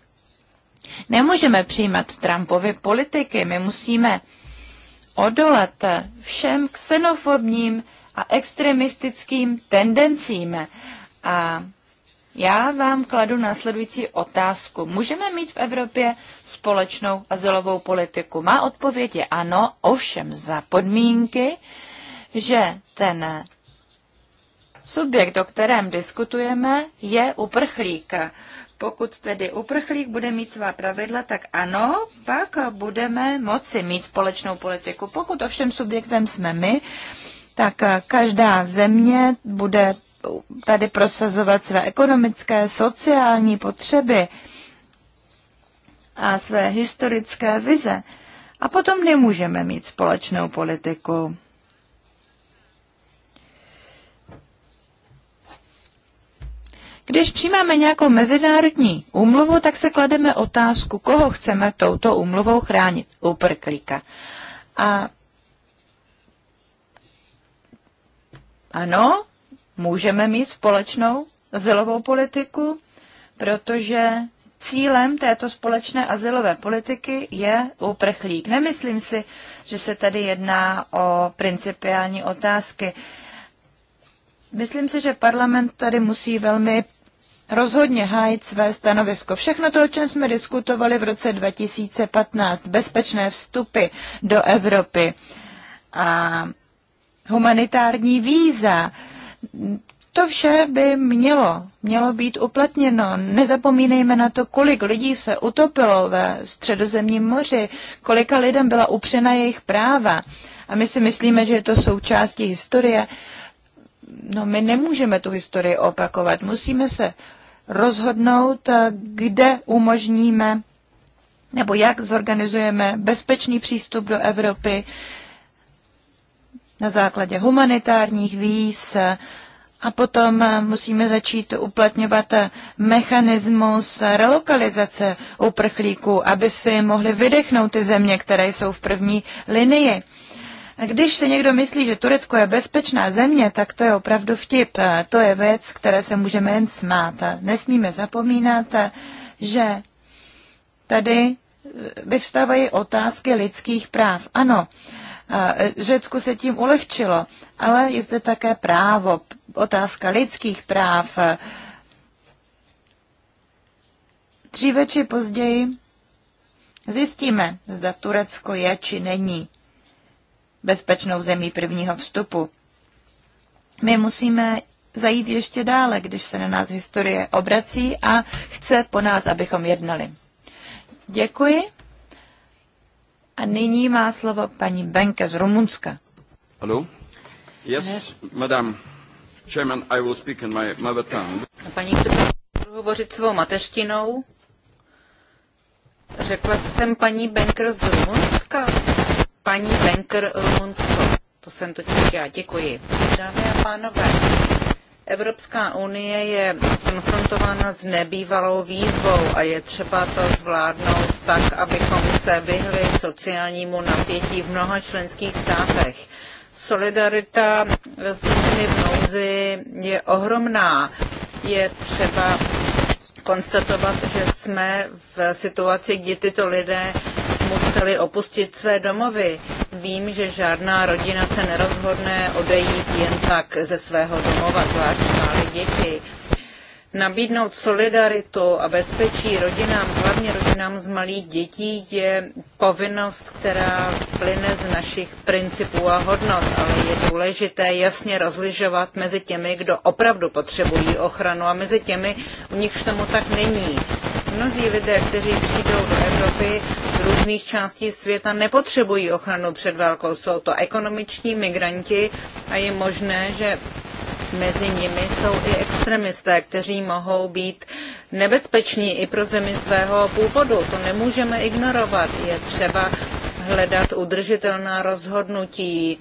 Speaker 4: Nemůžeme přijímat Trumpovy politiky, my musíme odolat všem xenofobním a extremistickým tendencím. A já vám kladu následující otázku. Můžeme mít v Evropě společnou azylovou politiku? Má odpověď je ano, ovšem za podmínky, že ten subjekt, o kterém diskutujeme, je uprchlík. Pokud tedy uprchlík bude mít svá pravidla, tak ano, pak budeme moci mít společnou politiku. Pokud ovšem subjektem jsme my, tak eh, každá země bude tady prosazovat své ekonomické, sociální potřeby a své historické vize. A potom nemůžeme mít společnou
Speaker 2: politiku.
Speaker 4: Když přijímáme nějakou mezinárodní úmluvu, tak se klademe otázku, koho chceme touto úmluvou chránit, uprklíka. A Ano, můžeme mít společnou azylovou politiku, protože cílem této společné azylové politiky je uprchlík. Nemyslím si, že se tady jedná o principiální otázky. Myslím si, že parlament tady musí velmi rozhodně hájit své stanovisko. Všechno to, o čem jsme diskutovali v roce 2015, bezpečné vstupy do Evropy a humanitární víza. To vše by mělo, mělo být uplatněno. Nezapomínejme na to, kolik lidí se utopilo ve středozemním moři, kolika lidem byla upřena jejich práva. A my si myslíme, že je to součástí historie. No my nemůžeme tu historii opakovat. Musíme se rozhodnout, kde umožníme nebo jak zorganizujeme bezpečný přístup do Evropy, na základě humanitárních víz a potom musíme začít uplatňovat mechanismus relokalizace uprchlíků, aby si mohli vydechnout ty země, které jsou v první linii. Když se někdo myslí, že Turecko je bezpečná země, tak to je opravdu vtip. To je věc, které se můžeme jen smát. Nesmíme zapomínat, že tady vyvstávají otázky lidských práv. Ano, E, Řecku se tím ulehčilo, ale je zde také právo, otázka lidských práv. E, Dříve či později zjistíme, zda Turecko je či není bezpečnou zemí prvního vstupu. My musíme zajít ještě dále, když se na nás historie obrací a chce po nás, abychom jednali. Děkuji. A nyní má slovo paní Benke z Rumunska.
Speaker 5: Hello? Yes, madam. Chairman, I will speak in my mother tongue. Paní
Speaker 2: předsedkyně, budu hovořit svou mateřštinou. Řekla jsem paní Benker z Rumunska. Paní Benker Rumunsko. To jsem totiž já. Děkuji. Dámy a pánové, Evropská unie je konfrontována s nebývalou výzvou a je třeba to zvládnout tak, abychom se vyhli sociálnímu napětí v mnoha členských státech. Solidarita s lidmi v nouzi je ohromná. Je třeba konstatovat, že jsme v situaci, kdy tyto lidé museli opustit své domovy. Vím, že žádná rodina se nerozhodne odejít jen tak ze svého domova, zvlášť malé děti. Nabídnout solidaritu a bezpečí rodinám, hlavně rodinám z malých dětí, je povinnost, která plyne z našich principů a hodnot, ale je důležité jasně rozlišovat mezi těmi, kdo opravdu potřebují ochranu a mezi těmi, u nichž tomu tak není. Mnozí lidé, kteří přijdou do Evropy, různých částí světa nepotřebují ochranu před válkou. Jsou to ekonomiční migranti a je možné, že mezi nimi jsou i extremisté, kteří mohou být nebezpeční i pro zemi svého původu. To nemůžeme ignorovat. Je třeba hledat udržitelná rozhodnutí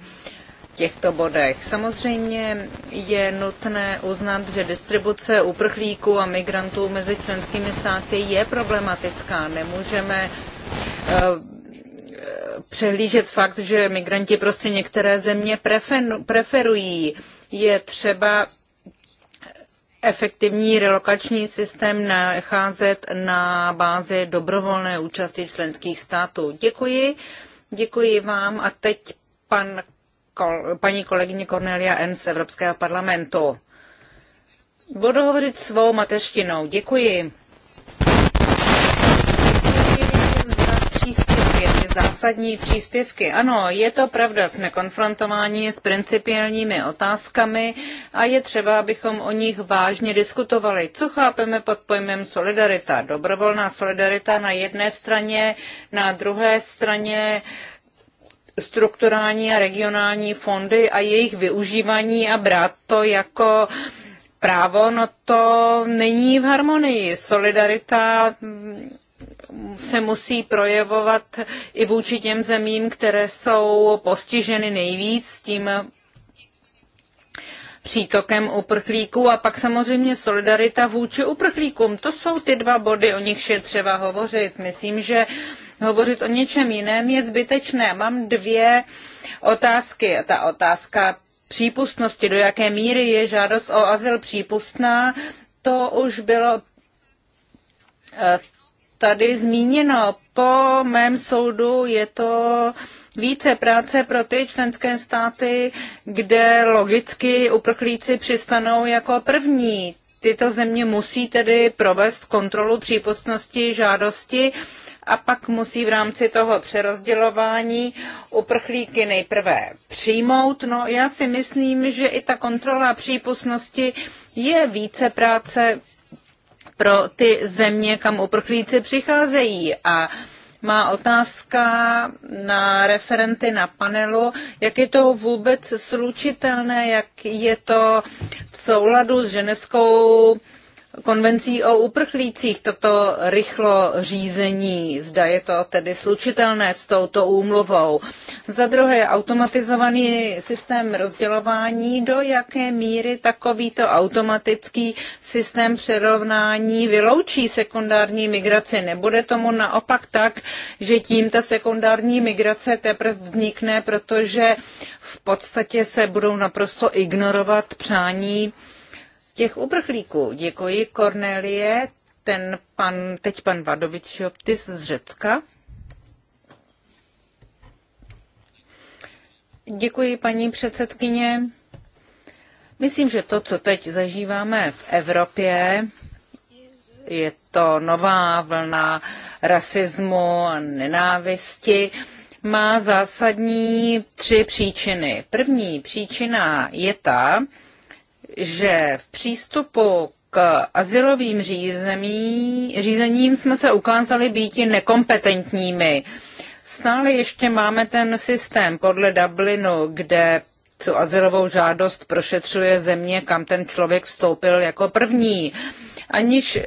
Speaker 2: těchto bodech. Samozřejmě je nutné uznat, že distribuce uprchlíků a migrantů mezi členskými státy je problematická. Nemůžeme Eh, přehlížet fakt, že migranti prostě některé země preferují. Je třeba efektivní relokační systém nacházet na bázi dobrovolné účasti členských států. Děkuji. Děkuji vám a teď pan, kol, paní kolegyně Cornelia N. z Evropského parlamentu. Budu hovořit svou mateřštinou. Děkuji. zásadní příspěvky. Ano, je to pravda, jsme konfrontováni s principiálními otázkami a je třeba, abychom o nich vážně diskutovali. Co chápeme pod pojmem solidarita? Dobrovolná solidarita na jedné straně, na druhé straně strukturální a regionální fondy a jejich využívání a brát to jako právo, no to není v harmonii. Solidarita se musí projevovat i vůči těm zemím, které jsou postiženy nejvíc tím přítokem uprchlíků a pak samozřejmě solidarita vůči uprchlíkům. To jsou ty dva body, o nichž je třeba hovořit. Myslím, že hovořit o něčem jiném je zbytečné. Mám dvě otázky. Ta otázka přípustnosti, do jaké míry je žádost o azyl přípustná, to už bylo eh, tady zmíněno. Po mém soudu je to více práce pro ty členské státy, kde logicky uprchlíci přistanou jako první. Tyto země musí tedy provést kontrolu přípustnosti žádosti a pak musí v rámci toho přerozdělování uprchlíky nejprve přijmout. No já si myslím, že i ta kontrola přípustnosti je více práce pro ty země, kam uprchlíci přicházejí. A má otázka na referenty na panelu, jak je to vůbec slučitelné, jak je to v souladu s ženevskou konvencí o uprchlících toto rychlo řízení. Zda je to tedy slučitelné s touto úmluvou. Za druhé, automatizovaný systém rozdělování, do jaké míry takovýto automatický systém přerovnání vyloučí sekundární migraci. Nebude tomu naopak tak, že tím ta sekundární migrace teprve vznikne, protože v podstatě se budou naprosto ignorovat přání těch uprchlíků. Děkuji, Kornelie. Ten pan, teď pan Vadovič Joptis z Řecka. Děkuji, paní předsedkyně. Myslím, že to, co teď zažíváme v Evropě, je to nová vlna rasismu a nenávisti, má zásadní tři příčiny. První příčina je ta, že v přístupu k asilovým řízení, řízením jsme se ukázali být nekompetentními. Stále ještě máme ten systém podle Dublinu, kde co asilovou žádost prošetřuje země, kam ten člověk vstoupil jako první. Aniž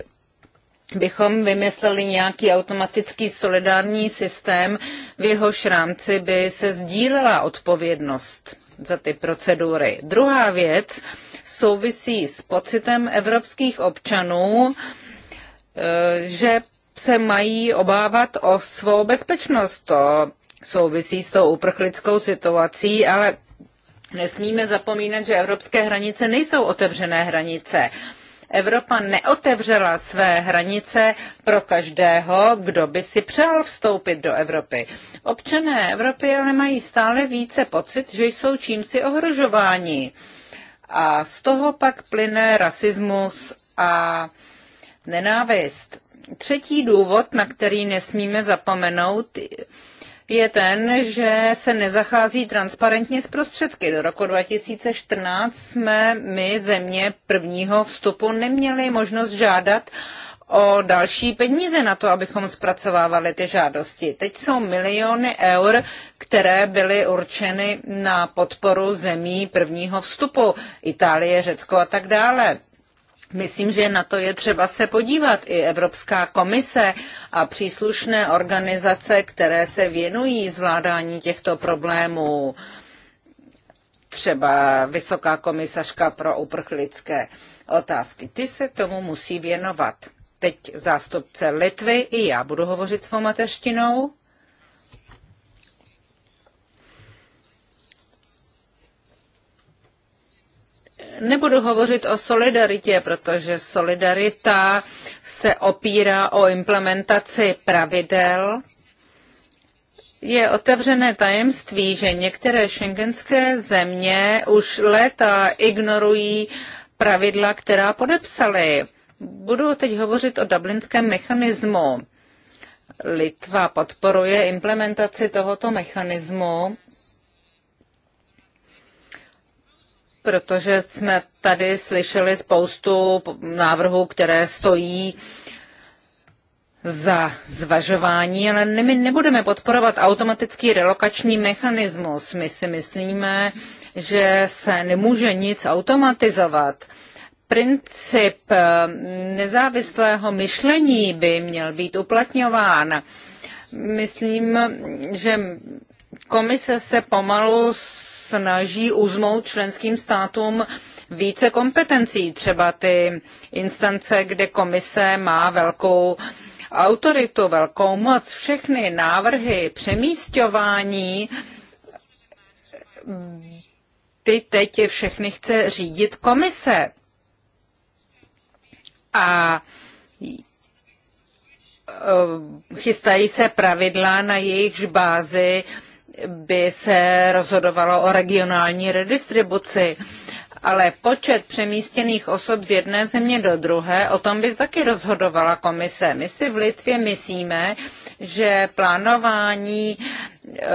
Speaker 2: bychom vymysleli nějaký automatický solidární systém, v jeho rámci by se sdílela odpovědnost za ty procedury. Druhá věc, souvisí s pocitem evropských občanů, eh, že se mají obávat o svou bezpečnost. To souvisí s tou uprchlickou situací, ale nesmíme zapomínat, že evropské hranice nejsou otevřené hranice. Evropa neotevřela své hranice pro každého, kdo by si přál vstoupit do Evropy. Občané Evropy ale mají stále více pocit, že jsou čímsi ohrožováni. A z toho pak plyne rasismus a nenávist. Třetí důvod, na který nesmíme zapomenout, je ten, že se nezachází transparentně s prostředky. Do roku 2014 jsme my, země prvního vstupu, neměli možnost žádat o další peníze na to, abychom zpracovávali ty žádosti. Teď jsou miliony eur, které byly určeny na podporu zemí prvního vstupu, Itálie, Řecko a tak dále. Myslím, že na to je třeba se podívat. I Evropská komise a příslušné organizace, které se věnují zvládání těchto problémů, třeba Vysoká komisařka pro uprchlické otázky, ty se tomu musí věnovat teď zástupce Litvy, i já budu hovořit svou mateřštinou. Nebudu hovořit o solidaritě, protože solidarita se opírá o implementaci pravidel. Je otevřené tajemství, že některé šengenské země už léta ignorují pravidla, která podepsali Budu teď hovořit o dublinském mechanismu. Litva podporuje implementaci tohoto mechanismu, protože jsme tady slyšeli spoustu návrhů, které stojí za zvažování, ale my nebudeme podporovat automatický relokační mechanismus. My si myslíme, že se nemůže nic automatizovat princip eh, nezávislého myšlení by měl být uplatňován. Myslím, že komise se pomalu snaží uzmout členským státům více kompetencí, třeba ty instance, kde komise má velkou autoritu, velkou moc, všechny návrhy přemístování, ty teď všechny chce řídit komise a e, chystají se pravidla, na jejichž bázi by se rozhodovalo o regionální redistribuci. Ale počet přemístěných osob z jedné země do druhé, o tom by taky rozhodovala komise. My si v Litvě myslíme, že plánování e,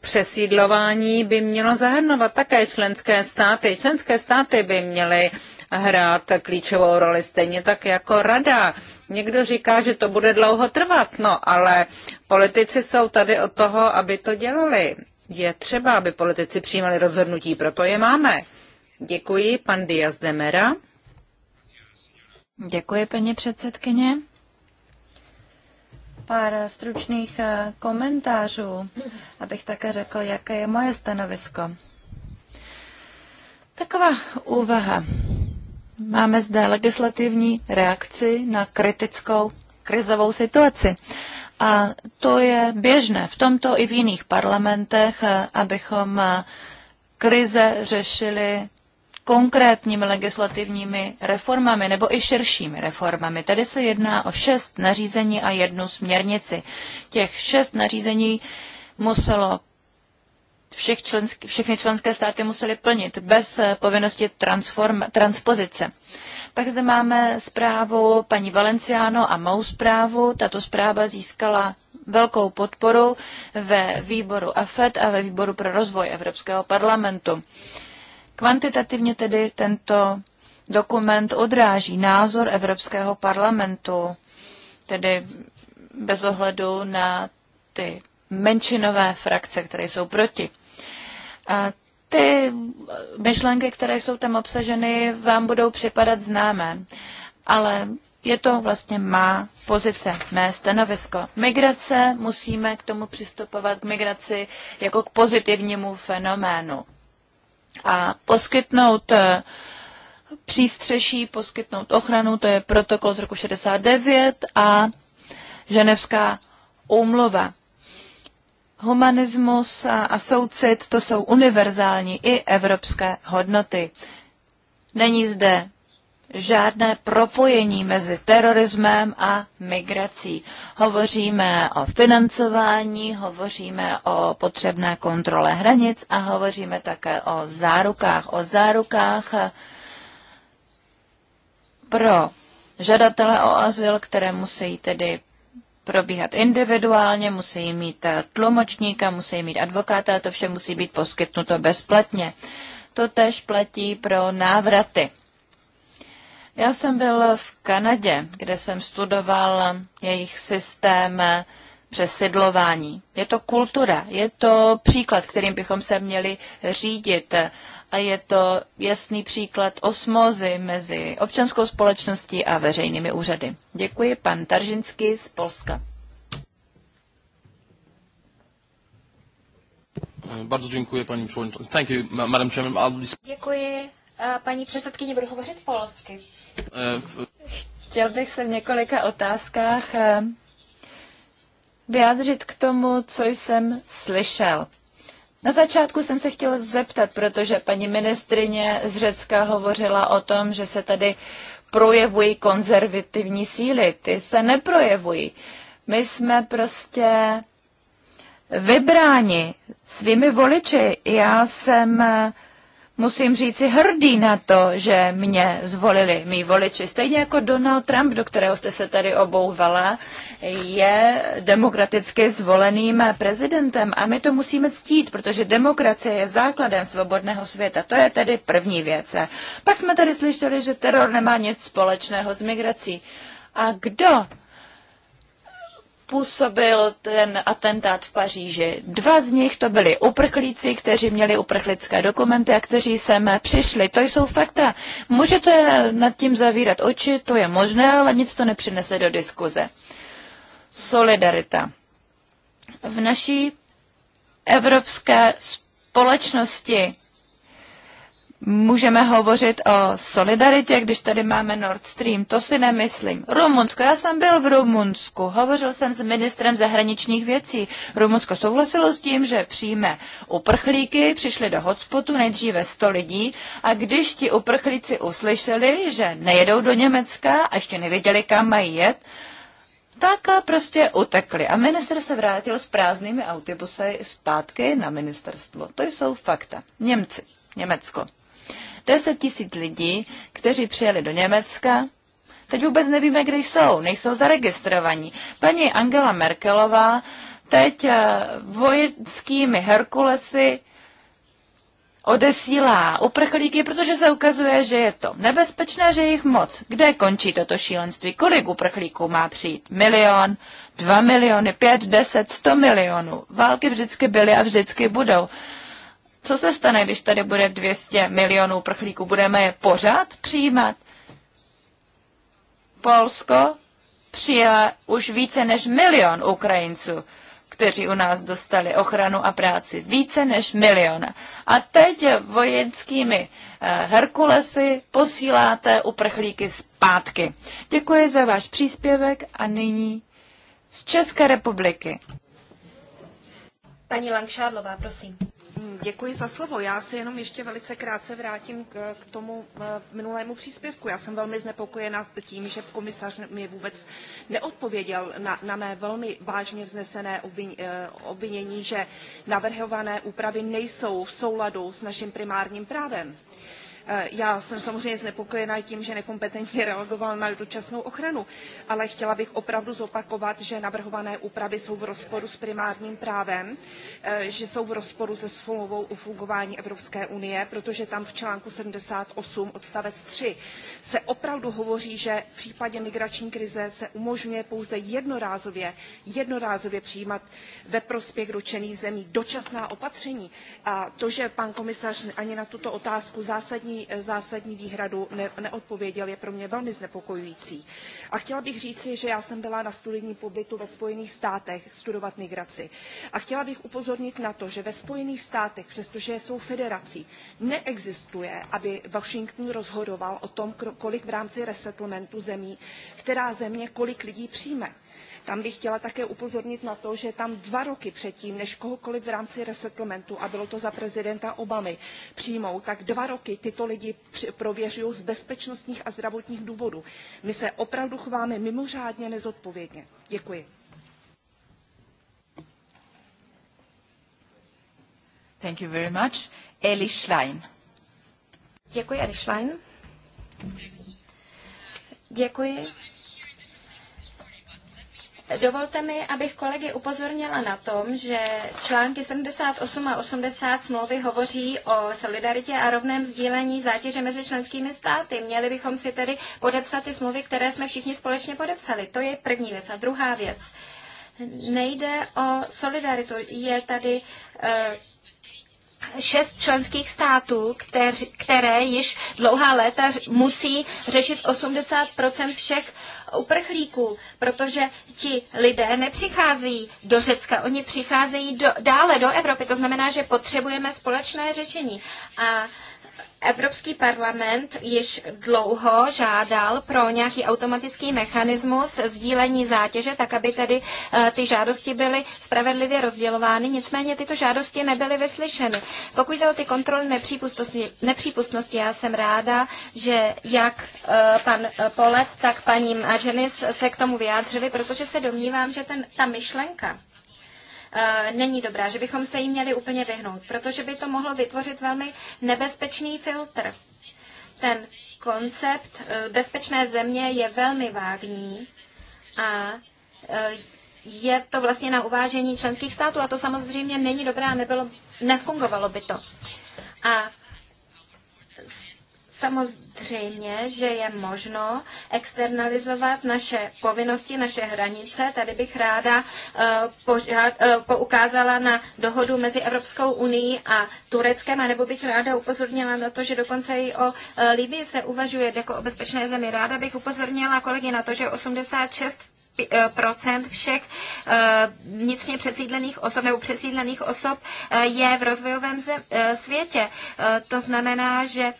Speaker 2: přesídlování by mělo zahrnovat také členské státy. Členské státy by měly hrát klíčovou roli, stejně tak jako rada. Někdo říká, že to bude dlouho trvat, no ale politici jsou tady od toho, aby to dělali. Je třeba, aby politici přijímali rozhodnutí, proto je máme. Děkuji, pan Diaz Mera.
Speaker 3: Děkuji,
Speaker 4: paní předsedkyně. Pár stručných eh, komentářů, abych také řekl, jaké je moje stanovisko. Taková úvaha. Máme zde legislativní reakci na kritickou krizovou situaci. A to je běžné v tomto i v jiných parlamentech, abychom krize řešili konkrétními legislativními reformami nebo i širšími reformami. Tady se jedná o šest nařízení a jednu směrnici. Těch šest nařízení muselo všech člensk, všechny členské státy musely plnit bez eh, povinnosti transform, transpozice. Pak zde máme zprávu paní Valenciano a mou zprávu. Tato zpráva získala velkou podporu ve výboru AFED a ve výboru pro rozvoj Evropského parlamentu. Kvantitativně tedy tento dokument odráží názor Evropského parlamentu, tedy bez ohledu na ty menšinové frakce, které jsou proti. A ty myšlenky, které jsou tam obsaženy, vám budou připadat známé, ale je to vlastně má pozice, mé stanovisko. Migrace, musíme k tomu přistupovat, k migraci jako k pozitivnímu fenoménu. A poskytnout eh, přístřeší, poskytnout ochranu, to je protokol z roku 69 a ženevská úmluva humanismus a, a soucit, to jsou univerzální i evropské hodnoty. Není zde žádné propojení mezi terorismem a migrací. Hovoříme o financování, hovoříme o potřebné kontrole hranic a hovoříme také o zárukách. O zárukách pro žadatele o azyl, které musí tedy probíhat individuálně, musí mít eh, tlumočníka, musí mít advokáta, to vše musí být poskytnuto bezplatně. To tež platí pro návraty. Já jsem byl v Kanadě, kde jsem studoval jejich systém eh, přesidlování. Je to kultura, je to příklad, kterým bychom se měli řídit a je to jasný příklad osmozy mezi občanskou společností a veřejnými úřady. Děkuji, pan Taržinsky z Polska.
Speaker 5: Bardzo děkuji, paní Thank you, madam chairman. I'll...
Speaker 3: Děkuji, paní předsedkyně, budu hovořit polsky.
Speaker 5: E,
Speaker 3: Chtěl bych
Speaker 4: se v několika otázkách e, vyjádřit k tomu, co jsem slyšel. Na začátku jsem se chtěla zeptat, protože paní ministrině z Řecka hovořila o tom, že se tady projevují konzervativní síly. Ty se neprojevují. My jsme prostě vybráni svými voliči. Já jsem musím říci hrdý na to, že mě zvolili mý voliči. Stejně jako Donald Trump, do kterého jste se tady obouvala, je demokraticky zvoleným prezidentem a my to musíme ctít, protože demokracie je základem svobodného světa. To je tedy první věc. Pak jsme tady slyšeli, že teror nemá nic společného s migrací. A kdo působil ten atentát v Paříži. Dva z nich to byli uprchlíci, kteří měli uprchlické dokumenty a kteří sem přišli. To jsou fakta. Můžete nad tím zavírat oči, to je možné, ale nic to nepřinese do diskuze. Solidarita. V naší evropské společnosti můžeme hovořit o solidaritě, když tady máme Nord Stream. To si nemyslím. Rumunsko, já jsem byl v Rumunsku, hovořil jsem s ministrem zahraničních věcí. Rumunsko souhlasilo s tím, že přijme uprchlíky, přišli do hotspotu nejdříve 100 lidí a když ti uprchlíci uslyšeli, že nejedou do Německa a ještě nevěděli, kam mají jet, tak prostě utekli. A minister se vrátil s prázdnými autobusy zpátky na ministerstvo. To jsou fakta. Němci. Německo. 10 tisíc lidí, kteří přijeli do Německa, teď vůbec nevíme, kde jsou, nejsou zaregistrovaní. Paní Angela Merkelová teď eh, vojenskými Herkulesy odesílá uprchlíky, protože se ukazuje, že je to nebezpečné, že je jich moc. Kde končí toto šílenství? Kolik uprchlíků má přijít? Milion, dva miliony, pět, deset, sto milionů. Války vždycky byly a vždycky budou. Co se stane, když tady bude 200 milionů prchlíků? Budeme je pořád přijímat? Polsko přijala už více než milion Ukrajinců, kteří u nás dostali ochranu a práci. Více než milion. A teď vojenskými eh, Herkulesy posíláte uprchlíky zpátky. Děkuji za váš příspěvek a nyní z České republiky.
Speaker 5: Paní Langšádlová, prosím. Ehm, děkuji za slovo. Já se jenom ještě velice krátce vrátím k, k tomu eh, minulému příspěvku. Já jsem velmi znepokojena tím, že komisař mi vůbec neodpověděl na, na mé velmi vážně vznesené eh, obvinění, že navrhované úpravy nejsou v souladu s naším primárním právem. Eh, já jsem samozřejmě znepokojena tím, že nekompetentně reagoval na dočasnou ochranu, ale chtěla bych opravdu zopakovat, že navrhované úpravy jsou v rozporu s primárním právem, eh, že jsou v rozporu se smlouvou o fungování Evropské unie, protože tam v článku 78 odstavec 3 se opravdu hovoří, že v případě migrační krize se umožňuje pouze jednorázově, jednorázově přijímat ve prospěch dočených zemí dočasná opatření. A to, že pan komisař ani na tuto otázku zásadní žádný eh, zásadní výhradu ne, neodpověděl, je pro mě velmi znepokojující. A chtěla bych říci, že já jsem byla na studijním pobytu ve Spojených státech studovat migraci. A chtěla bych upozornit na to, že ve Spojených státech, přestože jsou federací, neexistuje, aby Washington rozhodoval o tom, kolik v rámci resettlementu zemí, která země kolik lidí přijme tam bych chtěla také upozornit na to, že tam dva roky předtím, než kohokoliv v rámci resettlementu, a bylo to za prezidenta Obamy, přijmou, tak dva roky tyto lidi prověřují z bezpečnostních a zdravotních důvodů. My se opravdu chováme mimořádně nezodpovědně. Děkuji. Thank you very much. Eli Schlein.
Speaker 3: Děkuji, Eli Schlein. Děkuji. Dovolte mi, abych kolegy upozornila na tom, že články 78 a 80 smlouvy hovoří o solidaritě a rovném sdílení zátěže mezi členskými státy. Měli bychom si tedy podepsat ty smlouvy, které jsme všichni společně podepsali. To je první věc. A druhá věc. Nejde o solidaritu. Je tady eh, šest členských států, kteř, které již dlouhá léta musí řešit 80 všech uprchlíků, protože ti lidé nepřicházejí do Řecka, oni přicházejí do, dále do Evropy. To znamená, že potřebujeme společné řešení. A Evropský parlament již dlouho žádal pro nějaký automatický mechanismus sdílení zátěže, tak aby tedy eh, ty žádosti byly spravedlivě rozdělovány, nicméně tyto žádosti nebyly vyslyšeny. Pokud jde o ty kontroly nepřípustnosti, nepřípustnosti já jsem ráda, že jak eh, pan eh, Polet, tak paní Maženis se k tomu vyjádřili, protože se domnívám, že ten, ta myšlenka, Eh, není dobrá, že bychom se jí měli úplně vyhnout, protože by to mohlo vytvořit velmi nebezpečný filtr. Ten koncept eh, bezpečné země je velmi vágní a eh, je to vlastně na uvážení členských států a to samozřejmě není dobré a nebylo, nefungovalo by to. A Samozřejmě, že je možno externalizovat naše povinnosti, naše hranice. Tady bych ráda eh, eh, poukázala na dohodu mezi Evropskou unii a Tureckem, nebo bych ráda upozornila na to, že dokonce i o eh, Libii se uvažuje jako o bezpečné zemi. Ráda bych upozornila kolegy na to, že 86 procent všech vnitřně přesídlených osob nebo přesídlených osob je v rozvojovém světě. To znamená, že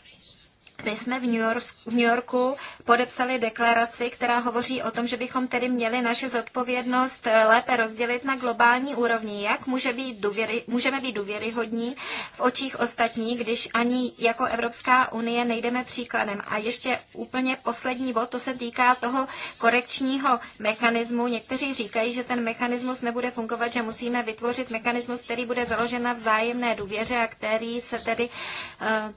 Speaker 3: my jsme v New, Yorku, v New Yorku podepsali deklaraci, která hovoří o tom, že bychom tedy měli naše zodpovědnost eh, lépe rozdělit na globální úrovni. Jak může být důvěry, můžeme být důvěryhodní v očích ostatních, když ani jako Evropská unie nejdeme příkladem. A ještě úplně poslední bod, to se týká toho korekčního mechanismu. Někteří říkají, že ten mechanismus nebude fungovat, že musíme vytvořit mechanismus, který bude založen na vzájemné důvěře a který se tedy uh,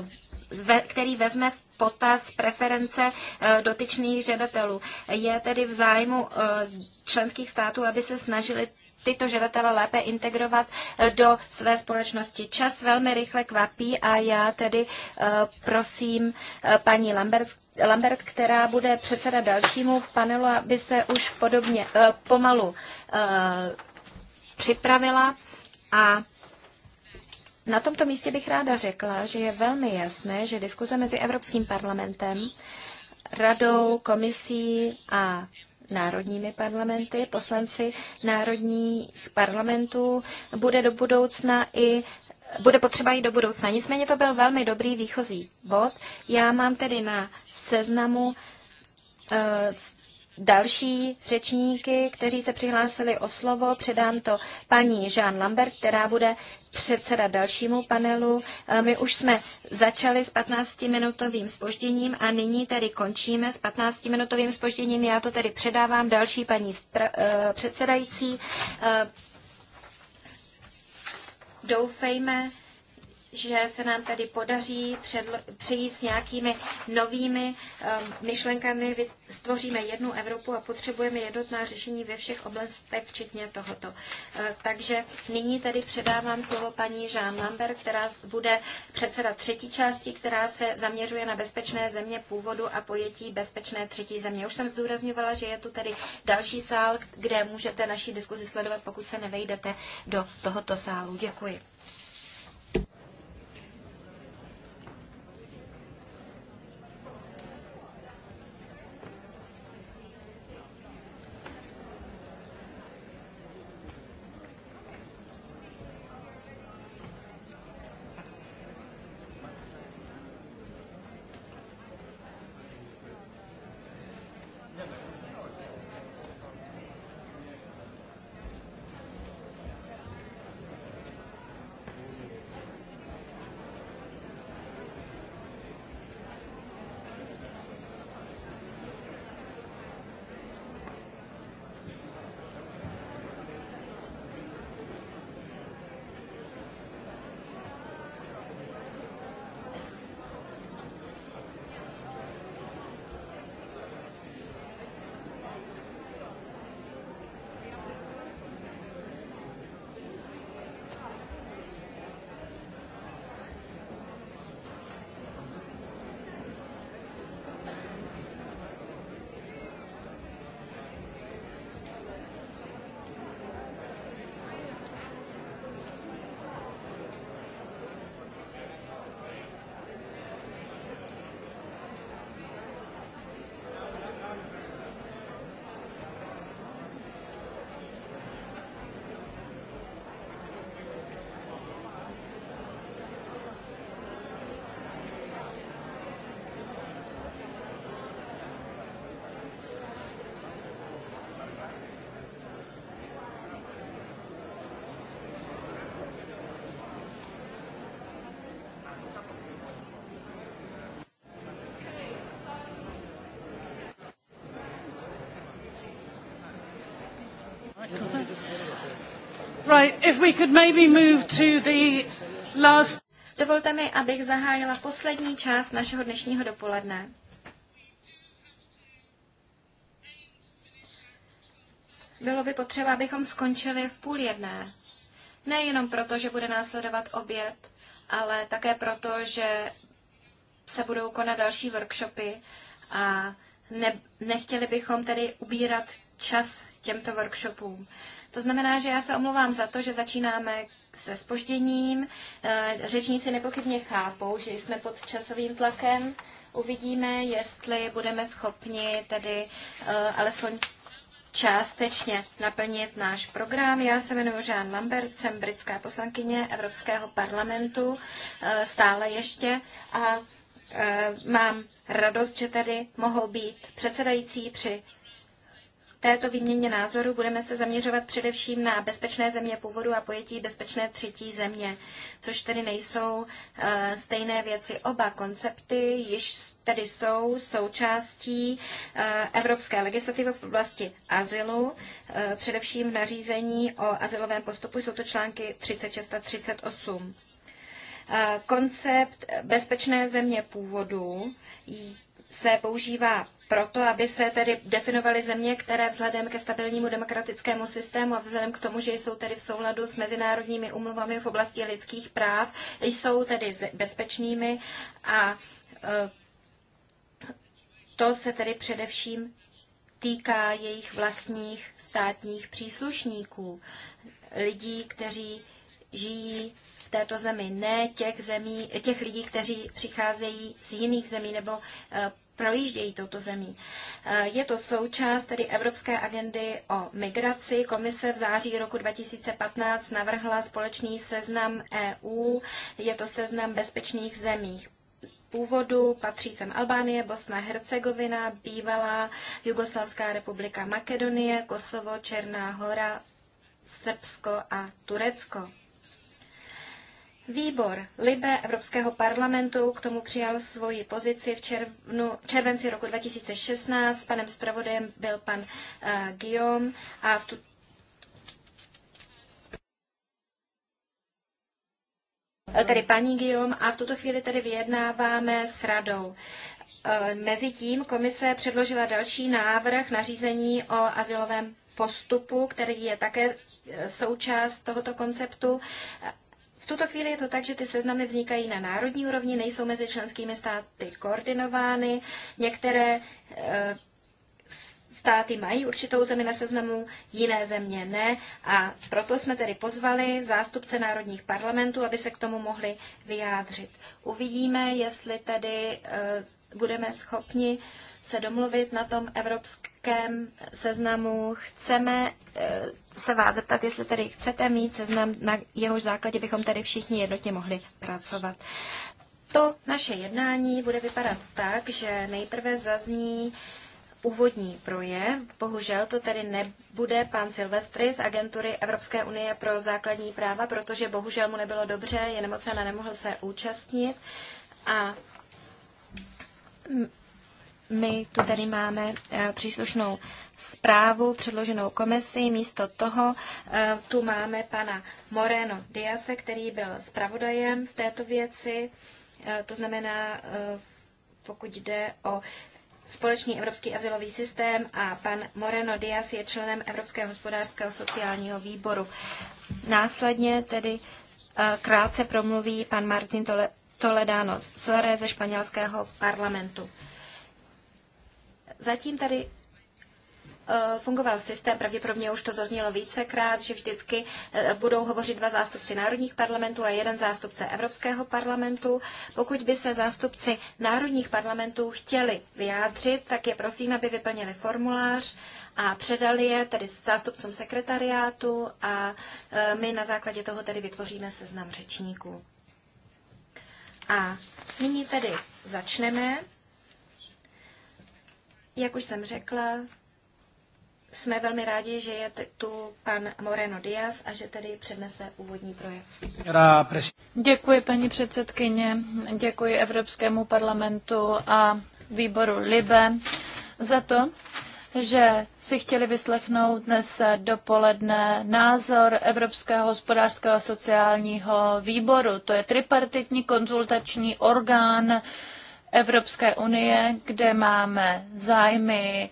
Speaker 3: uh, ve, který vezme v potaz preference eh, dotyčných žadatelů. Je tedy v zájmu eh, členských států, aby se snažili tyto žadatele lépe integrovat eh, do své společnosti. Čas velmi rychle kvapí a já tedy prosím paní Lambert, Lambert, která bude předseda dalšímu panelu, aby se už podobně pomalu připravila a na tomto místě bych ráda řekla, že je velmi jasné, že diskuze mezi Evropským parlamentem, radou, komisí a národními parlamenty, poslanci národních parlamentů bude do budoucna i bude potřeba i do budoucna. Nicméně to byl velmi dobrý výchozí bod. Já mám tedy na seznamu eh, další řečníky, kteří se přihlásili o slovo. Předám to paní Jean Lambert, která bude předseda dalšímu panelu. Eh, my už jsme začali s 15-minutovým spožděním a nyní tedy končíme s 15-minutovým spožděním. Já to tedy předávám další paní eh, předsedající. Eh, doufejme, že se nám tady podaří předlo- přijít s nějakými novými um, myšlenkami, stvoříme jednu Evropu a potřebujeme jednotná řešení ve všech oblastech, včetně tohoto. Uh, takže nyní tady předávám slovo paní Jean Lambert, která bude předseda třetí části, která se zaměřuje na bezpečné země původu a pojetí bezpečné třetí země. Už jsem zdůrazňovala, že je tu tady další sál, kde můžete naší diskuzi sledovat, pokud se nevejdete do tohoto sálu. Děkuji. Right, if we could maybe move to the last... Dovolte mi, abych zahájila poslední část našeho dnešního dopoledne. Bylo by potřeba, abychom skončili v půl jedné. Nejenom proto, že bude následovat oběd, ale také proto, že se budou konat další workshopy a ne, nechtěli bychom tedy ubírat čas těmto workshopům. To znamená, že já se omlouvám za to, že začínáme se spožděním. Eh, řečníci nepochybně chápou, že jsme pod časovým tlakem. Uvidíme, jestli budeme schopni tedy eh, alespoň částečně naplnit náš program. Já se jmenuji Jean Lambert, jsem britská poslankyně Evropského parlamentu, eh, stále ještě, a mám radost, že tedy mohou být předsedající při této výměně názoru budeme se zaměřovat především na bezpečné země původu a pojetí bezpečné třetí země, což tedy nejsou eh, stejné věci. Oba koncepty již tedy jsou součástí eh, evropské legislativy v oblasti azylu, eh, především v nařízení o azylovém postupu jsou to články 36 a 38. Koncept bezpečné země původu se používá proto, aby se tedy definovaly země, které vzhledem ke stabilnímu demokratickému systému a vzhledem k tomu, že jsou tedy v souladu s mezinárodními umluvami v oblasti lidských práv, jsou tedy bezpečnými a e, to se tedy především týká jejich vlastních státních příslušníků, lidí, kteří žijí v této zemi, ne těch, zemí, těch lidí, kteří přicházejí z jiných zemí nebo e, projíždějí touto zemí. Eh, je to součást tedy Evropské agendy o migraci. Komise v září roku 2015 navrhla společný seznam EU. Je to seznam bezpečných zemích původu, patří sem Albánie, Bosna, Hercegovina, bývalá Jugoslavská republika Makedonie, Kosovo, Černá hora, Srbsko a Turecko. Výbor Libe Evropského parlamentu k tomu přijal svoji pozici v červnu, červenci roku 2016. Panem zpravodajem byl pan uh, Guillaume a v tu, tedy paní Guillaume a v tuto chvíli tedy vyjednáváme s radou. Eh, Mezitím komise předložila další návrh nařízení o asilovém postupu, který je také eh, součást tohoto konceptu v tuto chvíli je to tak, že ty seznamy vznikají na národní úrovni, nejsou mezi členskými státy koordinovány. Některé eh, státy mají určitou zemi na seznamu, jiné země ne. A proto jsme tedy pozvali zástupce národních parlamentů, aby se k tomu mohli vyjádřit. Uvidíme, jestli tedy eh, budeme schopni se domluvit na tom evropském krátkém seznamu. Chceme eh, se vás zeptat, jestli tedy chcete mít seznam, na jehož základě bychom tady všichni jednotně mohli pracovat. To naše jednání bude vypadat tak, že nejprve zazní úvodní projev. Bohužel to tedy nebude pan Silvestry z agentury Evropské unie pro základní práva, protože bohužel mu nebylo dobře, je nemocen a nemohl se účastnit. A my tu tady máme eh, příslušnou zprávu předloženou komisi Místo toho eh, tu máme pana Moreno Diase, který byl zpravodajem v této věci. Eh, to znamená, pokud jde o společný evropský asilový systém a pan Moreno Dias je členem Evropského hospodářského sociálního výboru. Následně tedy krátce promluví pan Martin Toledano Soare ze španělského parlamentu. Zatím tady eh, fungoval systém, pravděpodobně už to zaznělo vícekrát, že vždycky eh, budou hovořit dva zástupci národních parlamentů a jeden zástupce Evropského parlamentu. Pokud by se zástupci národních parlamentů chtěli vyjádřit, tak je prosím, aby vyplnili formulář a předali je tedy zástupcům sekretariátu a eh, my na základě toho tedy vytvoříme seznam řečníků. A nyní tedy začneme. Jak už jsem řekla, jsme velmi rádi, že je tu pan Moreno Díaz a že tedy přednese úvodní projev.
Speaker 4: Děkuji, paní předsedkyně, děkuji Evropskému parlamentu a výboru LIBE za to, že si chtěli vyslechnout dnes dopoledne názor Evropského hospodářského a sociálního výboru. To je tripartitní konzultační orgán Evropské unie, kde máme zájmy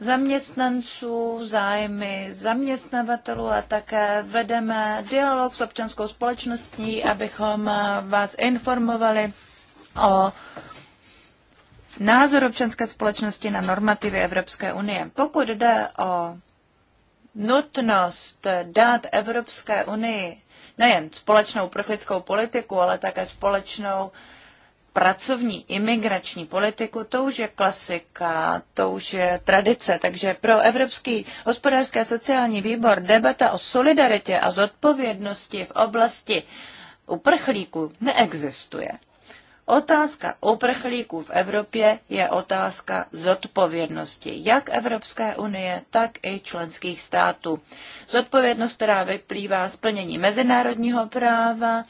Speaker 4: zaměstnanců, zájmy zaměstnavatelů a také vedeme dialog s občanskou společností, abychom eh, vás informovali o názor občanské společnosti na normativy Evropské unie. Pokud jde o nutnost dát Evropské unii nejen společnou prchlickou politiku, ale také společnou pracovní imigrační politiku, to už je klasika, to už je tradice. Takže pro Evropský hospodářský a sociální výbor debata o solidaritě a zodpovědnosti v oblasti uprchlíků neexistuje. Otázka uprchlíků v Evropě je otázka zodpovědnosti jak Evropské unie, tak i členských států. Zodpovědnost, která vyplývá z plnění mezinárodního práva,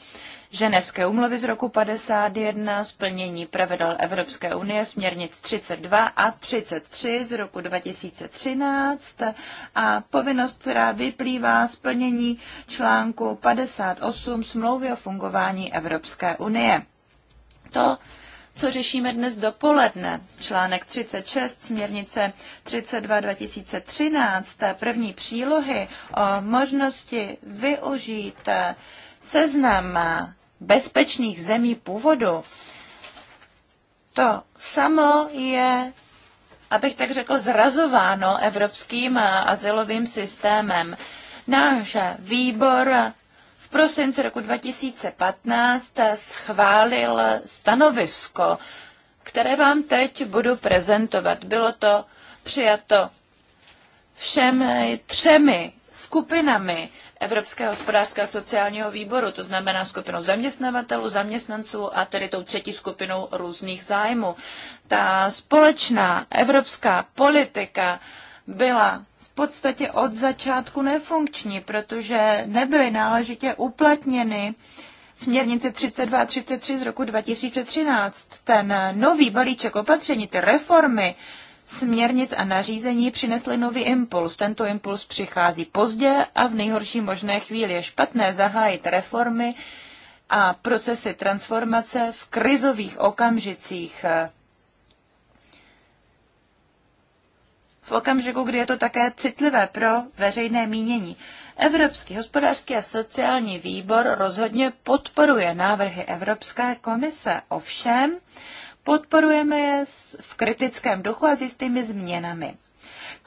Speaker 4: ženevské úmluvy z roku 51, splnění pravidel Evropské unie, směrnic 32 a 33 z roku 2013 a povinnost, která vyplývá splnění článku 58 smlouvy o fungování Evropské unie. To co řešíme dnes dopoledne. Článek 36 směrnice 32 2013 té první přílohy o možnosti využít seznam bezpečných zemí původu, to samo je, abych tak řekl, zrazováno evropským eh, asilovým systémem. Náš výbor v prosinci roku 2015 eh, schválil stanovisko, které vám teď budu prezentovat. Bylo to přijato všemi třemi skupinami Evropského hospodářského sociálního výboru, to znamená skupinou zaměstnavatelů, zaměstnanců a tedy tou třetí skupinou různých zájmů. Ta společná evropská politika byla v podstatě od začátku nefunkční, protože nebyly náležitě uplatněny směrnice 32 a 33 z roku 2013. Ten nový balíček opatření, ty reformy, směrnic a nařízení přinesly nový impuls. Tento impuls přichází pozdě a v nejhorší možné chvíli je špatné zahájit reformy a procesy transformace v krizových okamžicích. V okamžiku, kdy je to také citlivé pro veřejné mínění. Evropský hospodářský a sociální výbor rozhodně podporuje návrhy Evropské komise. Ovšem, Podporujeme je v kritickém duchu a s jistými změnami.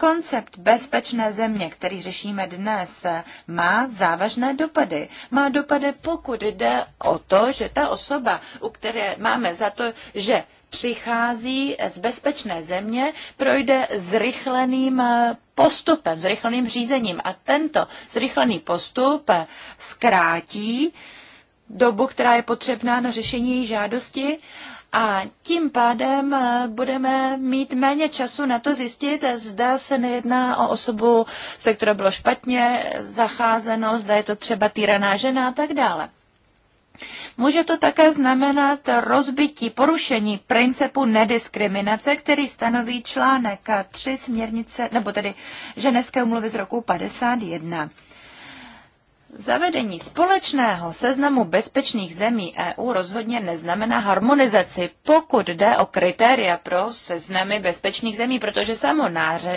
Speaker 4: Koncept bezpečné země, který řešíme dnes, má závažné dopady. Má dopady, pokud jde o to, že ta osoba, u které máme za to, že přichází z bezpečné země, projde zrychleným eh, postupem, zrychleným řízením. A tento zrychlený postup eh, zkrátí dobu, která je potřebná na řešení její žádosti a tím pádem eh, budeme mít méně času na to zjistit, zda se nejedná o osobu, se kterou bylo špatně zacházeno, zda je to třeba týraná žena a tak dále. Může to také znamenat rozbití porušení principu nediskriminace, který stanoví článek 3 směrnice, nebo tedy Ženevské umluvy z roku 51. Zavedení společného seznamu bezpečných zemí EU rozhodně neznamená harmonizaci, pokud jde o kritéria pro seznamy bezpečných zemí, protože samo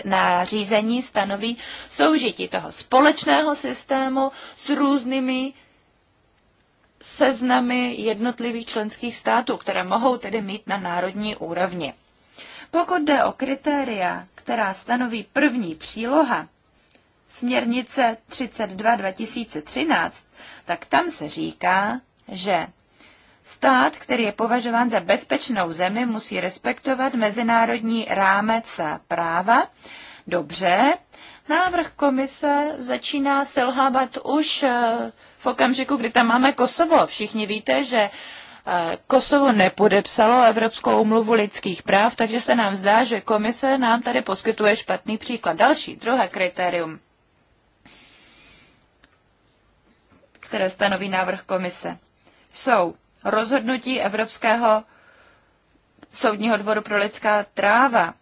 Speaker 4: nářízení stanoví soužití toho společného systému s různými seznamy jednotlivých členských států, které mohou tedy mít na národní úrovni. Pokud jde o kritéria, která stanoví první příloha, směrnice 32 2013, tak tam se říká, že stát, který je považován za bezpečnou zemi, musí respektovat mezinárodní rámec práva. Dobře, návrh komise začíná selhávat už eh, v okamžiku, kdy tam máme Kosovo. Všichni víte, že eh, Kosovo nepodepsalo Evropskou umluvu lidských práv, takže se nám zdá, že komise nám tady poskytuje špatný příklad. Další, druhé kritérium. které stanoví návrh komise, jsou rozhodnutí Evropského soudního dvoru pro lidská tráva,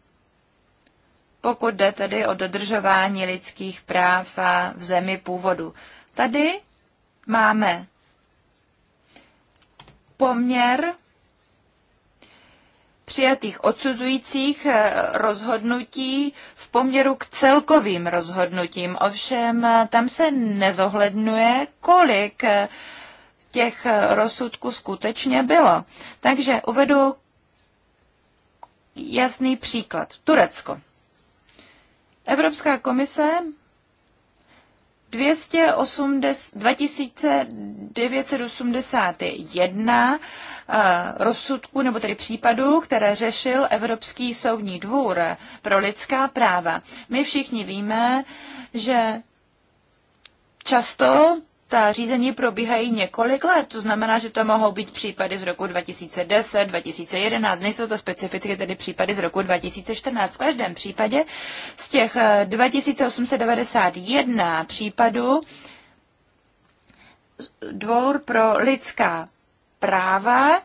Speaker 4: pokud jde tedy o dodržování lidských práv a v zemi původu. Tady máme poměr přijatých odsuzujících eh, rozhodnutí v poměru k celkovým rozhodnutím. Ovšem eh, tam se nezohledňuje, kolik eh, těch rozsudků skutečně bylo. Takže uvedu jasný příklad. Turecko. Evropská komise 280, 2981 Eh, rozsudků nebo tedy případů, které řešil Evropský soudní dvůr pro lidská práva. My všichni víme, že často ta řízení probíhají několik let, to znamená, že to mohou být případy z roku 2010, 2011, nejsou to specificky tedy případy z roku 2014. V každém případě z těch 2891 eh, případů dvor pro lidská práva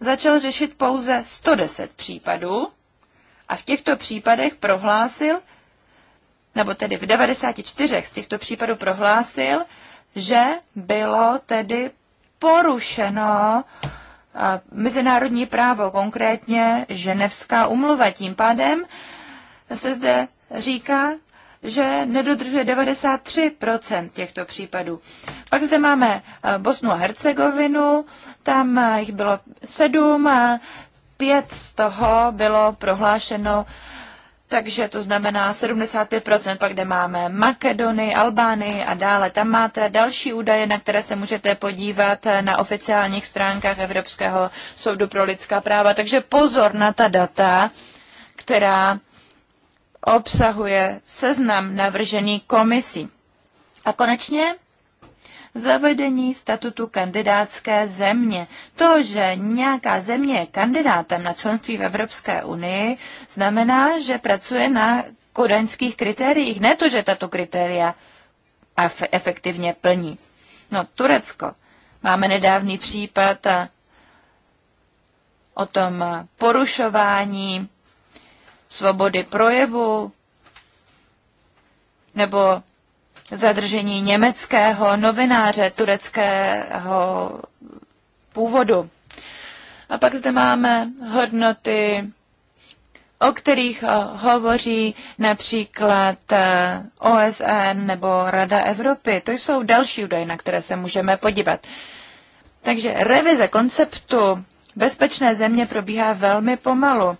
Speaker 4: začal řešit pouze 110 případů a v těchto případech prohlásil, nebo tedy v 94 z těchto případů prohlásil, že bylo tedy porušeno mezinárodní právo, konkrétně Ženevská umluva. Tím pádem se zde říká, že nedodržuje 93% těchto případů. Pak zde máme eh, Bosnu a Hercegovinu, tam eh, jich bylo sedm, a eh, pět z toho bylo prohlášeno takže to znamená 75%, pak kde máme Makedonii, Albánii a dále. Tam máte další údaje, na které se můžete podívat na oficiálních stránkách Evropského soudu pro lidská práva. Takže pozor na ta data, která obsahuje seznam navržený komisí. A konečně zavedení statutu kandidátské země. To, že nějaká země je kandidátem na členství v Evropské unii, znamená, že pracuje na kodaňských kritériích, ne to, že tato kritéria efektivně plní. No, Turecko. Máme nedávný případ o tom porušování svobody projevu nebo zadržení německého novináře tureckého původu. A pak zde máme hodnoty, o kterých hovoří například eh, OSN nebo Rada Evropy. To jsou další údaje, na které se můžeme podívat. Takže revize konceptu bezpečné země probíhá velmi pomalu.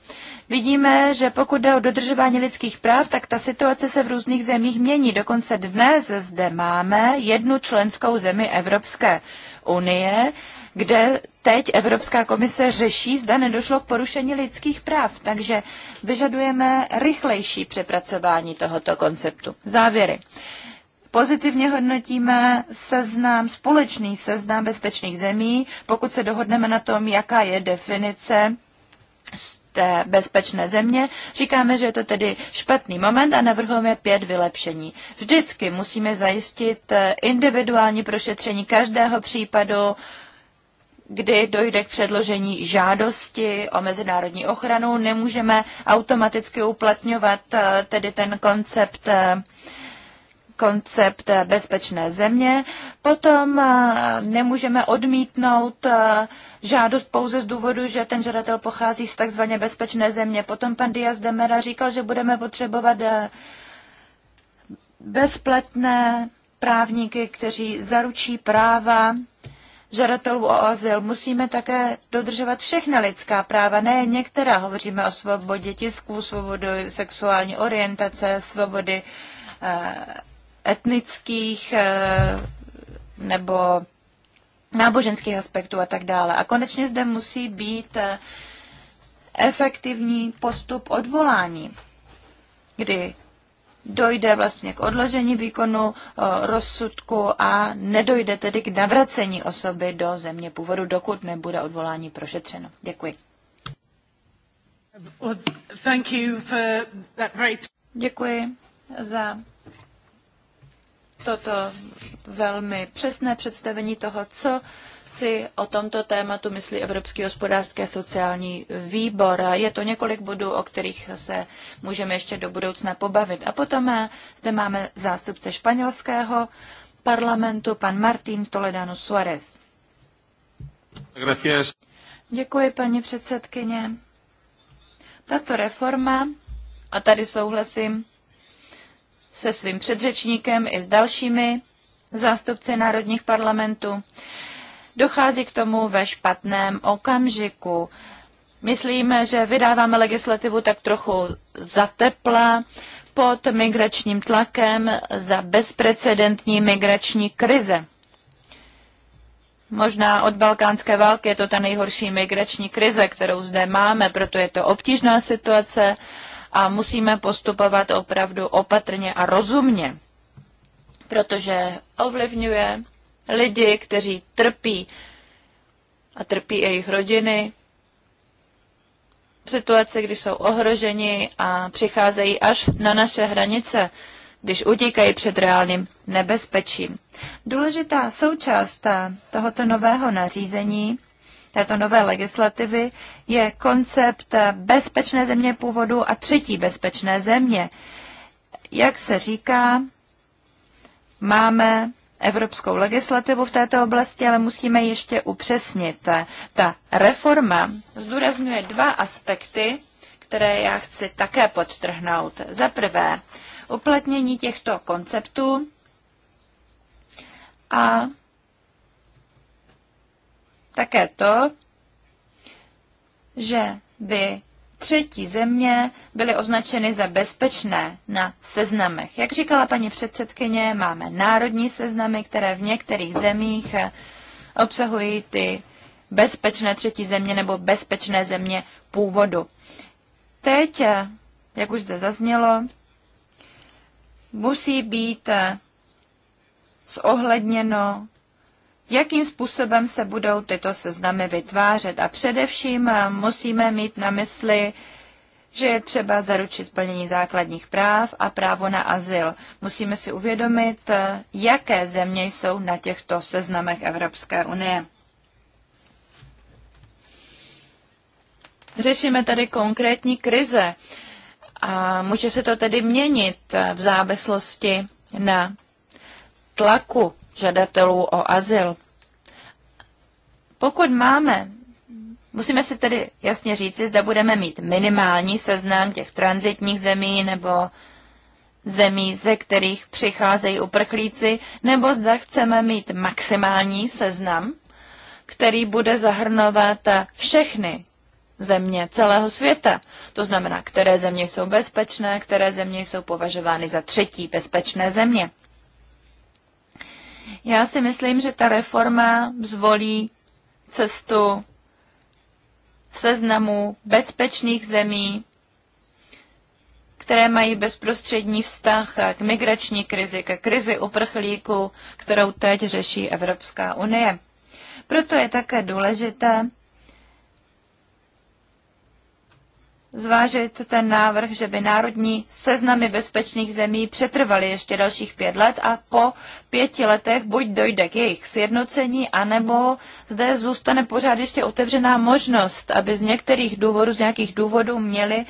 Speaker 4: Vidíme, že pokud jde o dodržování lidských práv, tak ta situace se v různých zemích mění. Dokonce dnes zde máme jednu členskou zemi Evropské unie, kde teď Evropská komise řeší, zda nedošlo k porušení lidských práv. Takže vyžadujeme rychlejší přepracování tohoto konceptu. Závěry. Pozitivně hodnotíme seznam, společný seznam bezpečných zemí, pokud se dohodneme na tom, jaká je definice té bezpečné země. Říkáme, že je to tedy špatný moment a navrhujeme pět vylepšení. Vždycky musíme zajistit eh, individuální prošetření každého případu, kdy dojde k předložení žádosti o mezinárodní ochranu. Nemůžeme automaticky uplatňovat eh, tedy ten koncept eh, koncept eh, bezpečné země, potom eh, nemůžeme odmítnout eh, žádost pouze z důvodu, že ten žadatel pochází z takzvaně bezpečné země. Potom pan Diaz Demera říkal, že budeme potřebovat bezplatné právníky, kteří zaručí práva žadatelů o azyl. Musíme také dodržovat všechna lidská práva, ne některá. Hovoříme o svobodě tisku, svobodu sexuální orientace, svobody etnických eh, nebo náboženských aspektů a tak dále. A konečně zde musí být eh, efektivní postup odvolání, kdy dojde vlastně k odložení výkonu eh, rozsudku a nedojde tedy k navracení osoby do země původu, dokud nebude odvolání prošetřeno. Děkuji. Děkuji za toto velmi přesné představení toho, co si o tomto tématu myslí Evropský hospodářský a sociální výbor. Je to několik bodů, o kterých se můžeme ještě do budoucna pobavit. A potom eh, zde máme zástupce španělského parlamentu, pan Martín Toledano Suárez. Gracias. Děkuji, paní předsedkyně. Tato reforma, a tady souhlasím se svým předřečníkem i s dalšími zástupci národních parlamentů. Dochází k tomu ve špatném okamžiku. Myslím, že vydáváme legislativu tak trochu zatepla pod migračním tlakem za bezprecedentní migrační krize. Možná od balkánské války je to ta nejhorší migrační krize, kterou zde máme, proto je to obtížná situace a musíme postupovat opravdu opatrně a rozumně, protože ovlivňuje lidi, kteří trpí a trpí jejich rodiny, situace, kdy jsou ohroženi a přicházejí až na naše hranice, když utíkají před reálným nebezpečím. Důležitá součást tohoto nového nařízení této nové legislativy je koncept bezpečné země původu a třetí bezpečné země. Jak se říká, máme evropskou legislativu v této oblasti, ale musíme ještě upřesnit. Ta reforma zdůrazňuje dva aspekty, které já chci také podtrhnout. Za prvé, uplatnění těchto konceptů a také to, že by třetí země byly označeny za bezpečné na seznamech. Jak říkala paní předsedkyně, máme národní seznamy, které v některých zemích eh, obsahují ty bezpečné třetí země nebo bezpečné země původu. Teď, eh, jak už zde zaznělo, musí být eh, zohledněno jakým způsobem se budou tyto seznamy vytvářet. A především eh, musíme mít na mysli, že je třeba zaručit plnění základních práv a právo na azyl. Musíme si uvědomit, eh, jaké země jsou na těchto seznamech Evropské unie. Řešíme tady konkrétní krize a může se to tedy měnit eh, v závislosti na tlaku žadatelů o azyl. Pokud máme, musíme si tedy jasně říci, zda budeme mít minimální seznam těch transitních zemí nebo zemí, ze kterých přicházejí uprchlíci, nebo zda chceme mít maximální seznam, který bude zahrnovat všechny země celého světa. To znamená, které země jsou bezpečné, které země jsou považovány za třetí bezpečné země. Já si myslím, že ta reforma zvolí cestu seznamu bezpečných zemí, které mají bezprostřední vztah k migrační krizi, ke krizi uprchlíků, kterou teď řeší Evropská unie. Proto je také důležité, zvážit ten návrh, že by národní seznamy bezpečných zemí přetrvaly ještě dalších pět let a po pěti letech buď dojde k jejich sjednocení, anebo zde zůstane pořád ještě otevřená možnost, aby z některých důvodů, z nějakých důvodů měli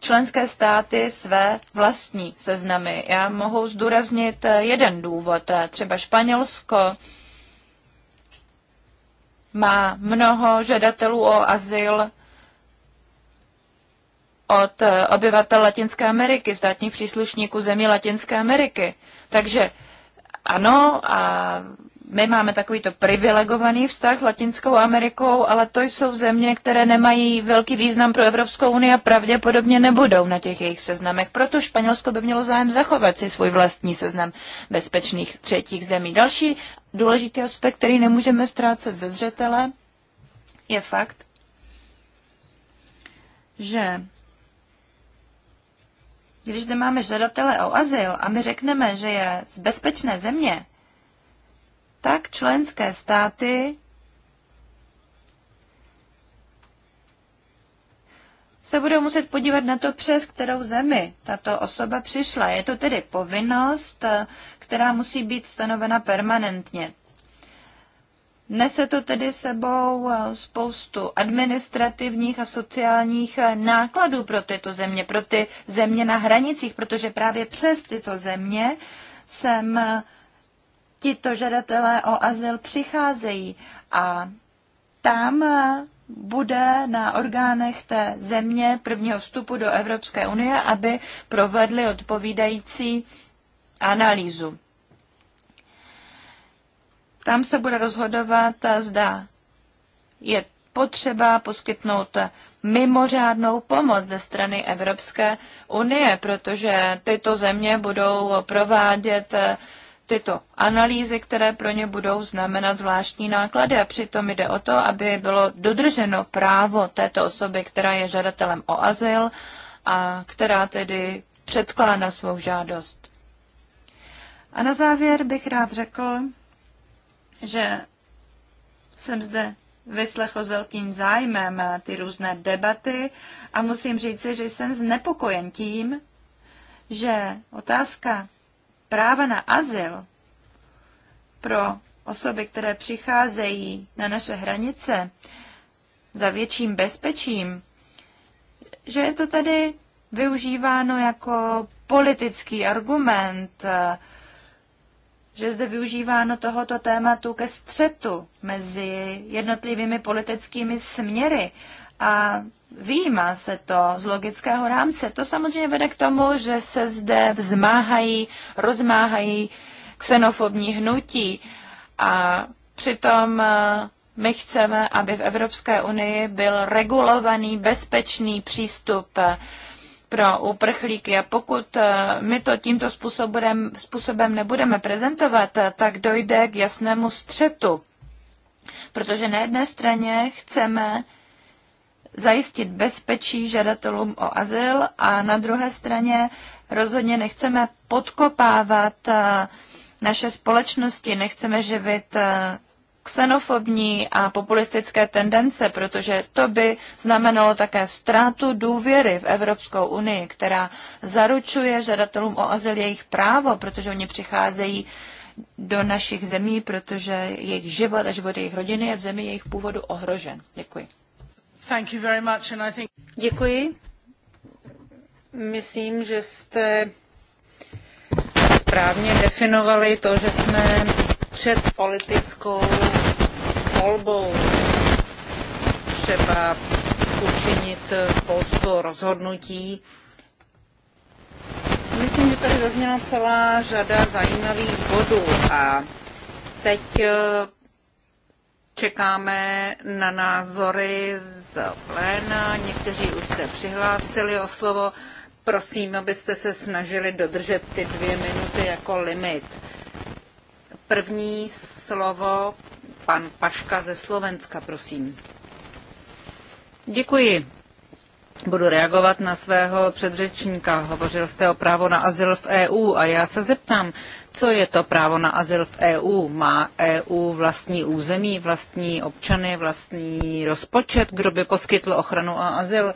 Speaker 4: členské státy své vlastní seznamy. Já mohu zdůraznit eh, jeden důvod, eh, třeba Španělsko, má mnoho žadatelů o azyl od eh, obyvatel Latinské Ameriky, státních příslušníků zemí Latinské Ameriky. Takže ano, a my máme takovýto privilegovaný vztah s Latinskou Amerikou, ale to jsou země, které nemají velký význam pro Evropskou unii a pravděpodobně nebudou na těch jejich seznamech. Proto Španělsko by mělo zájem zachovat si svůj vlastní seznam bezpečných třetích zemí. Další důležitý aspekt, který nemůžeme ztrácet ze zřetele, je fakt, že když zde máme žadatele o azyl a my řekneme, že je z bezpečné země, tak členské státy se budou muset podívat na to, přes kterou zemi tato osoba přišla. Je to tedy povinnost, která musí být stanovena permanentně. Nese to tedy sebou eh, spoustu administrativních a sociálních eh, nákladů pro tyto země, pro ty země na hranicích, protože právě přes tyto země sem eh, tito žadatelé o azyl přicházejí a tam bude na orgánech té země prvního vstupu do Evropské unie, aby provedli odpovídající analýzu. Tam se bude rozhodovat, zda je potřeba poskytnout mimořádnou pomoc ze strany Evropské unie, protože tyto země budou provádět eh, tyto analýzy, které pro ně budou znamenat zvláštní náklady a přitom jde o to, aby bylo dodrženo právo této osoby, která je žadatelem o azyl a která tedy předkládá svou žádost. A na závěr bych rád řekl, že jsem zde vyslechl s velkým zájmem ty různé debaty a musím říci, že jsem znepokojen tím, že otázka práva na azyl pro osoby, které přicházejí na naše hranice za větším bezpečím, že je to tady využíváno jako politický argument, že zde využíváno tohoto tématu ke střetu mezi jednotlivými politickými směry a výjímá se to z logického rámce. To samozřejmě vede k tomu, že se zde vzmáhají, rozmáhají ksenofobní hnutí a přitom eh, my chceme, aby v Evropské unii byl regulovaný, bezpečný přístup eh, pro uprchlíky. A pokud eh, my to tímto způsobem, způsobem nebudeme prezentovat, eh, tak dojde k jasnému střetu. Protože na jedné straně chceme zajistit bezpečí žadatelům o azyl a na druhé straně rozhodně nechceme podkopávat eh, naše společnosti, nechceme živit ksenofobní a populistické tendence, protože to by znamenalo také ztrátu důvěry v Evropskou unii, která zaručuje žadatelům o azyl jejich právo, protože oni přicházejí do našich zemí, protože jejich život a život jejich rodiny je v zemi jejich původu ohrožen. Děkuji.
Speaker 2: Thank you very much and I think... Děkuji. Myslím, že jste správně definovali to, že jsme před politickou volbou. Třeba učinit spoustu rozhodnutí. Myslím, že tady zazněla celá řada zajímavých bodů a teď eh, čekáme na názory z pléna. Někteří už se přihlásili o slovo. Prosím, abyste se snažili dodržet ty dvě minuty jako limit. První slovo Pan Paška ze Slovenska, prosím. Děkuji. Budu reagovat na svého předřečníka. Hovořil jste o právo na azyl v EU a já se zeptám, co je to právo na azyl v EU? Má EU vlastní území, vlastní občany, vlastní rozpočet, kdo by poskytl ochranu a azyl?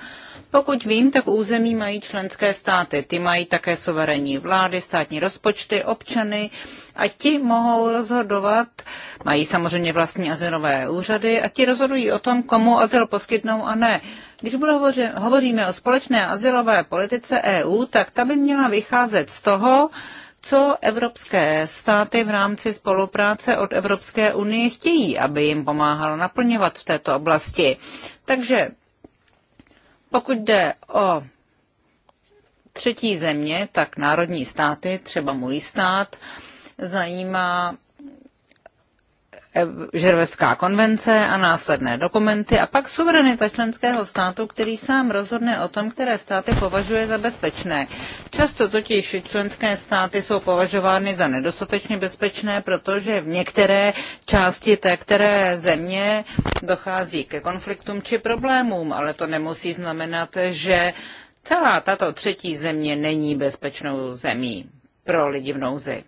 Speaker 2: Pokud vím, tak území mají členské státy. Ty mají také suverénní vlády, státní rozpočty, občany a ti mohou rozhodovat, mají samozřejmě vlastní azylové úřady a ti rozhodují o tom, komu azyl poskytnou a ne. Když bude hovoři, hovoříme o společné azylové politice EU, tak ta by měla vycházet z toho, co evropské státy v rámci spolupráce od Evropské unie chtějí, aby jim pomáhala naplňovat v této oblasti. Takže pokud jde o třetí země, tak národní státy, třeba můj stát, zajímá E, Žerveská konvence a následné dokumenty a pak suverenita členského státu, který sám rozhodne o tom, které státy považuje za bezpečné. Často totiž členské státy jsou považovány za nedostatečně bezpečné, protože v některé části té které země dochází ke konfliktům či problémům, ale to nemusí znamenat, že celá tato třetí země není bezpečnou zemí pro lidi v nouzi.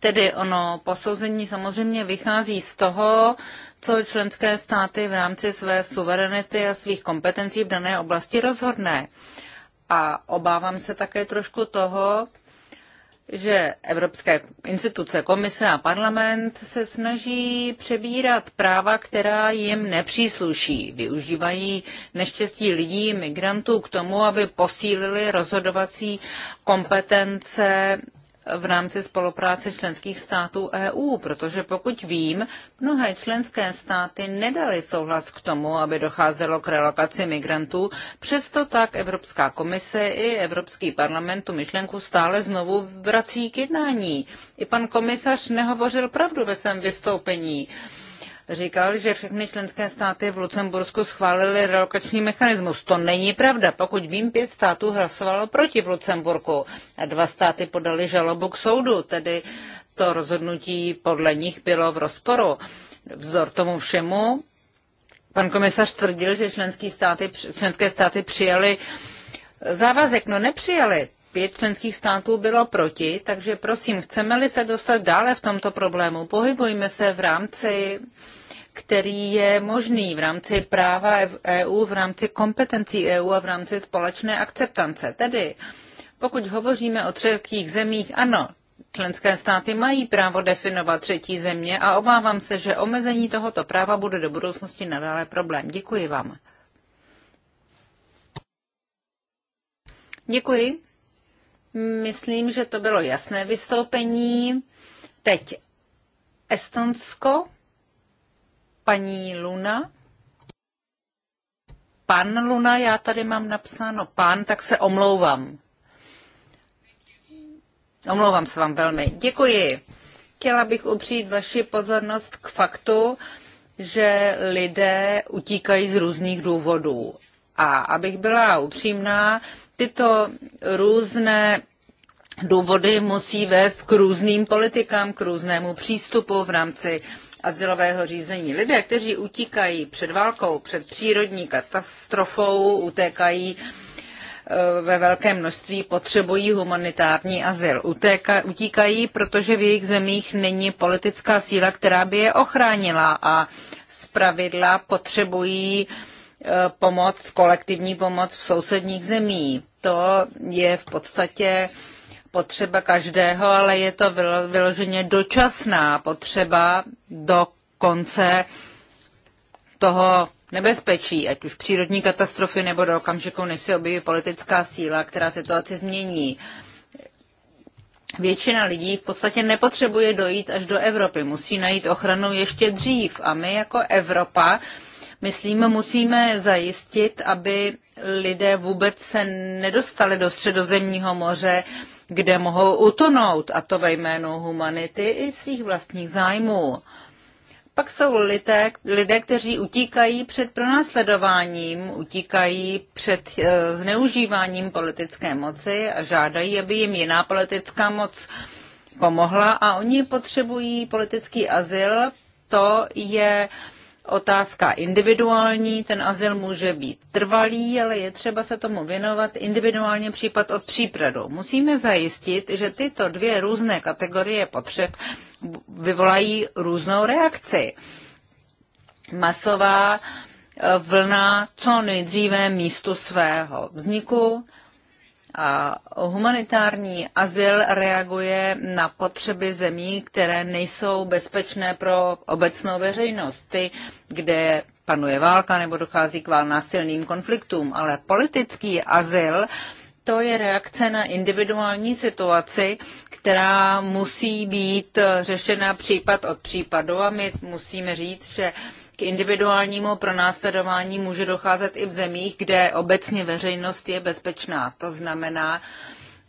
Speaker 2: Tedy ono posouzení samozřejmě vychází z toho, co členské státy v rámci své suverenity a svých kompetencí v dané oblasti rozhodne. A obávám se také trošku toho, že evropské instituce, komise a parlament se snaží přebírat práva, která jim nepřísluší. Využívají neštěstí lidí, migrantů k tomu, aby posílili rozhodovací kompetence v rámci spolupráce členských států EU, protože pokud vím, mnohé členské státy nedali souhlas k tomu, aby docházelo k relokaci migrantů, přesto tak Evropská komise i Evropský parlament tu myšlenku stále znovu vrací k jednání. I pan komisař nehovořil pravdu ve svém vystoupení říkal, že všechny členské státy v Lucembursku schválili relokační mechanismus. To není pravda. Pokud vím, pět států hlasovalo proti v Lucemburku a dva státy podali žalobu k soudu, tedy to rozhodnutí podle nich bylo v rozporu. Vzor tomu všemu, pan komisař tvrdil, že členské státy, členské státy přijali závazek. No nepřijali pět členských států bylo proti, takže prosím, chceme-li se dostat dále v tomto problému, pohybujme se v rámci který je možný v rámci práva EU, e v rámci kompetencí EU a v rámci společné akceptance. Tedy, pokud hovoříme o třetích zemích, ano, členské státy mají právo definovat třetí země a obávám se, že omezení tohoto práva bude do budoucnosti nadále problém. Děkuji vám. Děkuji. Myslím, že to bylo jasné vystoupení. Teď Estonsko. Paní Luna? Pan Luna, já tady mám napsáno pan, tak se omlouvám. Omlouvám se vám velmi. Děkuji. Chtěla bych upřít vaši pozornost k faktu, že lidé utíkají z různých důvodů. A abych byla upřímná, tyto různé důvody musí vést k různým politikám, k různému přístupu v rámci azylového řízení. Lidé, kteří utíkají před válkou, před přírodní katastrofou, utékají eh, ve velkém množství potřebují humanitární azyl. Utéka, utíkají, protože v jejich zemích není politická síla, která by je ochránila a zpravidla potřebují eh, pomoc, kolektivní pomoc v sousedních zemích. To je v podstatě uh, potřeba každého, ale je to vyloženě dočasná potřeba do konce toho nebezpečí, ať už přírodní katastrofy nebo do okamžiku, než se objeví politická síla, která situaci změní. Většina lidí v podstatě nepotřebuje dojít až do Evropy, musí najít ochranu ještě dřív. A my jako Evropa myslím, musíme zajistit, aby lidé vůbec se nedostali do středozemního moře, kde mohou utonout, a to ve jménu humanity i svých vlastních zájmů. Pak jsou lidé, lidé kteří utíkají před pronásledováním, utíkají před e, zneužíváním politické moci a žádají, aby jim jiná politická moc pomohla a oni potřebují politický azyl. To je otázka individuální, ten azyl může být trvalý, ale je třeba se tomu věnovat individuálně případ od přípravu. Musíme zajistit, že tyto dvě různé kategorie potřeb vyvolají různou reakci. Masová eh, vlna co nejdříve místu svého vzniku, humanitární azyl reaguje na potřeby zemí, které nejsou bezpečné pro obecnou veřejnost. Ty, kde panuje válka nebo dochází k násilným konfliktům, ale politický azyl to je reakce na individuální situaci, která musí být řešena případ od případu a my musíme říct, že uh, individuálnímu pronásledování může docházet i v zemích, kde obecně veřejnost je bezpečná. To znamená,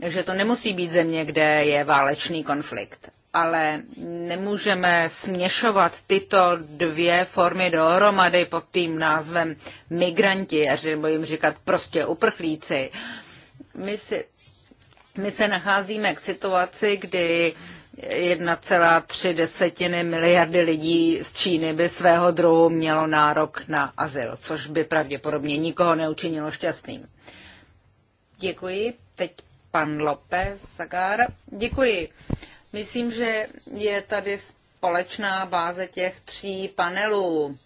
Speaker 2: že to nemusí být země, kde je válečný konflikt. Ale nemůžeme směšovat tyto dvě formy dohromady pod tím názvem migranti, až nebo jim říkat prostě uprchlíci. My, si, my se nacházíme k situaci, kdy uh, 1,3 desetiny miliardy lidí z Číny by svého druhu mělo nárok na azyl, což by pravděpodobně nikoho neučinilo šťastným. Děkuji. Teď pan López Sagar. Děkuji. Myslím, že je tady společná báze těch tří panelů.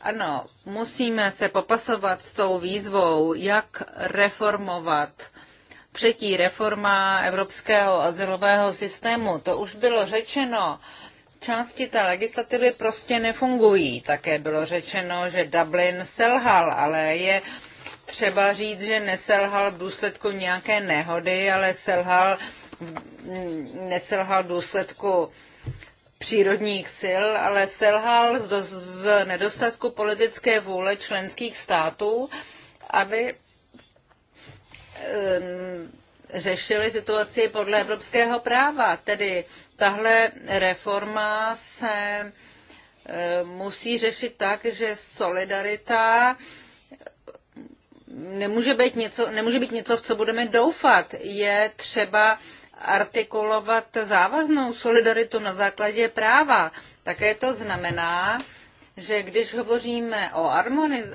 Speaker 2: Ano, musíme se popasovat s tou výzvou, jak reformovat Třetí reforma evropského azylového systému, to už bylo řečeno, části té legislativy prostě nefungují. Také bylo řečeno, že Dublin selhal, ale je třeba říct, že neselhal v důsledku nějaké nehody, ale selhal, neselhal v důsledku přírodních sil, ale selhal z, z nedostatku politické vůle členských států, aby Ehm, řešili situaci podle evropského práva. Tedy tahle reforma se ehm, musí řešit tak, že solidarita ehm, nemůže být něco, nemůže být něco v co budeme doufat. Je třeba artikulovat závaznou solidaritu na základě práva. Také to znamená, že když hovoříme o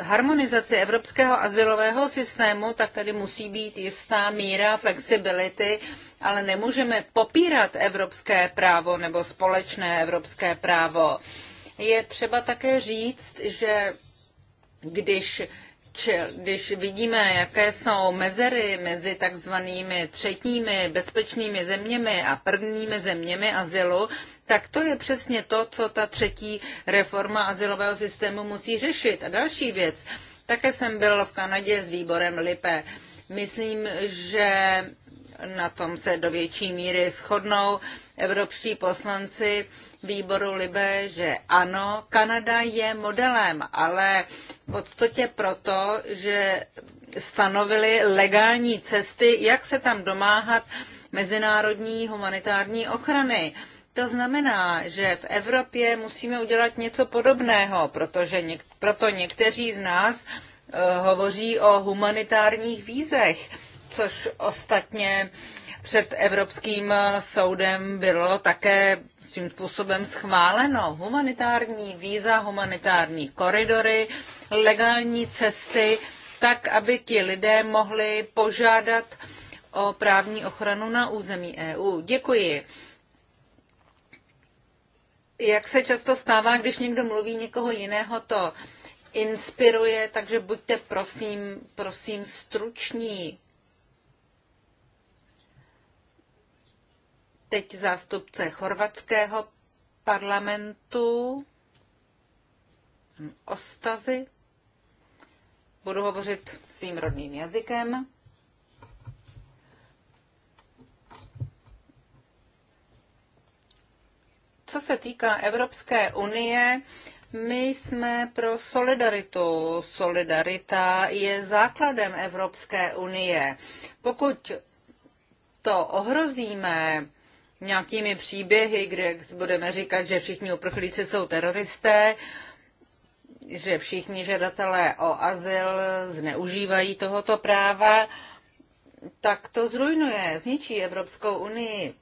Speaker 2: harmonizaci evropského asilového systému, tak tady musí být jistá míra flexibility, ale nemůžeme popírat evropské právo nebo společné evropské právo. Je třeba také říct, že když když vidíme, jaké jsou mezery mezi takzvanými třetními bezpečnými zeměmi a prvními zeměmi azylu, tak to je přesně to, co ta třetí reforma asilového systému musí řešit. A další věc, také jsem byl v Kanadě s výborem LIPE. Myslím, že na tom se do větší míry shodnou evropští poslanci výboru Libe, že ano, Kanada je modelem, ale v podstatě proto, že stanovili legální cesty, jak se tam domáhat mezinárodní humanitární ochrany. To znamená, že v Evropě musíme udělat něco podobného, protože něk- proto někteří z nás uh, hovoří o humanitárních vízech, což ostatně před Evropským eh, soudem bylo také s tím způsobem schváleno. Humanitární víza, humanitární koridory, legální cesty, tak, aby ti lidé mohli požádat o právní ochranu na území EU. Děkuji jak se často stává, když někdo mluví, někoho jiného to inspiruje, takže buďte prosím, prosím struční. Teď zástupce chorvatského parlamentu, Ostazy. Budu hovořit svým rodným jazykem. Co se týká Evropské unie, my jsme pro solidaritu. Solidarita je základem Evropské unie. Pokud to ohrozíme nějakými příběhy, kde budeme říkat, že všichni uprchlíci jsou teroristé, že všichni žadatelé o azyl zneužívají tohoto práva, tak to zrujnuje, zničí Evropskou unii.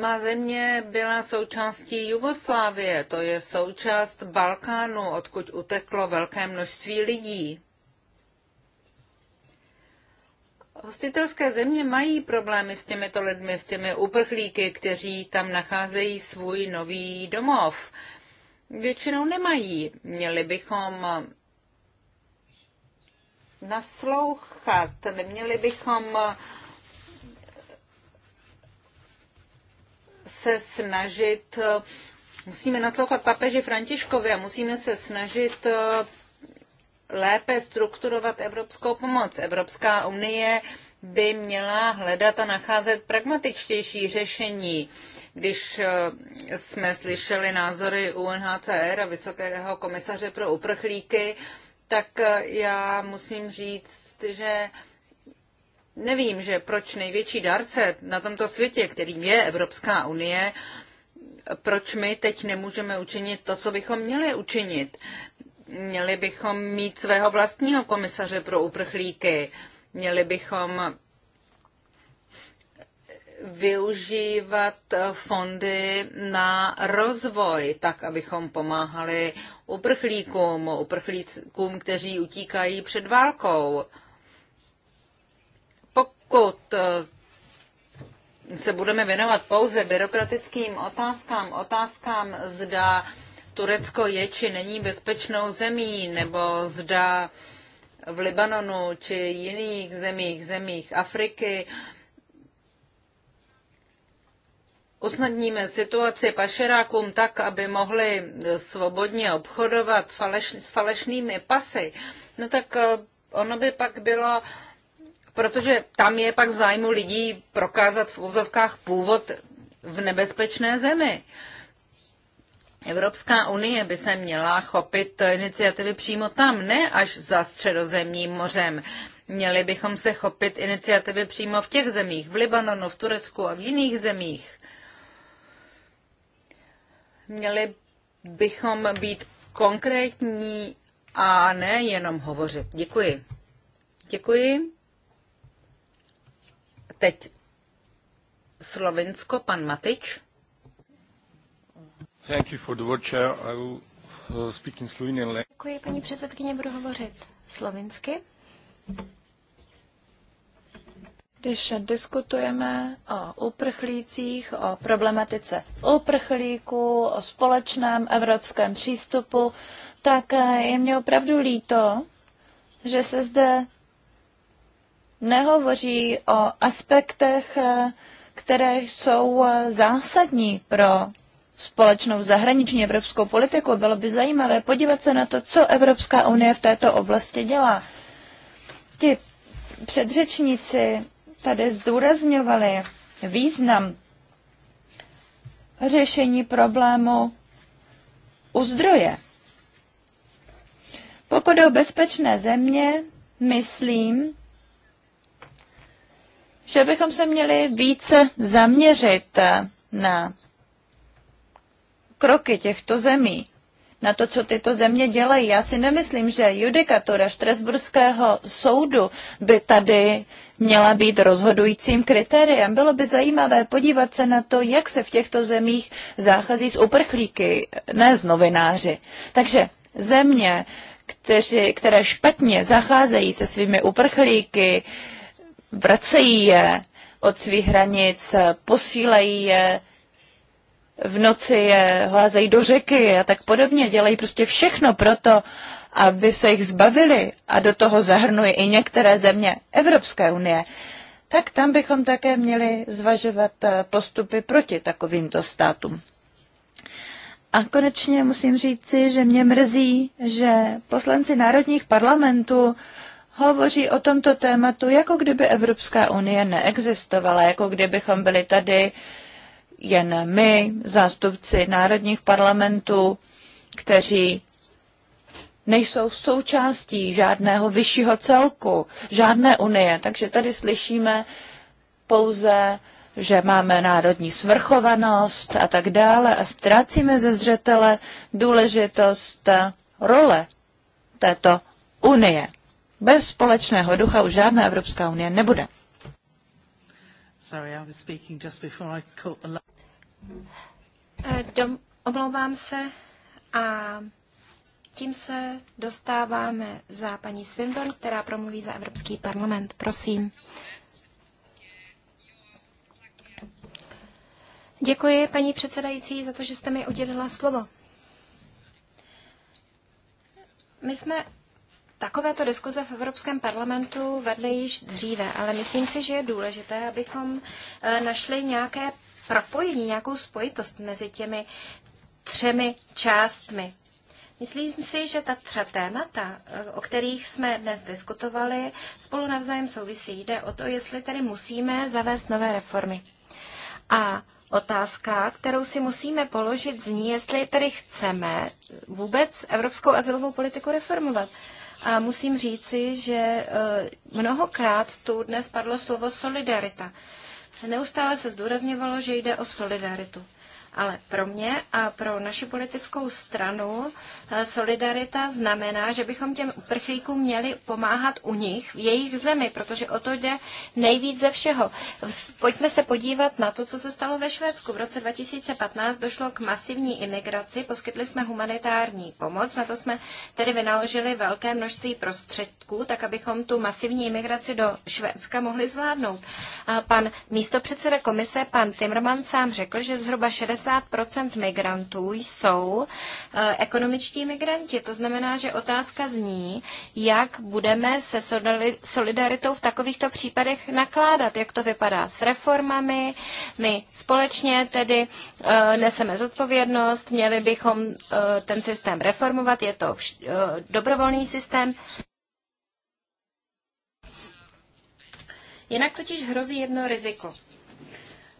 Speaker 2: Má země byla součástí Jugoslávie, to je součást Balkánu, odkud uteklo velké množství lidí. Hostitelské země mají problémy s těmito lidmi, s těmi uprchlíky, kteří tam nacházejí svůj nový domov. Většinou nemají. Měli bychom naslouchat, neměli bychom uh, se snažit, eh, musíme naslouchat papeži Františkovi a musíme se snažit eh, lépe strukturovat evropskou pomoc. Evropská unie by měla hledat a nacházet pragmatičtější řešení. Když eh, jsme slyšeli názory UNHCR a Vysokého komisaře pro uprchlíky, tak já musím říct, že Nevím, že proč největší darce na tomto světě, kterým je Evropská unie, proč my teď nemůžeme učinit to, co bychom měli učinit. Měli bychom mít svého vlastního komisaře pro uprchlíky. Měli bychom využívat fondy na rozvoj, tak abychom pomáhali uprchlíkům, uprchlíkům, kteří utíkají před válkou pokud eh, se budeme věnovat pouze byrokratickým otázkám, otázkám zda Turecko je či není bezpečnou zemí, nebo zda v Libanonu či jiných zemích, zemích Afriky, usnadníme situaci pašerákům tak, aby mohli svobodně obchodovat faleš, s falešnými pasy, no tak eh, ono by pak bylo protože tam je pak v zájmu lidí prokázat v úzovkách původ v nebezpečné zemi. Evropská unie by se měla chopit iniciativy přímo tam, ne až za středozemním mořem. Měli bychom se chopit iniciativy přímo v těch zemích, v Libanonu, v Turecku a v jiných zemích. Měli bychom být konkrétní a ne jenom hovořit. Děkuji. Děkuji. Teď Slovinsko, pan Matič. Thank you for the word, chair. I will uh, speak in Slovenian Děkuji, paní
Speaker 3: předsedkyně, budu hovořit slovensky?
Speaker 4: Když diskutujeme o uprchlících, o problematice uprchlíků, o společném evropském přístupu, tak je mě opravdu líto, že se zde nehovoří o aspektech, eh, které jsou eh, zásadní pro společnou zahraniční evropskou politiku. Bylo by zajímavé podívat se na to, co Evropská unie v této oblasti dělá. Ti předřečníci tady zdůrazňovali význam řešení problému u zdroje. Pokud o bezpečné země, myslím, že bychom se měli více zaměřit eh, na kroky těchto zemí, na to, co tyto země dělají. Já si nemyslím, že judikatura Štresburského soudu by tady měla být rozhodujícím kritériem. Bylo by zajímavé podívat se na to, jak se v těchto zemích záchází z uprchlíky, ne z novináři. Takže země, kteři, které špatně zacházejí se svými uprchlíky, uh, vracejí je od svých hranic, posílejí je, v noci je hlázejí do řeky a tak podobně. Dělají prostě všechno pro to, aby se jich zbavili a do toho zahrnují i některé země Evropské unie, tak tam bychom také měli zvažovat eh, postupy proti takovýmto státům. A konečně musím říci, že mě mrzí, že poslanci národních parlamentů hovoří o tomto tématu, jako kdyby Evropská unie neexistovala, jako kdybychom byli tady jen my, zástupci národních parlamentů, kteří nejsou součástí žádného vyššího celku, žádné unie. Takže tady slyšíme pouze, že máme národní svrchovanost a tak dále a ztrácíme ze zřetele důležitost role této unie. Bez společného ducha už žádná Evropská unie nebude.
Speaker 3: Eh, omlouvám se a tím se dostáváme za paní Svindon, která promluví za Evropský parlament. Prosím. Děkuji, paní předsedající, za to, že jste mi udělila slovo. My jsme Takovéto diskuze v Evropském parlamentu vedly již dříve, ale myslím si, že je důležité, abychom eh, našli nějaké propojení, nějakou spojitost mezi těmi třemi částmi. Myslím si, že ta tři témata, eh, o kterých jsme dnes diskutovali, spolu navzájem souvisí. Jde o to, jestli tedy musíme zavést nové reformy. A Otázka, kterou si musíme položit, zní, jestli tedy chceme vůbec evropskou azylovou politiku reformovat. A musím říci, že eh, mnohokrát tu dnes padlo slovo solidarita. Neustále se zdůrazňovalo, že jde o solidaritu. Ale pro mě a pro naši politickou stranu eh, solidarita znamená, že bychom těm uprchlíkům měli pomáhat u nich, v jejich zemi, protože o to jde nejvíc ze všeho. Pojďme se podívat na to, co se stalo ve Švédsku. V roce 2015 došlo k masivní imigraci, poskytli jsme humanitární pomoc, na to jsme tedy vynaložili velké množství prostředků, tak abychom tu masivní imigraci do Švédska mohli zvládnout. A pan místopředseda komise, pan Timmerman, sám řekl, že zhruba 60 80 migrantů jsou eh, ekonomičtí migranti. To znamená, že otázka zní, jak budeme se solidaritou v takovýchto případech nakládat, jak to vypadá s reformami. My společně tedy eh, neseme zodpovědnost, měli bychom eh, ten systém reformovat, je to dobrovolný systém. Jinak totiž hrozí jedno riziko.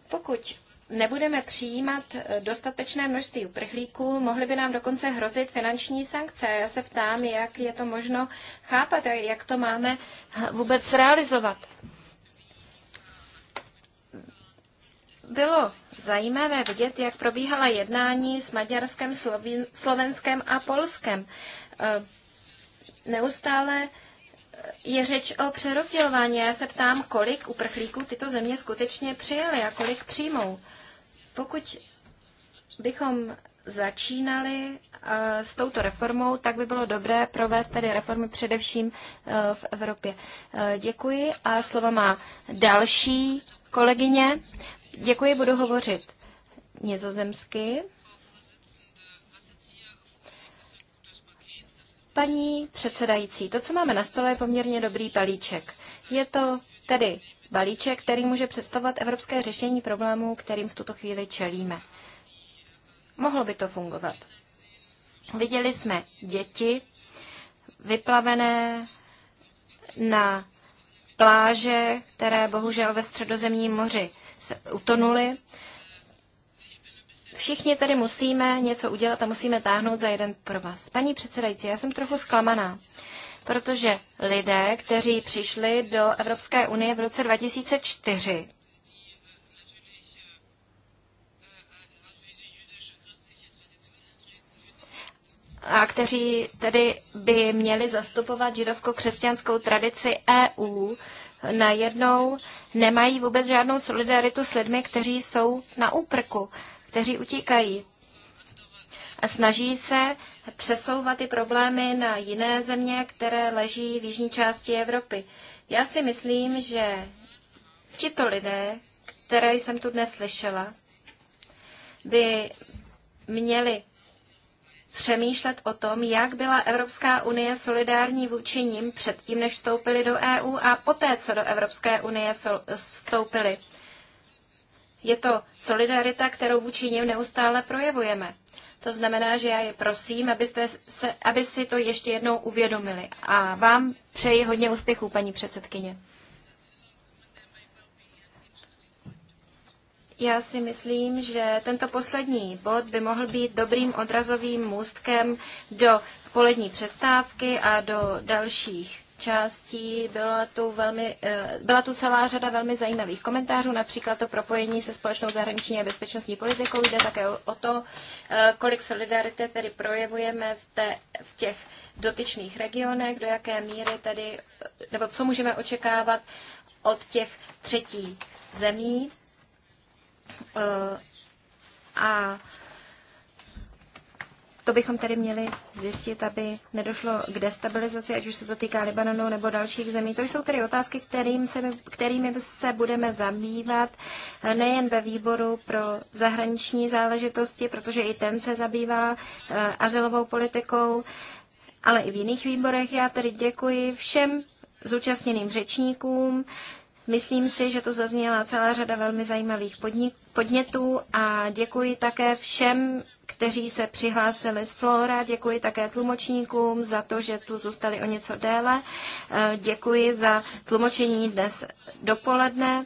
Speaker 3: Pokud nebudeme přijímat eh, dostatečné množství uprchlíků, mohly by nám dokonce hrozit finanční sankce. Já se ptám, jak je to možno chápat a jak to máme eh, vůbec realizovat. Bylo zajímavé vidět, jak probíhala jednání s Maďarskem, Slovenskem a Polskem. Eh, Neustále je řeč o přerozdělování. Já se ptám, kolik uprchlíků tyto země skutečně přijeli a kolik přijmou. Pokud bychom začínali eh, s touto reformou, tak by bylo dobré provést tady reformy především eh, v Evropě. Eh, děkuji a slova má další kolegyně. Děkuji, budu hovořit nizozemsky. Paní předsedající, to, co máme na stole, je poměrně dobrý balíček. Je to tedy balíček, který může představovat evropské řešení problémů, kterým v tuto chvíli čelíme. Mohlo by to fungovat. Viděli jsme děti vyplavené na pláže, které bohužel ve středozemním moři se utonuly. Všichni tady musíme něco udělat a musíme táhnout za jeden pro vás. Paní předsedající, já jsem trochu zklamaná, protože lidé, kteří přišli do Evropské unie v roce 2004, a kteří tedy by měli zastupovat židovko-křesťanskou tradici EU, najednou nemají vůbec žádnou solidaritu s lidmi, kteří jsou na úprku kteří utíkají a snaží se přesouvat ty problémy na jiné země, které leží v jižní části Evropy. Já si myslím, že tito lidé, které jsem tu dnes slyšela, by měli přemýšlet o tom, jak byla Evropská unie solidární vůči ním předtím, než vstoupili do EU a poté, co do Evropské unie vstoupili. Je to solidarita, kterou vůči nim neustále projevujeme. To znamená, že já je prosím, abyste se, aby si to ještě jednou uvědomili. A vám přeji hodně úspěchů, paní předsedkyně. Já si myslím, že tento poslední bod by mohl být dobrým odrazovým můstkem do polední přestávky a do dalších částí byla tu, velmi, eh, byla tu celá řada velmi zajímavých komentářů, například to propojení se společnou zahraniční a bezpečnostní politikou. Jde také o to, eh, kolik solidarity tedy projevujeme v, té, v těch dotyčných regionech, do jaké míry tedy, eh, nebo co můžeme očekávat od těch třetí zemí. A to bychom tedy měli zjistit, aby nedošlo k destabilizaci, ať už se to týká Libanonu nebo dalších zemí. To jsou tedy otázky, kterým se, kterými se budeme zabývat eh, nejen ve výboru pro zahraniční záležitosti, protože i ten se zabývá eh, azylovou politikou, ale i v jiných výborech. Já tedy děkuji všem zúčastněným řečníkům. Myslím si, že tu zazněla celá řada velmi zajímavých podnik, podnětů a děkuji také všem kteří se přihlásili z Flora. Děkuji také tlumočníkům za to, že tu zůstali o něco déle. Eh, děkuji za tlumočení dnes dopoledne.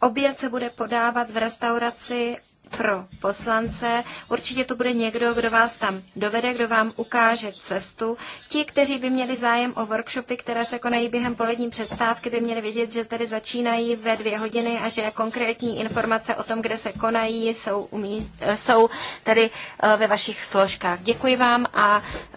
Speaker 3: Oběd se bude podávat v restauraci pro poslance. Určitě to bude někdo, kdo vás tam dovede, kdo vám ukáže cestu. Ti, kteří by měli zájem o workshopy, které se konají během polední přestávky, by měli vědět, že tedy začínají ve dvě hodiny a že konkrétní informace o tom, kde se konají, jsou, umí, jsou tady eh, ve vašich složkách. Děkuji vám a